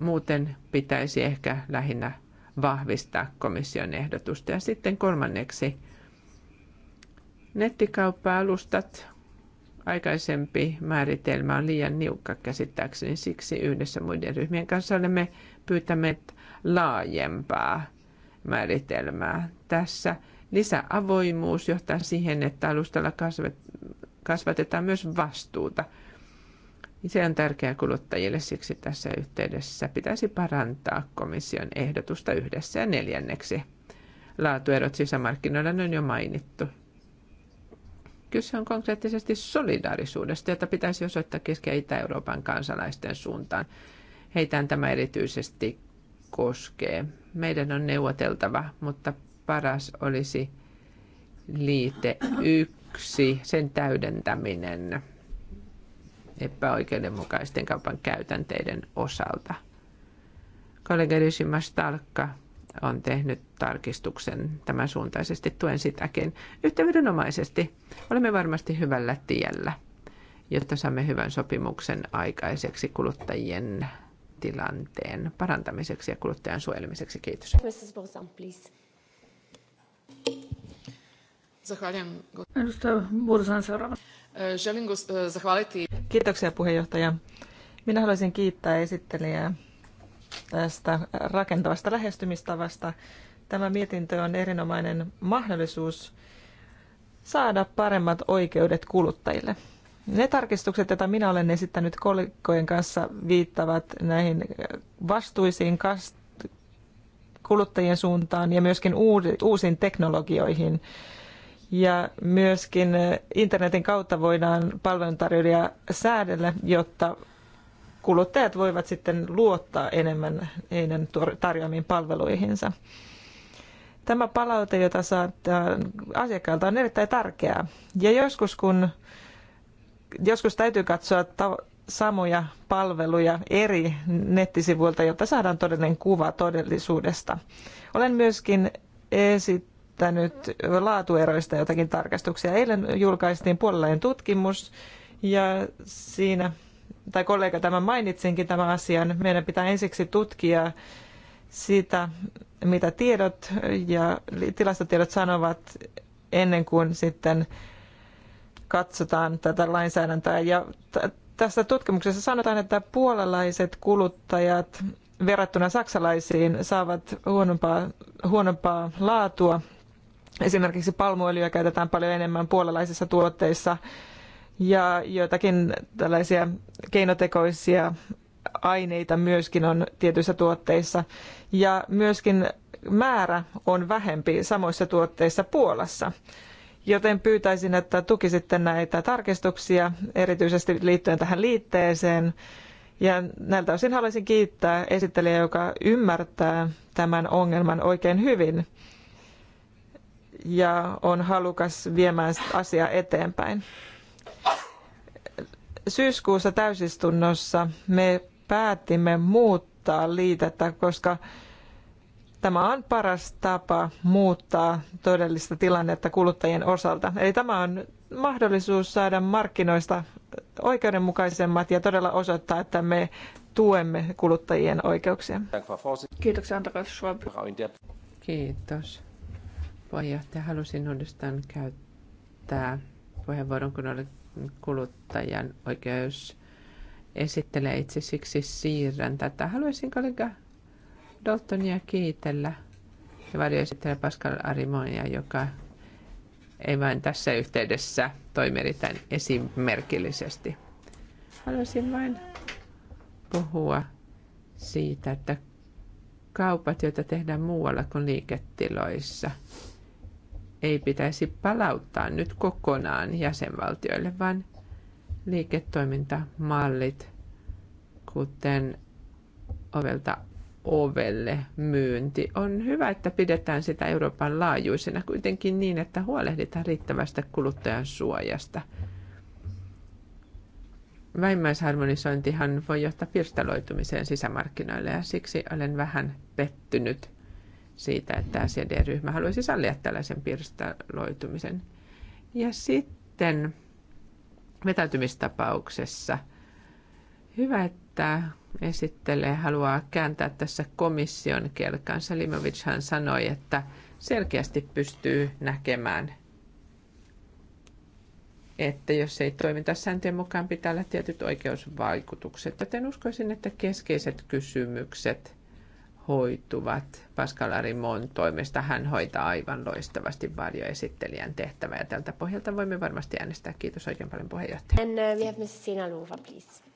Muuten pitäisi ehkä lähinnä vahvistaa komission ehdotusta. Ja sitten kolmanneksi nettikauppa-alustat. Aikaisempi määritelmä on liian niukka käsittääkseni, siksi yhdessä muiden ryhmien kanssa olemme pyytäneet laajempaa määritelmää tässä. Lisäavoimuus johtaa siihen, että alustalla kasvatetaan myös vastuuta. Se on tärkeää kuluttajille, siksi tässä yhteydessä pitäisi parantaa komission ehdotusta yhdessä ja neljänneksi. Laatuerot sisämarkkinoilla on jo mainittu. Kyse on konkreettisesti solidaarisuudesta, jota pitäisi osoittaa Keski- ja Itä-Euroopan kansalaisten suuntaan. Heitään tämä erityisesti koskee. Meidän on neuvoteltava, mutta paras olisi liite yksi, sen täydentäminen epäoikeudenmukaisten kaupan käytänteiden osalta. Kollega Rysimas Talkka on tehnyt tarkistuksen tämän suuntaisesti, tuen sitäkin yhteenvedonomaisesti. Olemme varmasti hyvällä tiellä, jotta saamme hyvän sopimuksen aikaiseksi kuluttajien tilanteen parantamiseksi ja kuluttajan suojelemiseksi. Kiitos. E, e, Kiitoksia puheenjohtaja. Minä haluaisin kiittää esittelijää tästä rakentavasta lähestymistavasta. Tämä mietintö on erinomainen mahdollisuus saada paremmat oikeudet kuluttajille. Ne tarkistukset, joita minä olen esittänyt kollegojen kanssa, viittavat näihin vastuisiin kuluttajien suuntaan ja myöskin uusiin teknologioihin. Ja myöskin internetin kautta voidaan palveluntarjoajia säädellä, jotta kuluttajat voivat sitten luottaa enemmän heidän tarjoamiin palveluihinsa. Tämä palaute, jota saat asiakkailta, on erittäin tärkeää. Ja joskus kun joskus täytyy katsoa samoja palveluja eri nettisivuilta, jotta saadaan todellinen kuva todellisuudesta. Olen myöskin esittänyt laatueroista jotakin tarkastuksia. Eilen julkaistiin puolalainen tutkimus ja siinä, tai kollega tämä mainitsinkin tämän asian, meidän pitää ensiksi tutkia sitä, mitä tiedot ja tilastotiedot sanovat ennen kuin sitten katsotaan tätä lainsäädäntöä. Ja tässä tutkimuksessa sanotaan, että puolalaiset kuluttajat verrattuna saksalaisiin saavat huonompaa, huonompaa laatua. Esimerkiksi palmuöljyä käytetään paljon enemmän puolalaisissa tuotteissa ja joitakin tällaisia keinotekoisia aineita myöskin on tietyissä tuotteissa. Ja myöskin määrä on vähempi samoissa tuotteissa Puolassa. Joten pyytäisin, että tukisitte näitä tarkistuksia, erityisesti liittyen tähän liitteeseen. Ja näiltä osin haluaisin kiittää esittelijää, joka ymmärtää tämän ongelman oikein hyvin ja on halukas viemään asiaa eteenpäin. Syyskuussa täysistunnossa me päätimme muuttaa liitettä, koska Tämä on paras tapa muuttaa todellista tilannetta kuluttajien osalta. Eli tämä on mahdollisuus saada markkinoista oikeudenmukaisemmat ja todella osoittaa, että me tuemme kuluttajien oikeuksia. Kiitoksia Antakas Schwab. Kiitos. Puheenjohtaja, halusin uudestaan käyttää puheenvuoron, kun olet kuluttajan oikeus esittelee itse, siksi siirrän tätä. Haluaisin kollega Daltonia kiitellä ja varjoesittelijä Pascal Arimonia, joka ei vain tässä yhteydessä toimi erittäin esimerkillisesti. Haluaisin vain puhua siitä, että kaupat, joita tehdään muualla kuin liiketiloissa, ei pitäisi palauttaa nyt kokonaan jäsenvaltioille, vaan liiketoimintamallit, kuten ovelta ovelle myynti. On hyvä, että pidetään sitä Euroopan laajuisena kuitenkin niin, että huolehditaan riittävästä kuluttajan suojasta. Vähimmäisharmonisointihan voi johtaa pirstaloitumiseen sisämarkkinoille ja siksi olen vähän pettynyt siitä, että SED-ryhmä haluaisi sallia tällaisen pirstaloitumisen. Ja sitten vetäytymistapauksessa – Hyvä, että esittelee haluaa kääntää tässä komission kelkan. Salimovichan sanoi, että selkeästi pystyy näkemään, että jos ei toiminta sääntöjen mukaan pitää olla tietyt oikeusvaikutukset. Joten uskoisin, että keskeiset kysymykset hoituvat Pascal Arimon toimesta. Hän hoitaa aivan loistavasti varjoesittelijän tehtävää ja tältä pohjalta voimme varmasti äänestää. Kiitos oikein paljon puheenjohtaja. And uh, we have Sina Luva, please.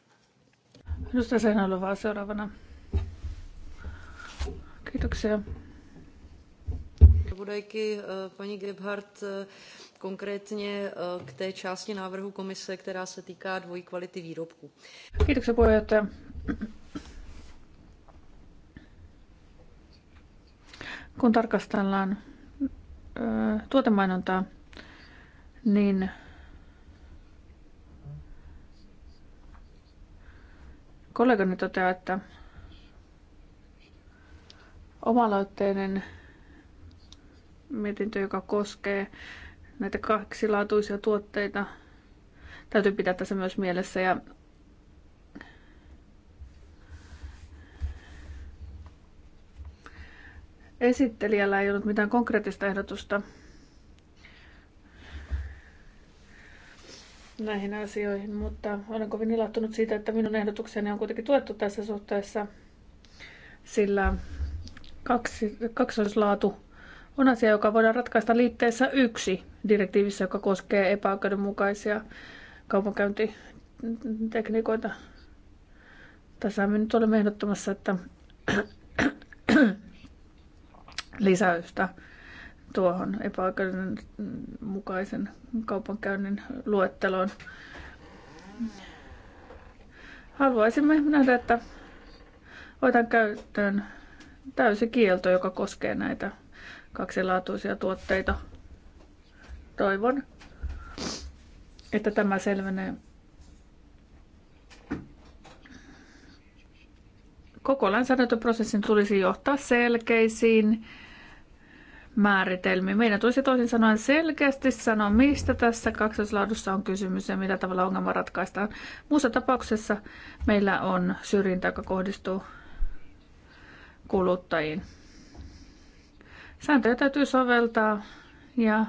Edustaja Seinälovaa seuraavana. Kiitoksia. Budajky, eh, paní Gebhardt, eh, konkrétně eh, k té části návrhu komise, která se týká dvojí kvality výrobku. Kiitoksia puheenjohtaja. Kun tarkastellaan tuotemainontaa, niin Kollegani toteaa, että omaloitteinen mietintö, joka koskee näitä kaksilaatuisia tuotteita, täytyy pitää tässä myös mielessä. Ja esittelijällä ei ollut mitään konkreettista ehdotusta näihin asioihin, mutta olen kovin ilahtunut siitä, että minun ehdotukseni on kuitenkin tuettu tässä suhteessa, sillä kaksi, kaksoislaatu on asia, joka voidaan ratkaista liitteessä yksi direktiivissä, joka koskee epäoikeudenmukaisia kaupankäyntitekniikoita. Tässä me nyt olemme ehdottomassa, että lisäystä tuohon epäoikeudenmukaisen kaupankäynnin luetteloon. Haluaisimme nähdä, että otan käyttöön täysi kielto, joka koskee näitä kaksilaatuisia tuotteita. Toivon, että tämä selvenee koko lainsäädäntöprosessin tulisi johtaa selkeisiin määritelmiin. Meidän tulisi toisin sanoen selkeästi sanoa, mistä tässä kaksoislaadussa on kysymys ja millä tavalla ongelma ratkaistaan. Muussa tapauksessa meillä on syrjintä, joka kohdistuu kuluttajiin. Sääntöjä täytyy soveltaa ja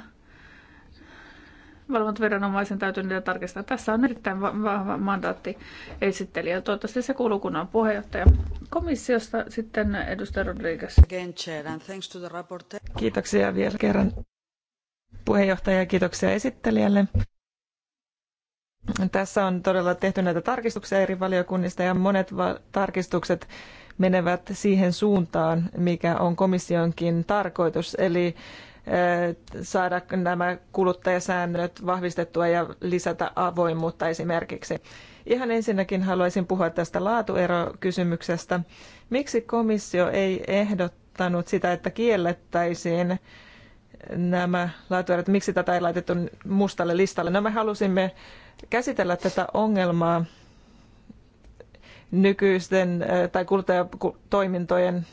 valvontaviranomaisen täytyy niitä tarkistaa. Tässä on erittäin vahva mandaatti esittelijä. Toivottavasti se kuuluu kunnan puheenjohtaja. Komissiosta sitten edustaja Rodriguez. Kiitoksia vielä kerran puheenjohtaja ja kiitoksia esittelijälle. Tässä on todella tehty näitä tarkistuksia eri valiokunnista ja monet tarkistukset menevät siihen suuntaan, mikä on komissionkin tarkoitus. Eli saada nämä kuluttajasäännöt vahvistettua ja lisätä avoimuutta esimerkiksi. Ihan ensinnäkin haluaisin puhua tästä laatuerokysymyksestä. Miksi komissio ei ehdottanut sitä, että kiellettäisiin nämä laatuerot, miksi tätä ei laitettu mustalle listalle? No me halusimme käsitellä tätä ongelmaa nykyisten tai kuluttajatoimintojen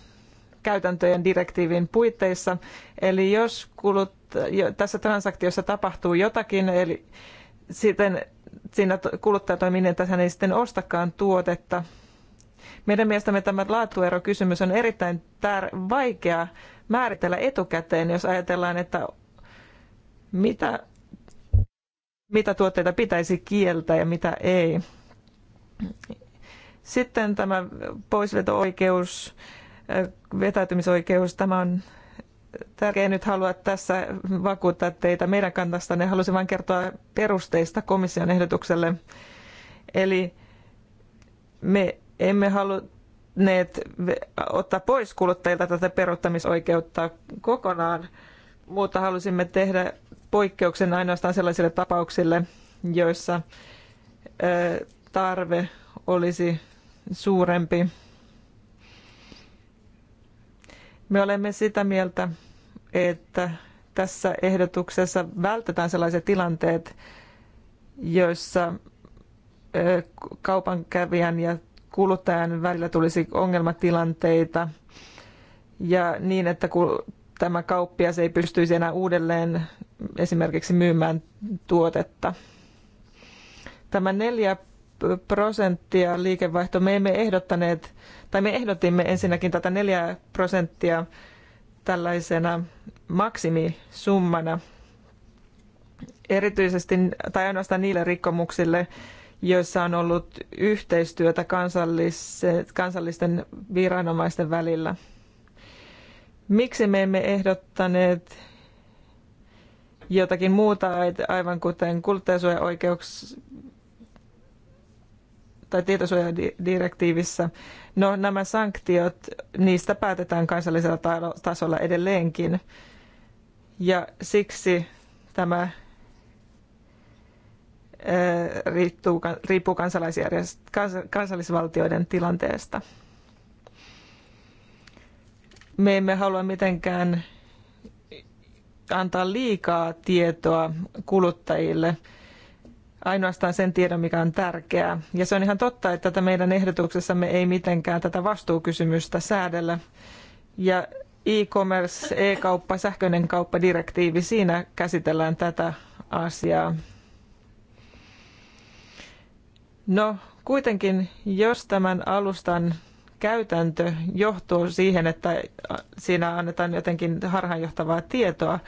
käytäntöjen direktiivin puitteissa. Eli jos kulut, tässä transaktiossa tapahtuu jotakin, eli sitten siinä kuluttaja toimii niin, että hän ei sitten ostakaan tuotetta. Meidän mielestämme tämä laatuerokysymys on erittäin tär- vaikea määritellä etukäteen, jos ajatellaan, että mitä, mitä tuotteita pitäisi kieltää ja mitä ei. Sitten tämä poisveto-oikeus vetäytymisoikeus. Tämä on tärkeää nyt halua tässä vakuuttaa teitä meidän kannasta, ne Halusin vain kertoa perusteista komission ehdotukselle. Eli me emme halunneet ottaa pois kuluttajilta tätä peruuttamisoikeutta kokonaan, mutta halusimme tehdä poikkeuksen ainoastaan sellaisille tapauksille, joissa tarve olisi suurempi Me olemme sitä mieltä, että tässä ehdotuksessa vältetään sellaiset tilanteet, joissa kaupankävijän ja kuluttajan välillä tulisi ongelmatilanteita ja niin, että kun tämä kauppias ei pystyisi enää uudelleen esimerkiksi myymään tuotetta. Tämä neljä prosenttia liikevaihto. Me emme ehdottaneet, tai me ehdotimme ensinnäkin tätä 4 prosenttia tällaisena maksimisummana erityisesti tai ainoastaan niille rikkomuksille, joissa on ollut yhteistyötä kansallisten viranomaisten välillä. Miksi me emme ehdottaneet jotakin muuta, aivan kuten kuluttajasuojaoikeus, tai tietosuojadirektiivissä. No nämä sanktiot, niistä päätetään kansallisella tasolla edelleenkin. Ja siksi tämä riippuu, riippuu kansallisvaltioiden tilanteesta. Me emme halua mitenkään antaa liikaa tietoa kuluttajille – ainoastaan sen tiedon, mikä on tärkeää. Ja se on ihan totta, että tätä meidän ehdotuksessamme ei mitenkään tätä vastuukysymystä säädellä. Ja e-commerce, e-kauppa, sähköinen kauppa, direktiivi, siinä käsitellään tätä asiaa. No kuitenkin, jos tämän alustan käytäntö johtuu siihen, että siinä annetaan jotenkin harhaanjohtavaa tietoa,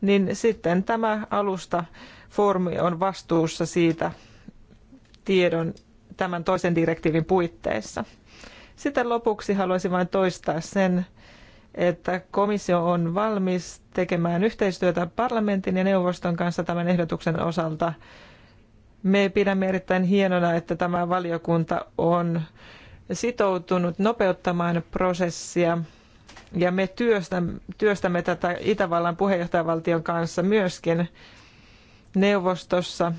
niin sitten tämä alusta foorumi on vastuussa siitä tiedon tämän toisen direktiivin puitteissa. Sitten lopuksi haluaisin vain toistaa sen, että komissio on valmis tekemään yhteistyötä parlamentin ja neuvoston kanssa tämän ehdotuksen osalta. Me pidämme erittäin hienona, että tämä valiokunta on sitoutunut nopeuttamaan prosessia ja me työstämme, työstämme tätä Itävallan puheenjohtajavaltion kanssa myöskin neuvostossa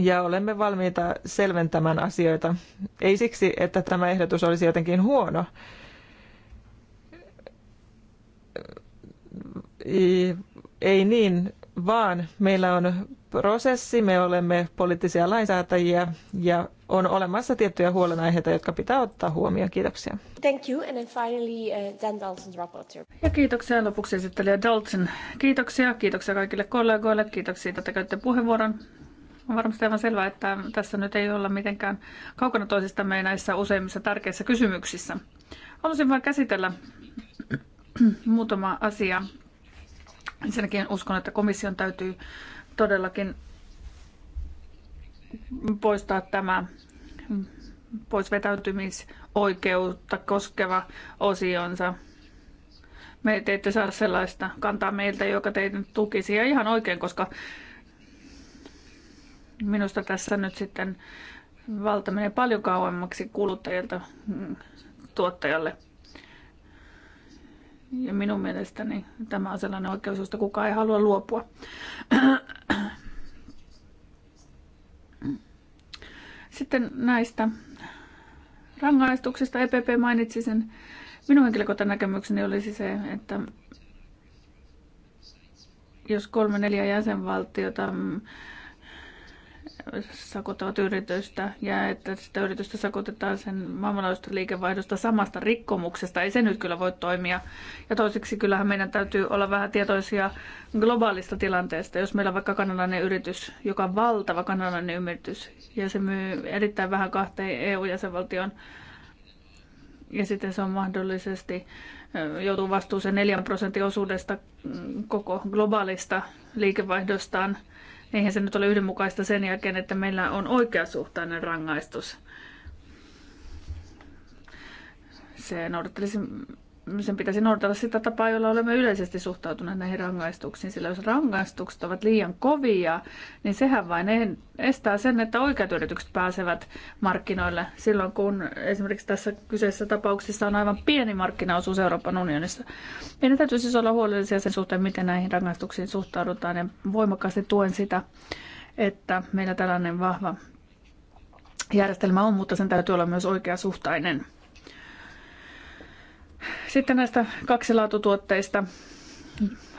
ja olemme valmiita selventämään asioita. Ei siksi, että tämä ehdotus olisi jotenkin huono. Ei niin, vaan meillä on prosessi, me olemme poliittisia lainsäätäjiä ja on olemassa tiettyjä huolenaiheita, jotka pitää ottaa huomioon. Kiitoksia. Thank you, and then finally uh, Dan Dalton, Ja kiitoksia lopuksi esittelijä Dalton. Kiitoksia, kiitoksia kaikille kollegoille, kiitoksia siitä, että käytte puheenvuoron. On varmasti aivan selvää, että tässä nyt ei olla mitenkään kaukana toisistamme näissä useimmissa tärkeissä kysymyksissä. Haluaisin vain käsitellä muutama asia Ensinnäkin uskon, että komission täytyy todellakin poistaa tämä poisvetäytymisoikeutta koskeva osionsa. Me te ette saa sellaista kantaa meiltä, joka teitä nyt tukisi. Ja ihan oikein, koska minusta tässä nyt sitten valta menee paljon kauemmaksi kuluttajilta mm, tuottajalle. Ja minun mielestäni tämä on sellainen oikeus, josta kukaan ei halua luopua. Sitten näistä rangaistuksista EPP mainitsi sen. Minun henkilökohtainen näkemykseni olisi se, että jos kolme neljä jäsenvaltiota sakottavat yritystä ja että sitä yritystä sakotetaan sen maailmanlaajuisesta liikevaihdosta samasta rikkomuksesta. Ei se nyt kyllä voi toimia. Ja toiseksi kyllähän meidän täytyy olla vähän tietoisia globaalista tilanteesta. Jos meillä on vaikka kanadalainen yritys, joka on valtava kanadalainen yritys ja se myy erittäin vähän kahteen EU-jäsenvaltion ja sitten se on mahdollisesti joutuu vastuuseen 4 prosentin osuudesta mm, koko globaalista liikevaihdostaan – Eihän se nyt ole yhdenmukaista sen jälkeen, että meillä on oikeasuhtainen rangaistus. Se noudattelisi sen pitäisi noudatella sitä tapaa, jolla olemme yleisesti suhtautuneet näihin rangaistuksiin, sillä jos rangaistukset ovat liian kovia, niin sehän vain estää sen, että oikeat yritykset pääsevät markkinoille silloin, kun esimerkiksi tässä kyseisessä tapauksessa on aivan pieni markkinaosuus Euroopan unionissa. Meidän täytyy siis olla huolellisia sen suhteen, miten näihin rangaistuksiin suhtaudutaan, ja voimakkaasti tuen sitä, että meillä tällainen vahva järjestelmä on, mutta sen täytyy olla myös oikeasuhtainen. Sitten näistä kaksilaatutuotteista.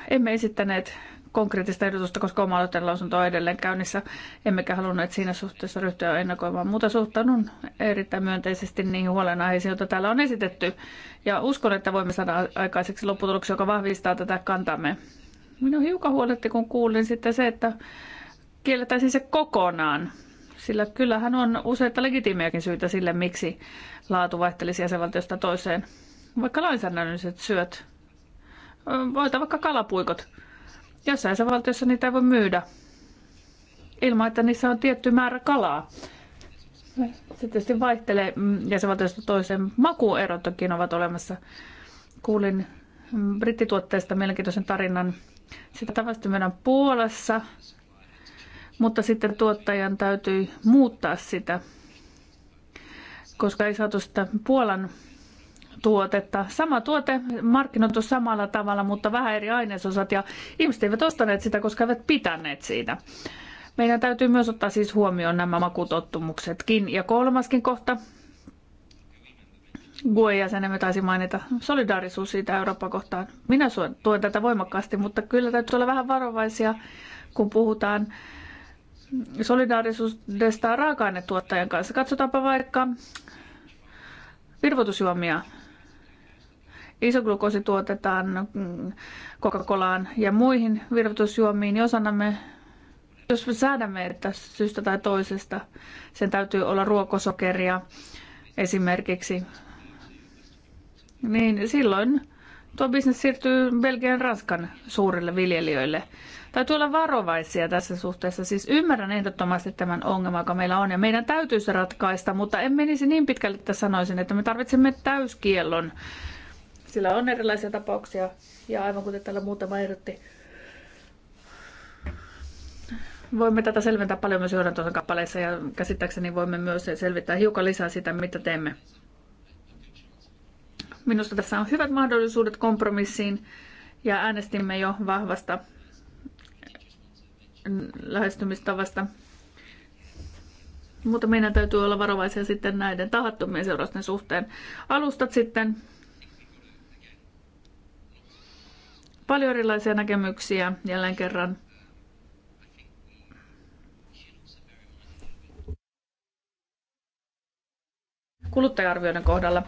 Emme esittäneet konkreettista ehdotusta, koska oma lausunto on edelleen käynnissä, emmekä halunneet siinä suhteessa ryhtyä ennakoimaan, mutta suhtaudun erittäin myönteisesti niihin huolenaiheisiin, joita täällä on esitetty, ja uskon, että voimme saada aikaiseksi lopputuloksen, joka vahvistaa tätä kantamme. Minua hiukan huoletti, kun kuulin sitten se, että kielletäisiin se kokonaan, sillä kyllähän on useita legitiimejäkin syitä sille, miksi laatu vaihtelisi jäsenvaltiosta toiseen vaikka lainsäädännölliset syöt. Voita vaikka kalapuikot. Jossain valtiossa niitä ei voi myydä ilman, että niissä on tietty määrä kalaa. Se tietysti vaihtelee mm, jäsenvaltiosta toiseen. Makuerottakin ovat olemassa. Kuulin mm, brittituotteista mielenkiintoisen tarinan. Sitä tavasti meidän Puolassa, mutta sitten tuottajan täytyi muuttaa sitä, koska ei saatu sitä Puolan tuotetta. Sama tuote, markkinoitu samalla tavalla, mutta vähän eri ainesosat ja ihmiset eivät ostaneet sitä, koska eivät pitäneet siitä. Meidän täytyy myös ottaa siis huomioon nämä makutottumuksetkin. Ja kolmaskin kohta, GUE-jäsenemme taisi mainita, solidaarisuus siitä Eurooppa kohtaan. Minä tuen tätä voimakkaasti, mutta kyllä täytyy olla vähän varovaisia, kun puhutaan solidaarisuudesta raaka-ainetuottajan kanssa. Katsotaanpa vaikka virvoitusjuomia. Isoglukoosi tuotetaan mm, Coca-Colaan ja muihin virvoitusjuomiin, jos me, jos me säädämme, että syystä tai toisesta sen täytyy olla ruokosokeria esimerkiksi, niin silloin tuo bisnes siirtyy Belgian Ranskan suurille viljelijöille. Täytyy olla varovaisia tässä suhteessa. Siis ymmärrän ehdottomasti tämän ongelman, joka meillä on, ja meidän täytyy se ratkaista, mutta en menisi niin pitkälle, että sanoisin, että me tarvitsemme täyskiellon sillä on erilaisia tapauksia ja aivan kuten täällä muutama ehdotti, voimme tätä selventää paljon myös johdantosan kappaleissa ja käsittääkseni voimme myös selvittää hiukan lisää sitä, mitä teemme. Minusta tässä on hyvät mahdollisuudet kompromissiin ja äänestimme jo vahvasta lähestymistavasta. Mutta meidän täytyy olla varovaisia sitten näiden tahattomien seurausten suhteen. Alustat sitten paljon erilaisia näkemyksiä jälleen kerran. kuluttajarvioiden kohdalla.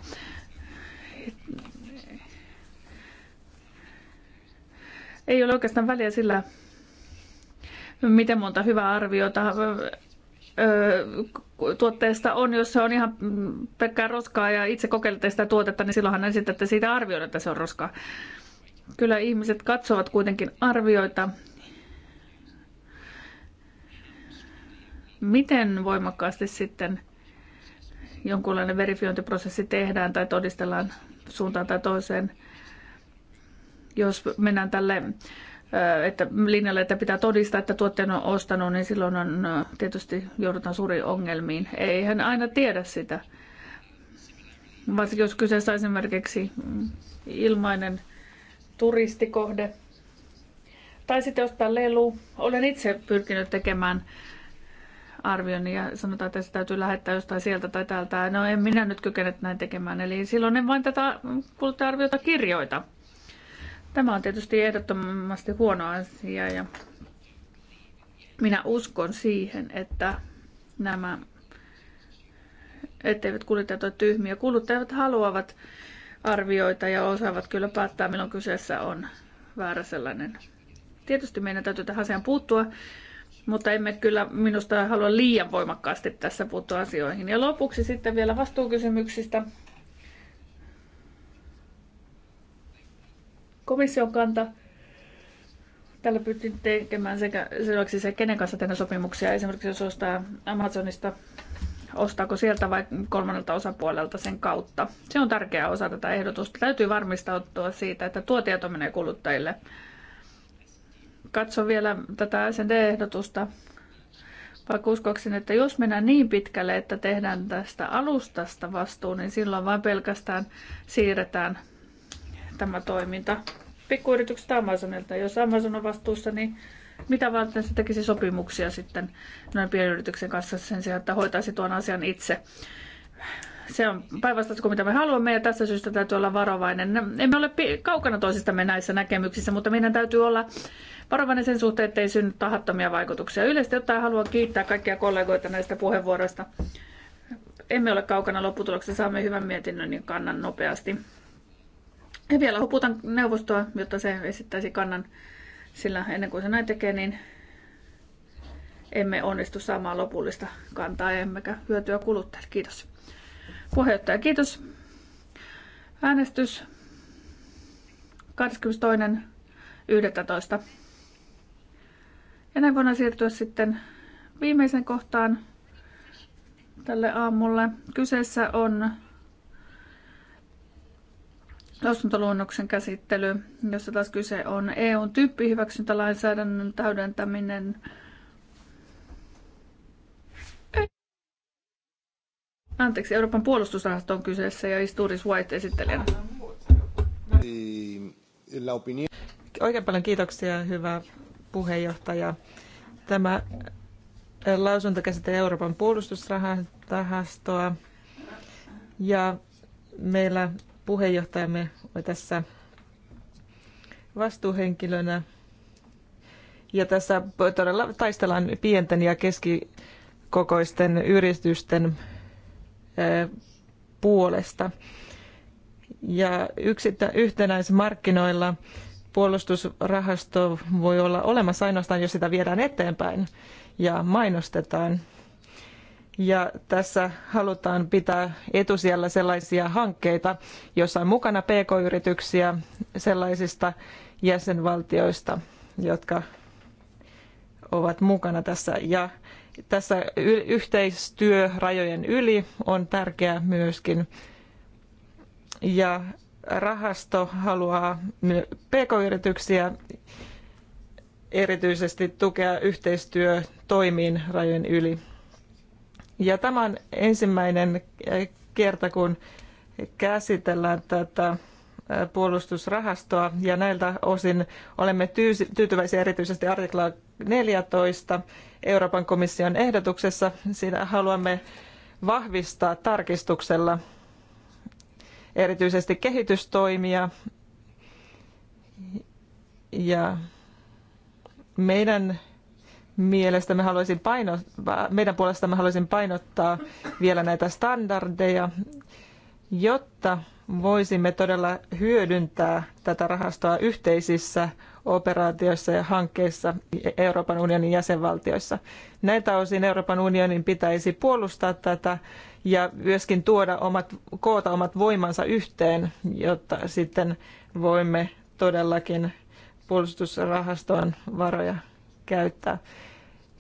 Ei ole oikeastaan väliä sillä, miten monta hyvää arviota tuotteesta on, jos se on ihan pelkkää roskaa ja itse kokeilette sitä tuotetta, niin silloinhan esitätte siitä arvioida, että se on roskaa. Kyllä ihmiset katsovat kuitenkin arvioita. Miten voimakkaasti sitten jonkunlainen verifiointiprosessi tehdään tai todistellaan suuntaan tai toiseen, jos mennään tälle että linjalle, että pitää todistaa, että tuotteen on ostanut, niin silloin on, tietysti joudutaan suuriin ongelmiin. Eihän aina tiedä sitä. Varsinkin jos kyseessä on esimerkiksi ilmainen turistikohde. Tai sitten ostaa lelu. Olen itse pyrkinyt tekemään arvion ja sanotaan, että se täytyy lähettää jostain sieltä tai täältä. No en minä nyt kykene näin tekemään, eli silloin en vain tätä kuluttaja-arviota kirjoita. Tämä on tietysti ehdottomasti huono asia ja minä uskon siihen, että nämä etteivät kuluttajat ole tyhmiä. Kuluttajat haluavat arvioita ja osaavat kyllä päättää, milloin kyseessä on väärä sellainen. Tietysti meidän täytyy tähän asiaan puuttua, mutta emme kyllä minusta halua liian voimakkaasti tässä puuttua asioihin. Ja lopuksi sitten vielä vastuukysymyksistä. Komission kanta. Tällä pyrittiin tekemään sekä se, kenen kanssa tehdä sopimuksia. Esimerkiksi jos ostaa Amazonista ostaako sieltä vai kolmannelta osapuolelta sen kautta. Se on tärkeä osa tätä ehdotusta. Täytyy varmistautua siitä, että tuo tieto menee kuluttajille. Katso vielä tätä SND-ehdotusta, vaikka uskoksin, että jos mennään niin pitkälle, että tehdään tästä alustasta vastuu, niin silloin vain pelkästään siirretään tämä toiminta pikkuyrityksestä Amazonilta. Jos Amazon on vastuussa, niin mitä varten se tekisi sopimuksia sitten noin pienyrityksen kanssa sen sijaan, että hoitaisi tuon asian itse. Se on päinvastaisesti kuin mitä me haluamme ja tässä syystä täytyy olla varovainen. Emme ole kaukana toisistamme näissä näkemyksissä, mutta meidän täytyy olla varovainen sen suhteen, ettei synny tahattomia vaikutuksia. Yleisesti ottaen haluan kiittää kaikkia kollegoita näistä puheenvuoroista. Emme ole kaukana lopputuloksesta, saamme hyvän mietinnön ja kannan nopeasti. Ja vielä huputan neuvostoa, jotta se esittäisi kannan sillä ennen kuin se näin tekee, niin emme onnistu saamaan lopullista kantaa emmekä hyötyä kuluttajille. Kiitos. Puheenjohtaja, kiitos. Äänestys 22.11. Ja näin voidaan siirtyä sitten viimeisen kohtaan tälle aamulle. Kyseessä on lausuntoluonnoksen käsittely, jossa taas kyse on EUn tyyppihyväksyntälainsäädännön täydentäminen Anteeksi, Euroopan puolustusrahasto on kyseessä ja Isturis White esittelijänä. Oikein paljon kiitoksia, hyvä puheenjohtaja. Tämä lausunto käsittelee Euroopan puolustusrahastoa ja meillä puheenjohtajamme on tässä vastuuhenkilönä. Ja tässä todella taistellaan pienten ja keskikokoisten yritysten puolesta. Ja yksittä, markkinoilla puolustusrahasto voi olla olemassa ainoastaan, jos sitä viedään eteenpäin ja mainostetaan. Ja tässä halutaan pitää etusijalla sellaisia hankkeita, joissa on mukana pk-yrityksiä sellaisista jäsenvaltioista, jotka ovat mukana tässä. Ja tässä yhteistyö rajojen yli on tärkeää myöskin. Ja rahasto haluaa pk-yrityksiä erityisesti tukea yhteistyötoimiin rajojen yli. Ja tämä on ensimmäinen kerta, kun käsitellään tätä puolustusrahastoa ja näiltä osin olemme tyytyväisiä erityisesti artikla 14 Euroopan komission ehdotuksessa. Siinä haluamme vahvistaa tarkistuksella erityisesti kehitystoimia ja meidän mielestä me haluaisin paino, meidän puolestamme haluaisin painottaa vielä näitä standardeja, jotta voisimme todella hyödyntää tätä rahastoa yhteisissä operaatioissa ja hankkeissa Euroopan unionin jäsenvaltioissa. Näitä osin Euroopan unionin pitäisi puolustaa tätä ja myöskin tuoda omat, koota omat voimansa yhteen, jotta sitten voimme todellakin puolustusrahaston varoja käyttää.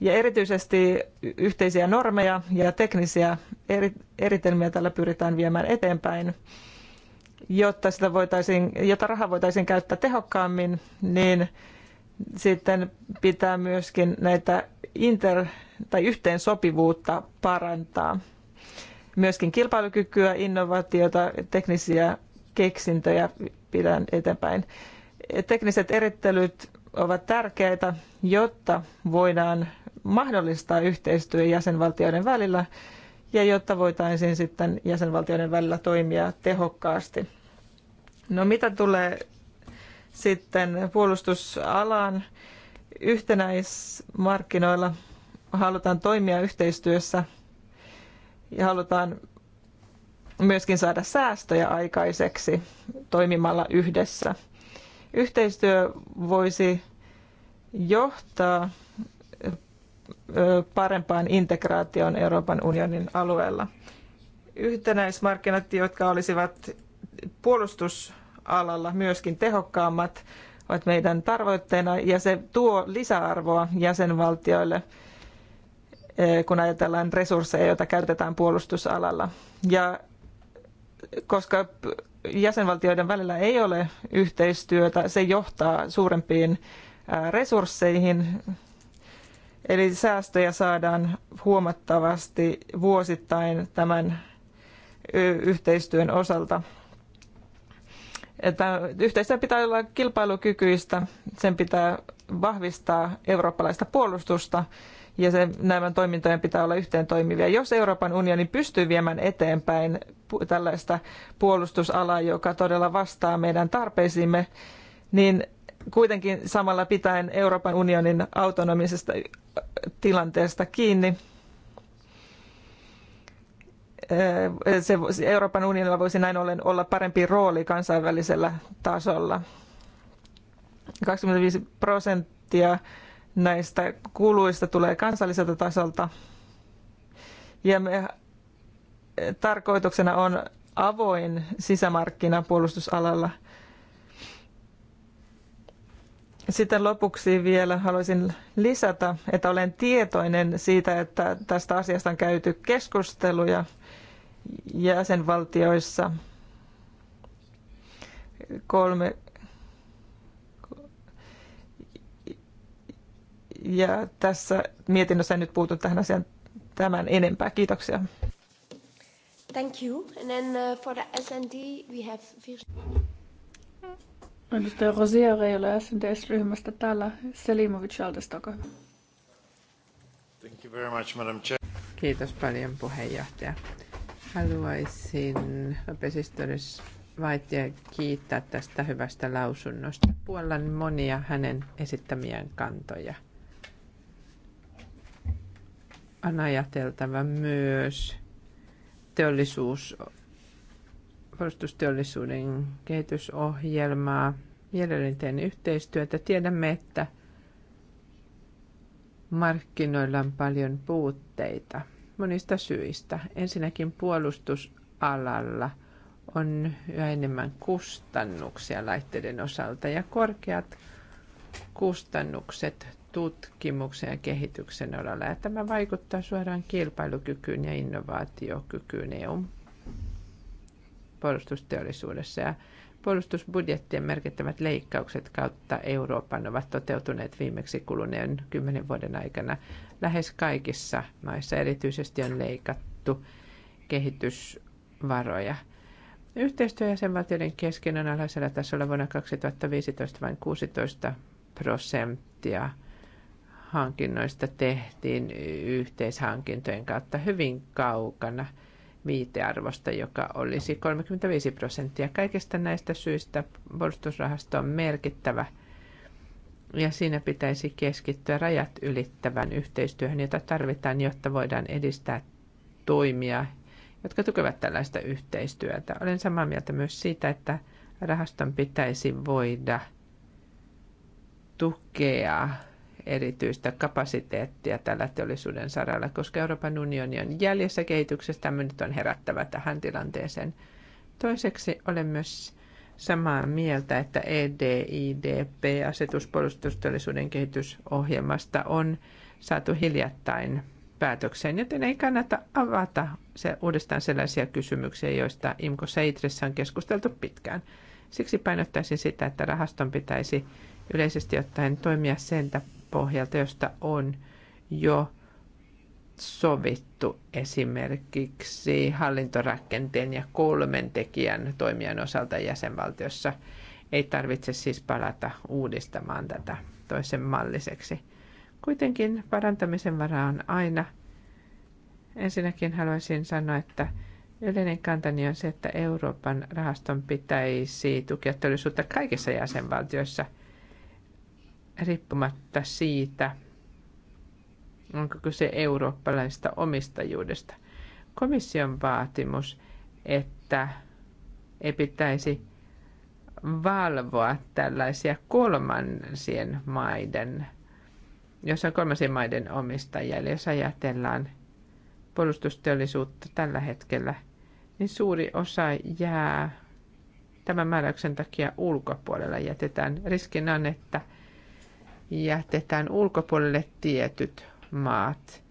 Ja erityisesti yhteisiä normeja ja teknisiä eritelmiä tällä pyritään viemään eteenpäin, jotta, sitä voitaisiin, jotta rahaa voitaisiin käyttää tehokkaammin, niin sitten pitää myöskin näitä inter- tai yhteensopivuutta parantaa. Myöskin kilpailukykyä, innovaatiota, teknisiä keksintöjä pidän eteenpäin. Tekniset erittelyt ovat tärkeitä, jotta voidaan mahdollistaa yhteistyö jäsenvaltioiden välillä ja jotta voitaisiin sitten jäsenvaltioiden välillä toimia tehokkaasti. No mitä tulee sitten puolustusalaan yhtenäismarkkinoilla halutaan toimia yhteistyössä ja halutaan myöskin saada säästöjä aikaiseksi toimimalla yhdessä. Yhteistyö voisi johtaa parempaan integraatioon Euroopan unionin alueella. Yhtenäismarkkinat, jotka olisivat puolustusalalla myöskin tehokkaammat, ovat meidän tavoitteena ja se tuo lisäarvoa jäsenvaltioille, kun ajatellaan resursseja, joita käytetään puolustusalalla. Ja koska jäsenvaltioiden välillä ei ole yhteistyötä, se johtaa suurempiin resursseihin Eli säästöjä saadaan huomattavasti vuosittain tämän yhteistyön osalta. Että yhteistyö pitää olla kilpailukykyistä, sen pitää vahvistaa eurooppalaista puolustusta ja se, nämä toimintojen pitää olla yhteen toimivia. Jos Euroopan unioni pystyy viemään eteenpäin tällaista puolustusalaa, joka todella vastaa meidän tarpeisiimme, niin kuitenkin samalla pitäen Euroopan unionin autonomisesta tilanteesta kiinni. Se, Euroopan unionilla voisi näin ollen olla parempi rooli kansainvälisellä tasolla. 25 prosenttia näistä kuluista tulee kansalliselta tasolta. Ja me, tarkoituksena on avoin sisämarkkina puolustusalalla – sitten lopuksi vielä haluaisin lisätä, että olen tietoinen siitä, että tästä asiasta on käyty keskusteluja jäsenvaltioissa kolme ja tässä mietinnössä en nyt puutu tähän asiaan tämän enempää. Kiitoksia. Thank you. And then uh, for the SND we have Edustaja Rosia ei ole SNDS-ryhmästä täällä. Selimovic Aldesta, olkaa hyvä. Thank you very much, Madam Chair. Kiitos paljon puheenjohtaja. Haluaisin Pesistorius Vaitia kiittää tästä hyvästä lausunnosta. Puolan monia hänen esittämiään kantoja. On ajateltava myös teollisuus puolustusteollisuuden kehitysohjelmaa, mielelläni yhteistyötä. Tiedämme, että markkinoilla on paljon puutteita monista syistä. Ensinnäkin puolustusalalla on yhä enemmän kustannuksia laitteiden osalta ja korkeat kustannukset tutkimuksen ja kehityksen alalla. Ja tämä vaikuttaa suoraan kilpailukykyyn ja innovaatiokykyyn EUn puolustusteollisuudessa ja puolustusbudjettien merkittävät leikkaukset kautta Euroopan ovat toteutuneet viimeksi kuluneen kymmenen vuoden aikana lähes kaikissa maissa. Erityisesti on leikattu kehitysvaroja. Yhteistyö jäsenvaltioiden kesken on alhaisella tasolla vuonna 2015 vain 16 prosenttia hankinnoista tehtiin yhteishankintojen kautta hyvin kaukana – viitearvosta, joka olisi 35 prosenttia. Kaikista näistä syistä puolustusrahasto on merkittävä ja siinä pitäisi keskittyä rajat ylittävän yhteistyöhön, jota tarvitaan, jotta voidaan edistää toimia, jotka tukevat tällaista yhteistyötä. Olen samaa mieltä myös siitä, että rahaston pitäisi voida tukea erityistä kapasiteettia tällä teollisuuden saralla, koska Euroopan unioni on jäljessä kehityksestä. Tämä nyt on herättävä tähän tilanteeseen. Toiseksi olen myös samaa mieltä, että EDIDP-asetus kehitysohjelmasta on saatu hiljattain päätökseen, joten ei kannata avata se uudestaan sellaisia kysymyksiä, joista IMKO Seitressä on keskusteltu pitkään. Siksi painottaisin sitä, että rahaston pitäisi yleisesti ottaen toimia sen pohjalta, josta on jo sovittu esimerkiksi hallintorakenteen ja kolmen tekijän toimijan osalta jäsenvaltiossa. Ei tarvitse siis palata uudistamaan tätä toisen malliseksi. Kuitenkin parantamisen varaa on aina. Ensinnäkin haluaisin sanoa, että yleinen kantani on se, että Euroopan rahaston pitäisi tukea teollisuutta kaikissa jäsenvaltioissa – riippumatta siitä, onko kyse eurooppalaisesta omistajuudesta. Komission vaatimus, että ei pitäisi valvoa tällaisia kolmansien maiden, jos on kolmansien maiden omistajia, eli jos ajatellaan puolustusteollisuutta tällä hetkellä, niin suuri osa jää tämän määräyksen takia ulkopuolella. Jätetään riskinä on, että – jätetään ulkopuolelle tietyt maat,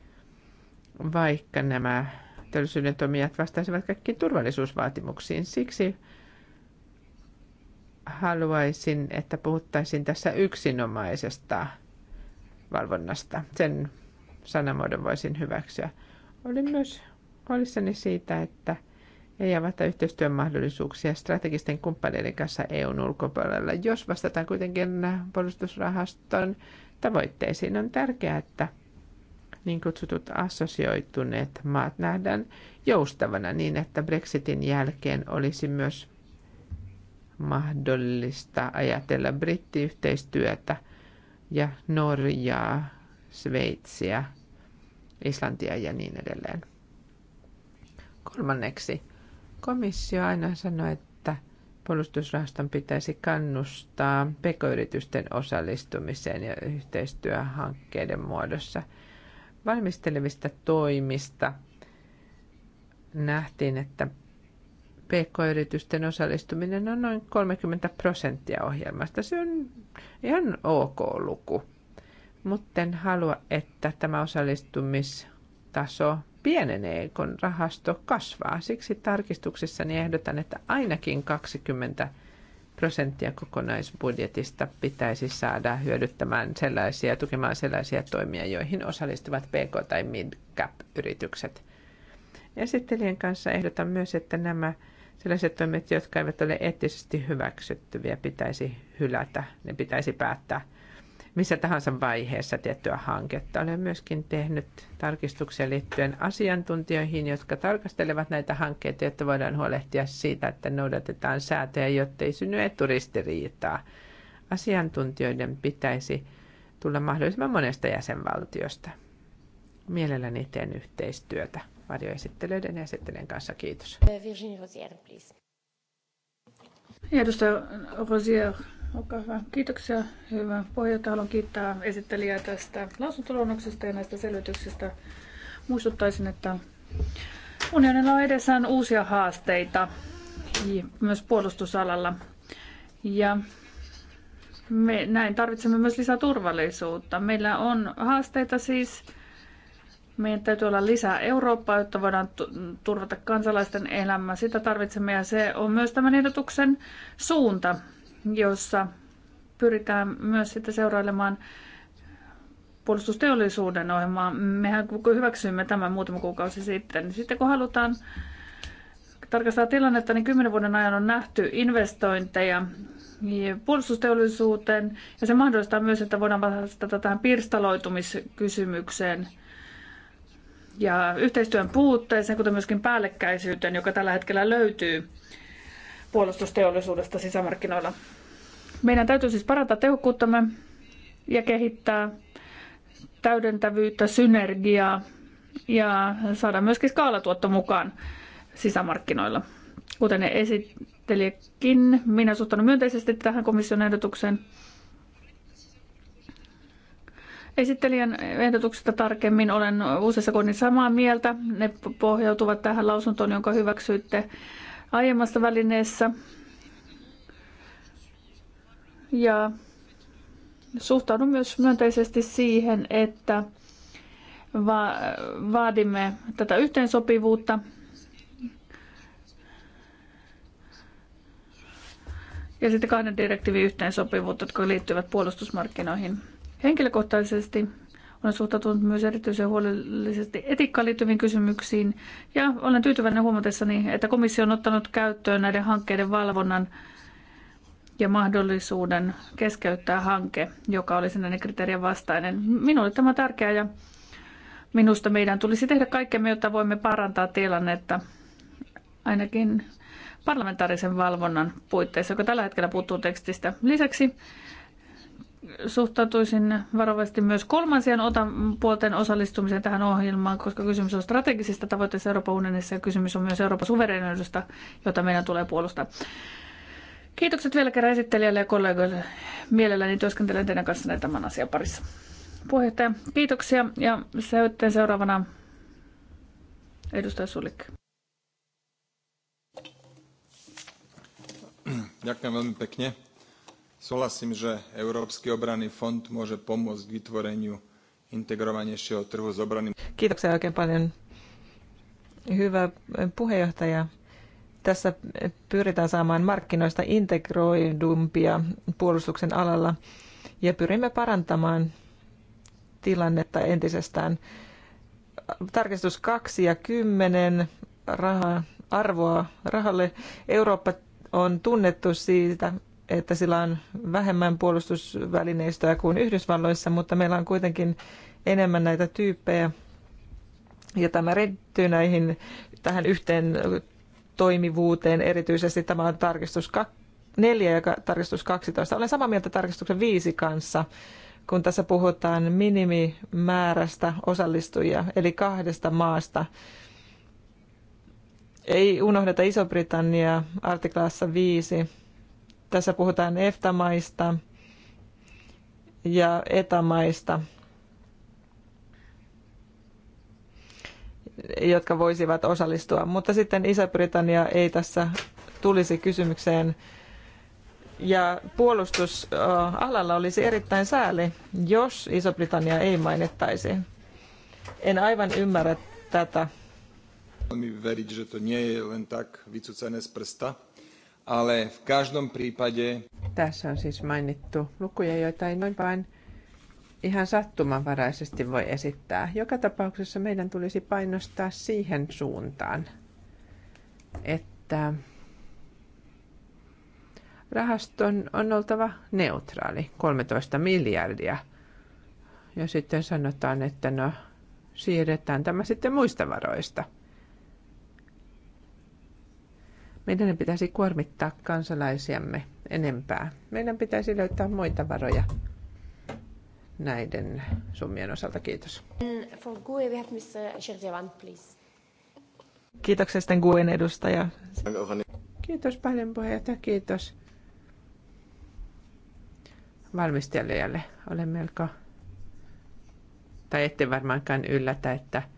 vaikka nämä teollisuuden toimijat vastaisivat kaikkiin turvallisuusvaatimuksiin. Siksi haluaisin, että puhuttaisiin tässä yksinomaisesta valvonnasta. Sen sanamuodon voisin hyväksyä. Olin myös huolissani siitä, että – ja jäävät yhteistyön mahdollisuuksia strategisten kumppaneiden kanssa EUn ulkopuolella, jos vastataan kuitenkin puolustusrahaston tavoitteisiin. On tärkeää, että niin kutsutut assosioituneet maat nähdään joustavana niin, että Brexitin jälkeen olisi myös mahdollista ajatella brittiyhteistyötä ja Norjaa, Sveitsiä, Islantia ja niin edelleen. Kolmanneksi Komissio aina sanoi, että puolustusrahaston pitäisi kannustaa pekoyritysten osallistumiseen ja yhteistyöhankkeiden muodossa. Valmistelevista toimista nähtiin, että pk-yritysten osallistuminen on noin 30 prosenttia ohjelmasta. Se on ihan ok luku, mutta en halua, että tämä osallistumistaso pienenee, kun rahasto kasvaa. Siksi tarkistuksessani ehdotan, että ainakin 20 prosenttia kokonaisbudjetista pitäisi saada hyödyttämään sellaisia, tukemaan sellaisia toimia, joihin osallistuvat PK- tai mid-cap-yritykset. Esittelijän kanssa ehdotan myös, että nämä sellaiset toimet, jotka eivät ole eettisesti hyväksyttyviä, pitäisi hylätä. Ne pitäisi päättää – missä tahansa vaiheessa tiettyä hanketta. Olen myöskin tehnyt tarkistuksia liittyen asiantuntijoihin, jotka tarkastelevat näitä hankkeita, jotta voidaan huolehtia siitä, että noudatetaan säätöjä, jotta ei synny eturistiriitaa. Asiantuntijoiden pitäisi tulla mahdollisimman monesta jäsenvaltiosta. Mielelläni teen yhteistyötä varjoesittelyiden ja esittelijän kanssa. Kiitos. Virginie Rosier, please. Edustaja Rosier. Olkaa hyvä. Kiitoksia, hyvä puheenjohtaja. Haluan kiittää esittelijää tästä lausuntoluonnoksesta ja näistä selvityksistä. Muistuttaisin, että unionilla on edessään uusia haasteita myös puolustusalalla. Ja me näin tarvitsemme myös lisää turvallisuutta. Meillä on haasteita siis. Meidän täytyy olla lisää Eurooppaa, jotta voidaan turvata kansalaisten elämää. Sitä tarvitsemme ja se on myös tämän ehdotuksen suunta jossa pyritään myös sitten seurailemaan puolustusteollisuuden ohjelmaa. Mehän hyväksyimme tämän muutama kuukausi sitten. Sitten kun halutaan tarkastaa tilannetta, niin kymmenen vuoden ajan on nähty investointeja puolustusteollisuuteen ja se mahdollistaa myös, että voidaan vastata tähän pirstaloitumiskysymykseen ja yhteistyön puutteeseen, kuten myöskin päällekkäisyyteen, joka tällä hetkellä löytyy puolustusteollisuudesta sisämarkkinoilla. Meidän täytyy siis parata tehokkuuttamme ja kehittää täydentävyyttä, synergiaa ja saada myöskin skaalatuotto mukaan sisämarkkinoilla. Kuten esittelijäkin, minä suhtaudun myönteisesti tähän komission ehdotukseen. Esittelijän ehdotuksesta tarkemmin olen useissa kohdin samaa mieltä. Ne pohjautuvat tähän lausuntoon, jonka hyväksyitte aiemmassa välineessä. Ja suhtaudun myös myönteisesti siihen, että va- vaadimme tätä yhteensopivuutta. Ja sitten kahden direktiivin yhteensopivuutta, jotka liittyvät puolustusmarkkinoihin. Henkilökohtaisesti olen suhtautunut myös erityisen huolellisesti etiikkaan liittyviin kysymyksiin ja olen tyytyväinen huomatessani, että komissio on ottanut käyttöön näiden hankkeiden valvonnan ja mahdollisuuden keskeyttää hanke, joka olisi näiden kriteerien vastainen. Minulle tämä on tärkeää ja minusta meidän tulisi tehdä kaikkemme, jotta voimme parantaa tilannetta ainakin parlamentaarisen valvonnan puitteissa, joka tällä hetkellä puuttuu tekstistä. Lisäksi suhtautuisin varovasti myös kolmansien puolten osallistumiseen tähän ohjelmaan, koska kysymys on strategisista tavoitteista Euroopan unionissa ja kysymys on myös Euroopan suvereneudesta, jota meidän tulee puolustaa. Kiitokset vielä kerran esittelijälle ja kollegoille. Mielelläni työskentelen teidän kanssanne tämän asian parissa. Puheenjohtaja, kiitoksia ja sitten seuraavana edustaja Sulik. Ďakujem veľmi pekne. Súhlasím, že Európsky obranný fond môže pomôcť k vytvoreniu integrovanejšieho trhu s obranným. Kiitoksia oikein paljon. Hyvä puheenjohtaja. Tässä pyritään saamaan markkinoista integroidumpia puolustuksen alalla ja pyrimme parantamaan tilannetta entisestään. Tarkistus 2 ja 10 raha, arvoa rahalle. Eurooppa on tunnettu siitä, että sillä on vähemmän puolustusvälineistöä kuin Yhdysvalloissa, mutta meillä on kuitenkin enemmän näitä tyyppejä. Ja tämä redittyy näihin, tähän yhteen toimivuuteen, erityisesti tämä on tarkistus 4 ja tarkistus 12. Olen samaa mieltä tarkistuksen 5 kanssa, kun tässä puhutaan minimimäärästä osallistujia, eli kahdesta maasta. Ei unohdeta Iso-Britannia artiklassa 5 tässä puhutaan EFTA-maista ja etämaista, jotka voisivat osallistua. Mutta sitten Iso-Britannia ei tässä tulisi kysymykseen. Ja puolustusalalla olisi erittäin sääli, jos Iso-Britannia ei mainittaisi. En aivan ymmärrä tätä. Mi tak prsta ale v každom prípade... Tässä on siis mainittu lukuja, joita ei noin vain ihan sattumanvaraisesti voi esittää. Joka tapauksessa meidän tulisi painostaa siihen suuntaan, että rahaston on oltava neutraali, 13 miljardia. Ja sitten sanotaan, että no siirretään tämä sitten muista varoista – Meidän pitäisi kuormittaa kansalaisiamme enempää. Meidän pitäisi löytää muita varoja näiden summien osalta. Kiitos. Kiitoksia sitten GUEn edustaja. Kiitos paljon puheenjohtaja, kiitos valmistelijalle. Olen melko, tai ette varmaankaan yllätä, että –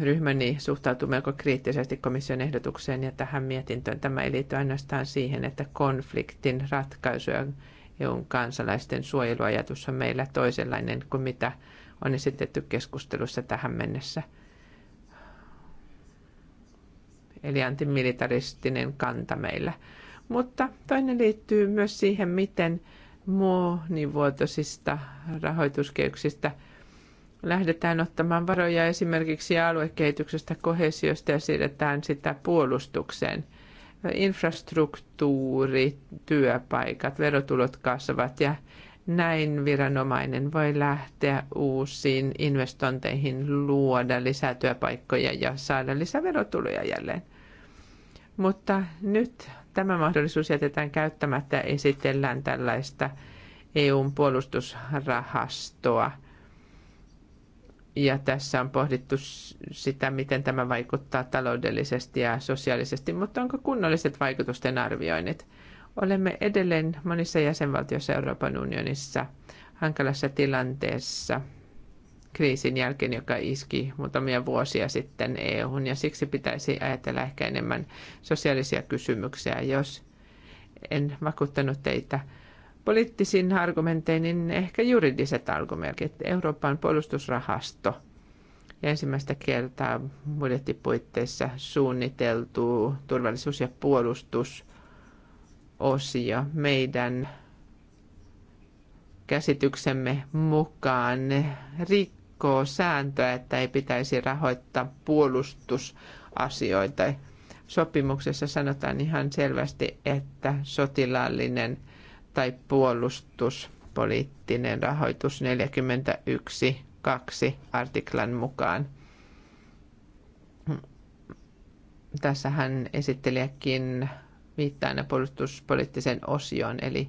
ryhmäni niin suhtautuu melko kriittisesti komission ehdotukseen ja tähän mietintöön. Tämä ei liity ainoastaan siihen, että konfliktin ratkaisu ja EUn kansalaisten suojeluajatus on meillä toisenlainen kuin mitä on esitetty keskustelussa tähän mennessä. Eli antimilitaristinen kanta meillä. Mutta toinen liittyy myös siihen, miten monivuotoisista rahoituskehyksistä – lähdetään ottamaan varoja esimerkiksi aluekehityksestä, kohesiosta ja siirretään sitä puolustukseen. Infrastruktuuri, työpaikat, verotulot kasvavat ja näin viranomainen voi lähteä uusiin investointeihin, luoda lisää työpaikkoja ja saada lisää verotuloja jälleen. Mutta nyt tämä mahdollisuus jätetään käyttämättä ja esitellään tällaista EUn puolustusrahastoa – ja tässä on pohdittu sitä, miten tämä vaikuttaa taloudellisesti ja sosiaalisesti, mutta onko kunnolliset vaikutusten arvioinnit? Olemme edelleen monissa jäsenvaltioissa Euroopan unionissa hankalassa tilanteessa kriisin jälkeen, joka iski muutamia vuosia sitten EUhun, ja siksi pitäisi ajatella ehkä enemmän sosiaalisia kysymyksiä. Jos en vakuuttanut teitä poliittisin argumentteihin, niin ehkä juridiset argumentit. Euroopan puolustusrahasto ja ensimmäistä kertaa budjettipuitteissa suunniteltu turvallisuus- ja puolustusosio meidän käsityksemme mukaan rikkoo sääntöä, että ei pitäisi rahoittaa puolustusasioita. Sopimuksessa sanotaan ihan selvästi, että sotilaallinen – tai puolustuspoliittinen rahoitus 41.2 artiklan mukaan. Tässähän esittelijäkin viittaa aina puolustuspoliittiseen osioon, eli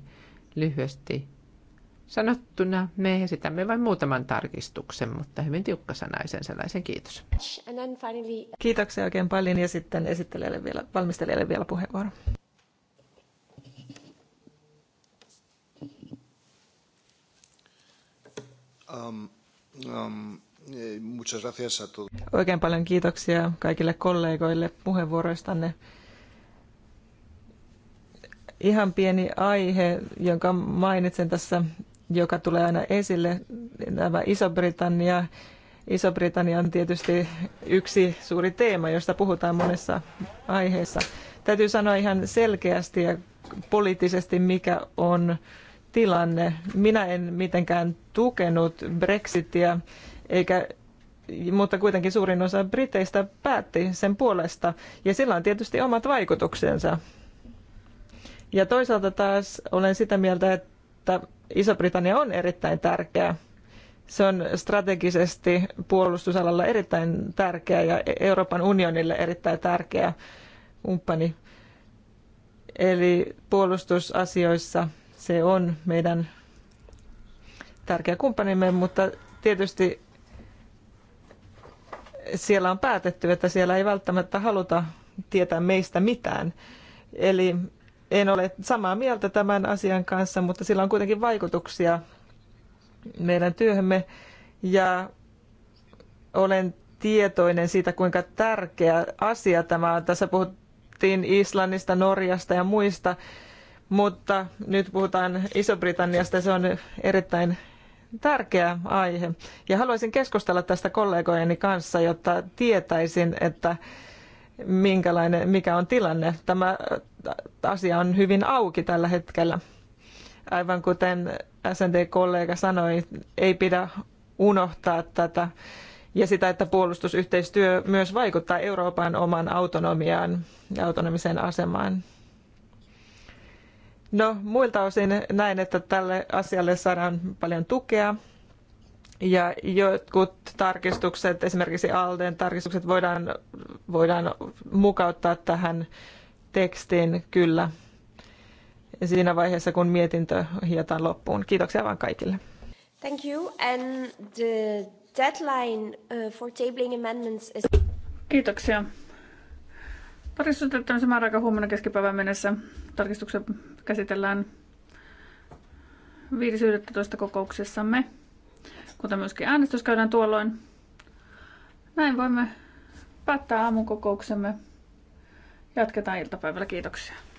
lyhyesti sanottuna me esitämme vain muutaman tarkistuksen, mutta hyvin tiukkasanaisen sellaisen. Kiitos. Kiitoksia oikein paljon ja sitten esittelijälle vielä, valmistelijalle vielä puheenvuoro. E, Oikein paljon kiitoksia kaikille kollegoille puheenvuoroistanne. Ihan pieni aihe, jonka mainitsen tässä, joka tulee aina esille, tämä Iso-Britannia Iso-Britannia on tietysti yksi suuri teema, josta puhutaan monessa aiheessa. Täytyy sanoa ihan selkeästi ja poliittisesti, mikä on tilanne. Minä en mitenkään tukenut Brexitiä, eikä, mutta kuitenkin suurin osa briteistä päätti sen puolesta, ja sillä on tietysti omat vaikutuksensa. Ja toisaalta taas olen sitä mieltä, että Iso-Britannia on erittäin tärkeä. Se on strategisesti puolustusalalla erittäin tärkeä ja Euroopan unionille erittäin tärkeä kumppani. Eli puolustusasioissa – se on meidän tärkeä kumppanimme, mutta tietysti siellä on päätetty, että siellä ei välttämättä haluta tietää meistä mitään. Eli en ole samaa mieltä tämän asian kanssa, mutta sillä on kuitenkin vaikutuksia meidän työhömme ja olen tietoinen siitä, kuinka tärkeä asia tämä on. Tässä puhuttiin Islannista, Norjasta ja muista mutta nyt puhutaan Iso-Britanniasta ja se on erittäin tärkeä aihe. Ja haluaisin keskustella tästä kollegojeni kanssa, jotta tietäisin, että minkälainen, mikä on tilanne. Tämä asia on hyvin auki tällä hetkellä. Aivan kuten SND-kollega sanoi, ei pidä unohtaa tätä ja sitä, että puolustusyhteistyö myös vaikuttaa Euroopan oman autonomiaan ja autonomiseen asemaan. No, muilta osin näin, että tälle asialle saadaan paljon tukea. Ja jotkut tarkistukset, esimerkiksi Alden tarkistukset, voidaan, voidaan mukauttaa tähän tekstiin kyllä siinä vaiheessa, kun mietintö hiotaan loppuun. Kiitoksia vaan kaikille. Thank you. And the deadline uh, for tabling amendments is... Kiitoksia. Tarkistuttamisen määräaika huomenna keskipäivän mennessä. Tarkistuksen käsitellään 5.11. kokouksessamme, kuten myöskin äänestys käydään tuolloin. Näin voimme päättää aamukokouksemme. Jatketaan iltapäivällä. Kiitoksia.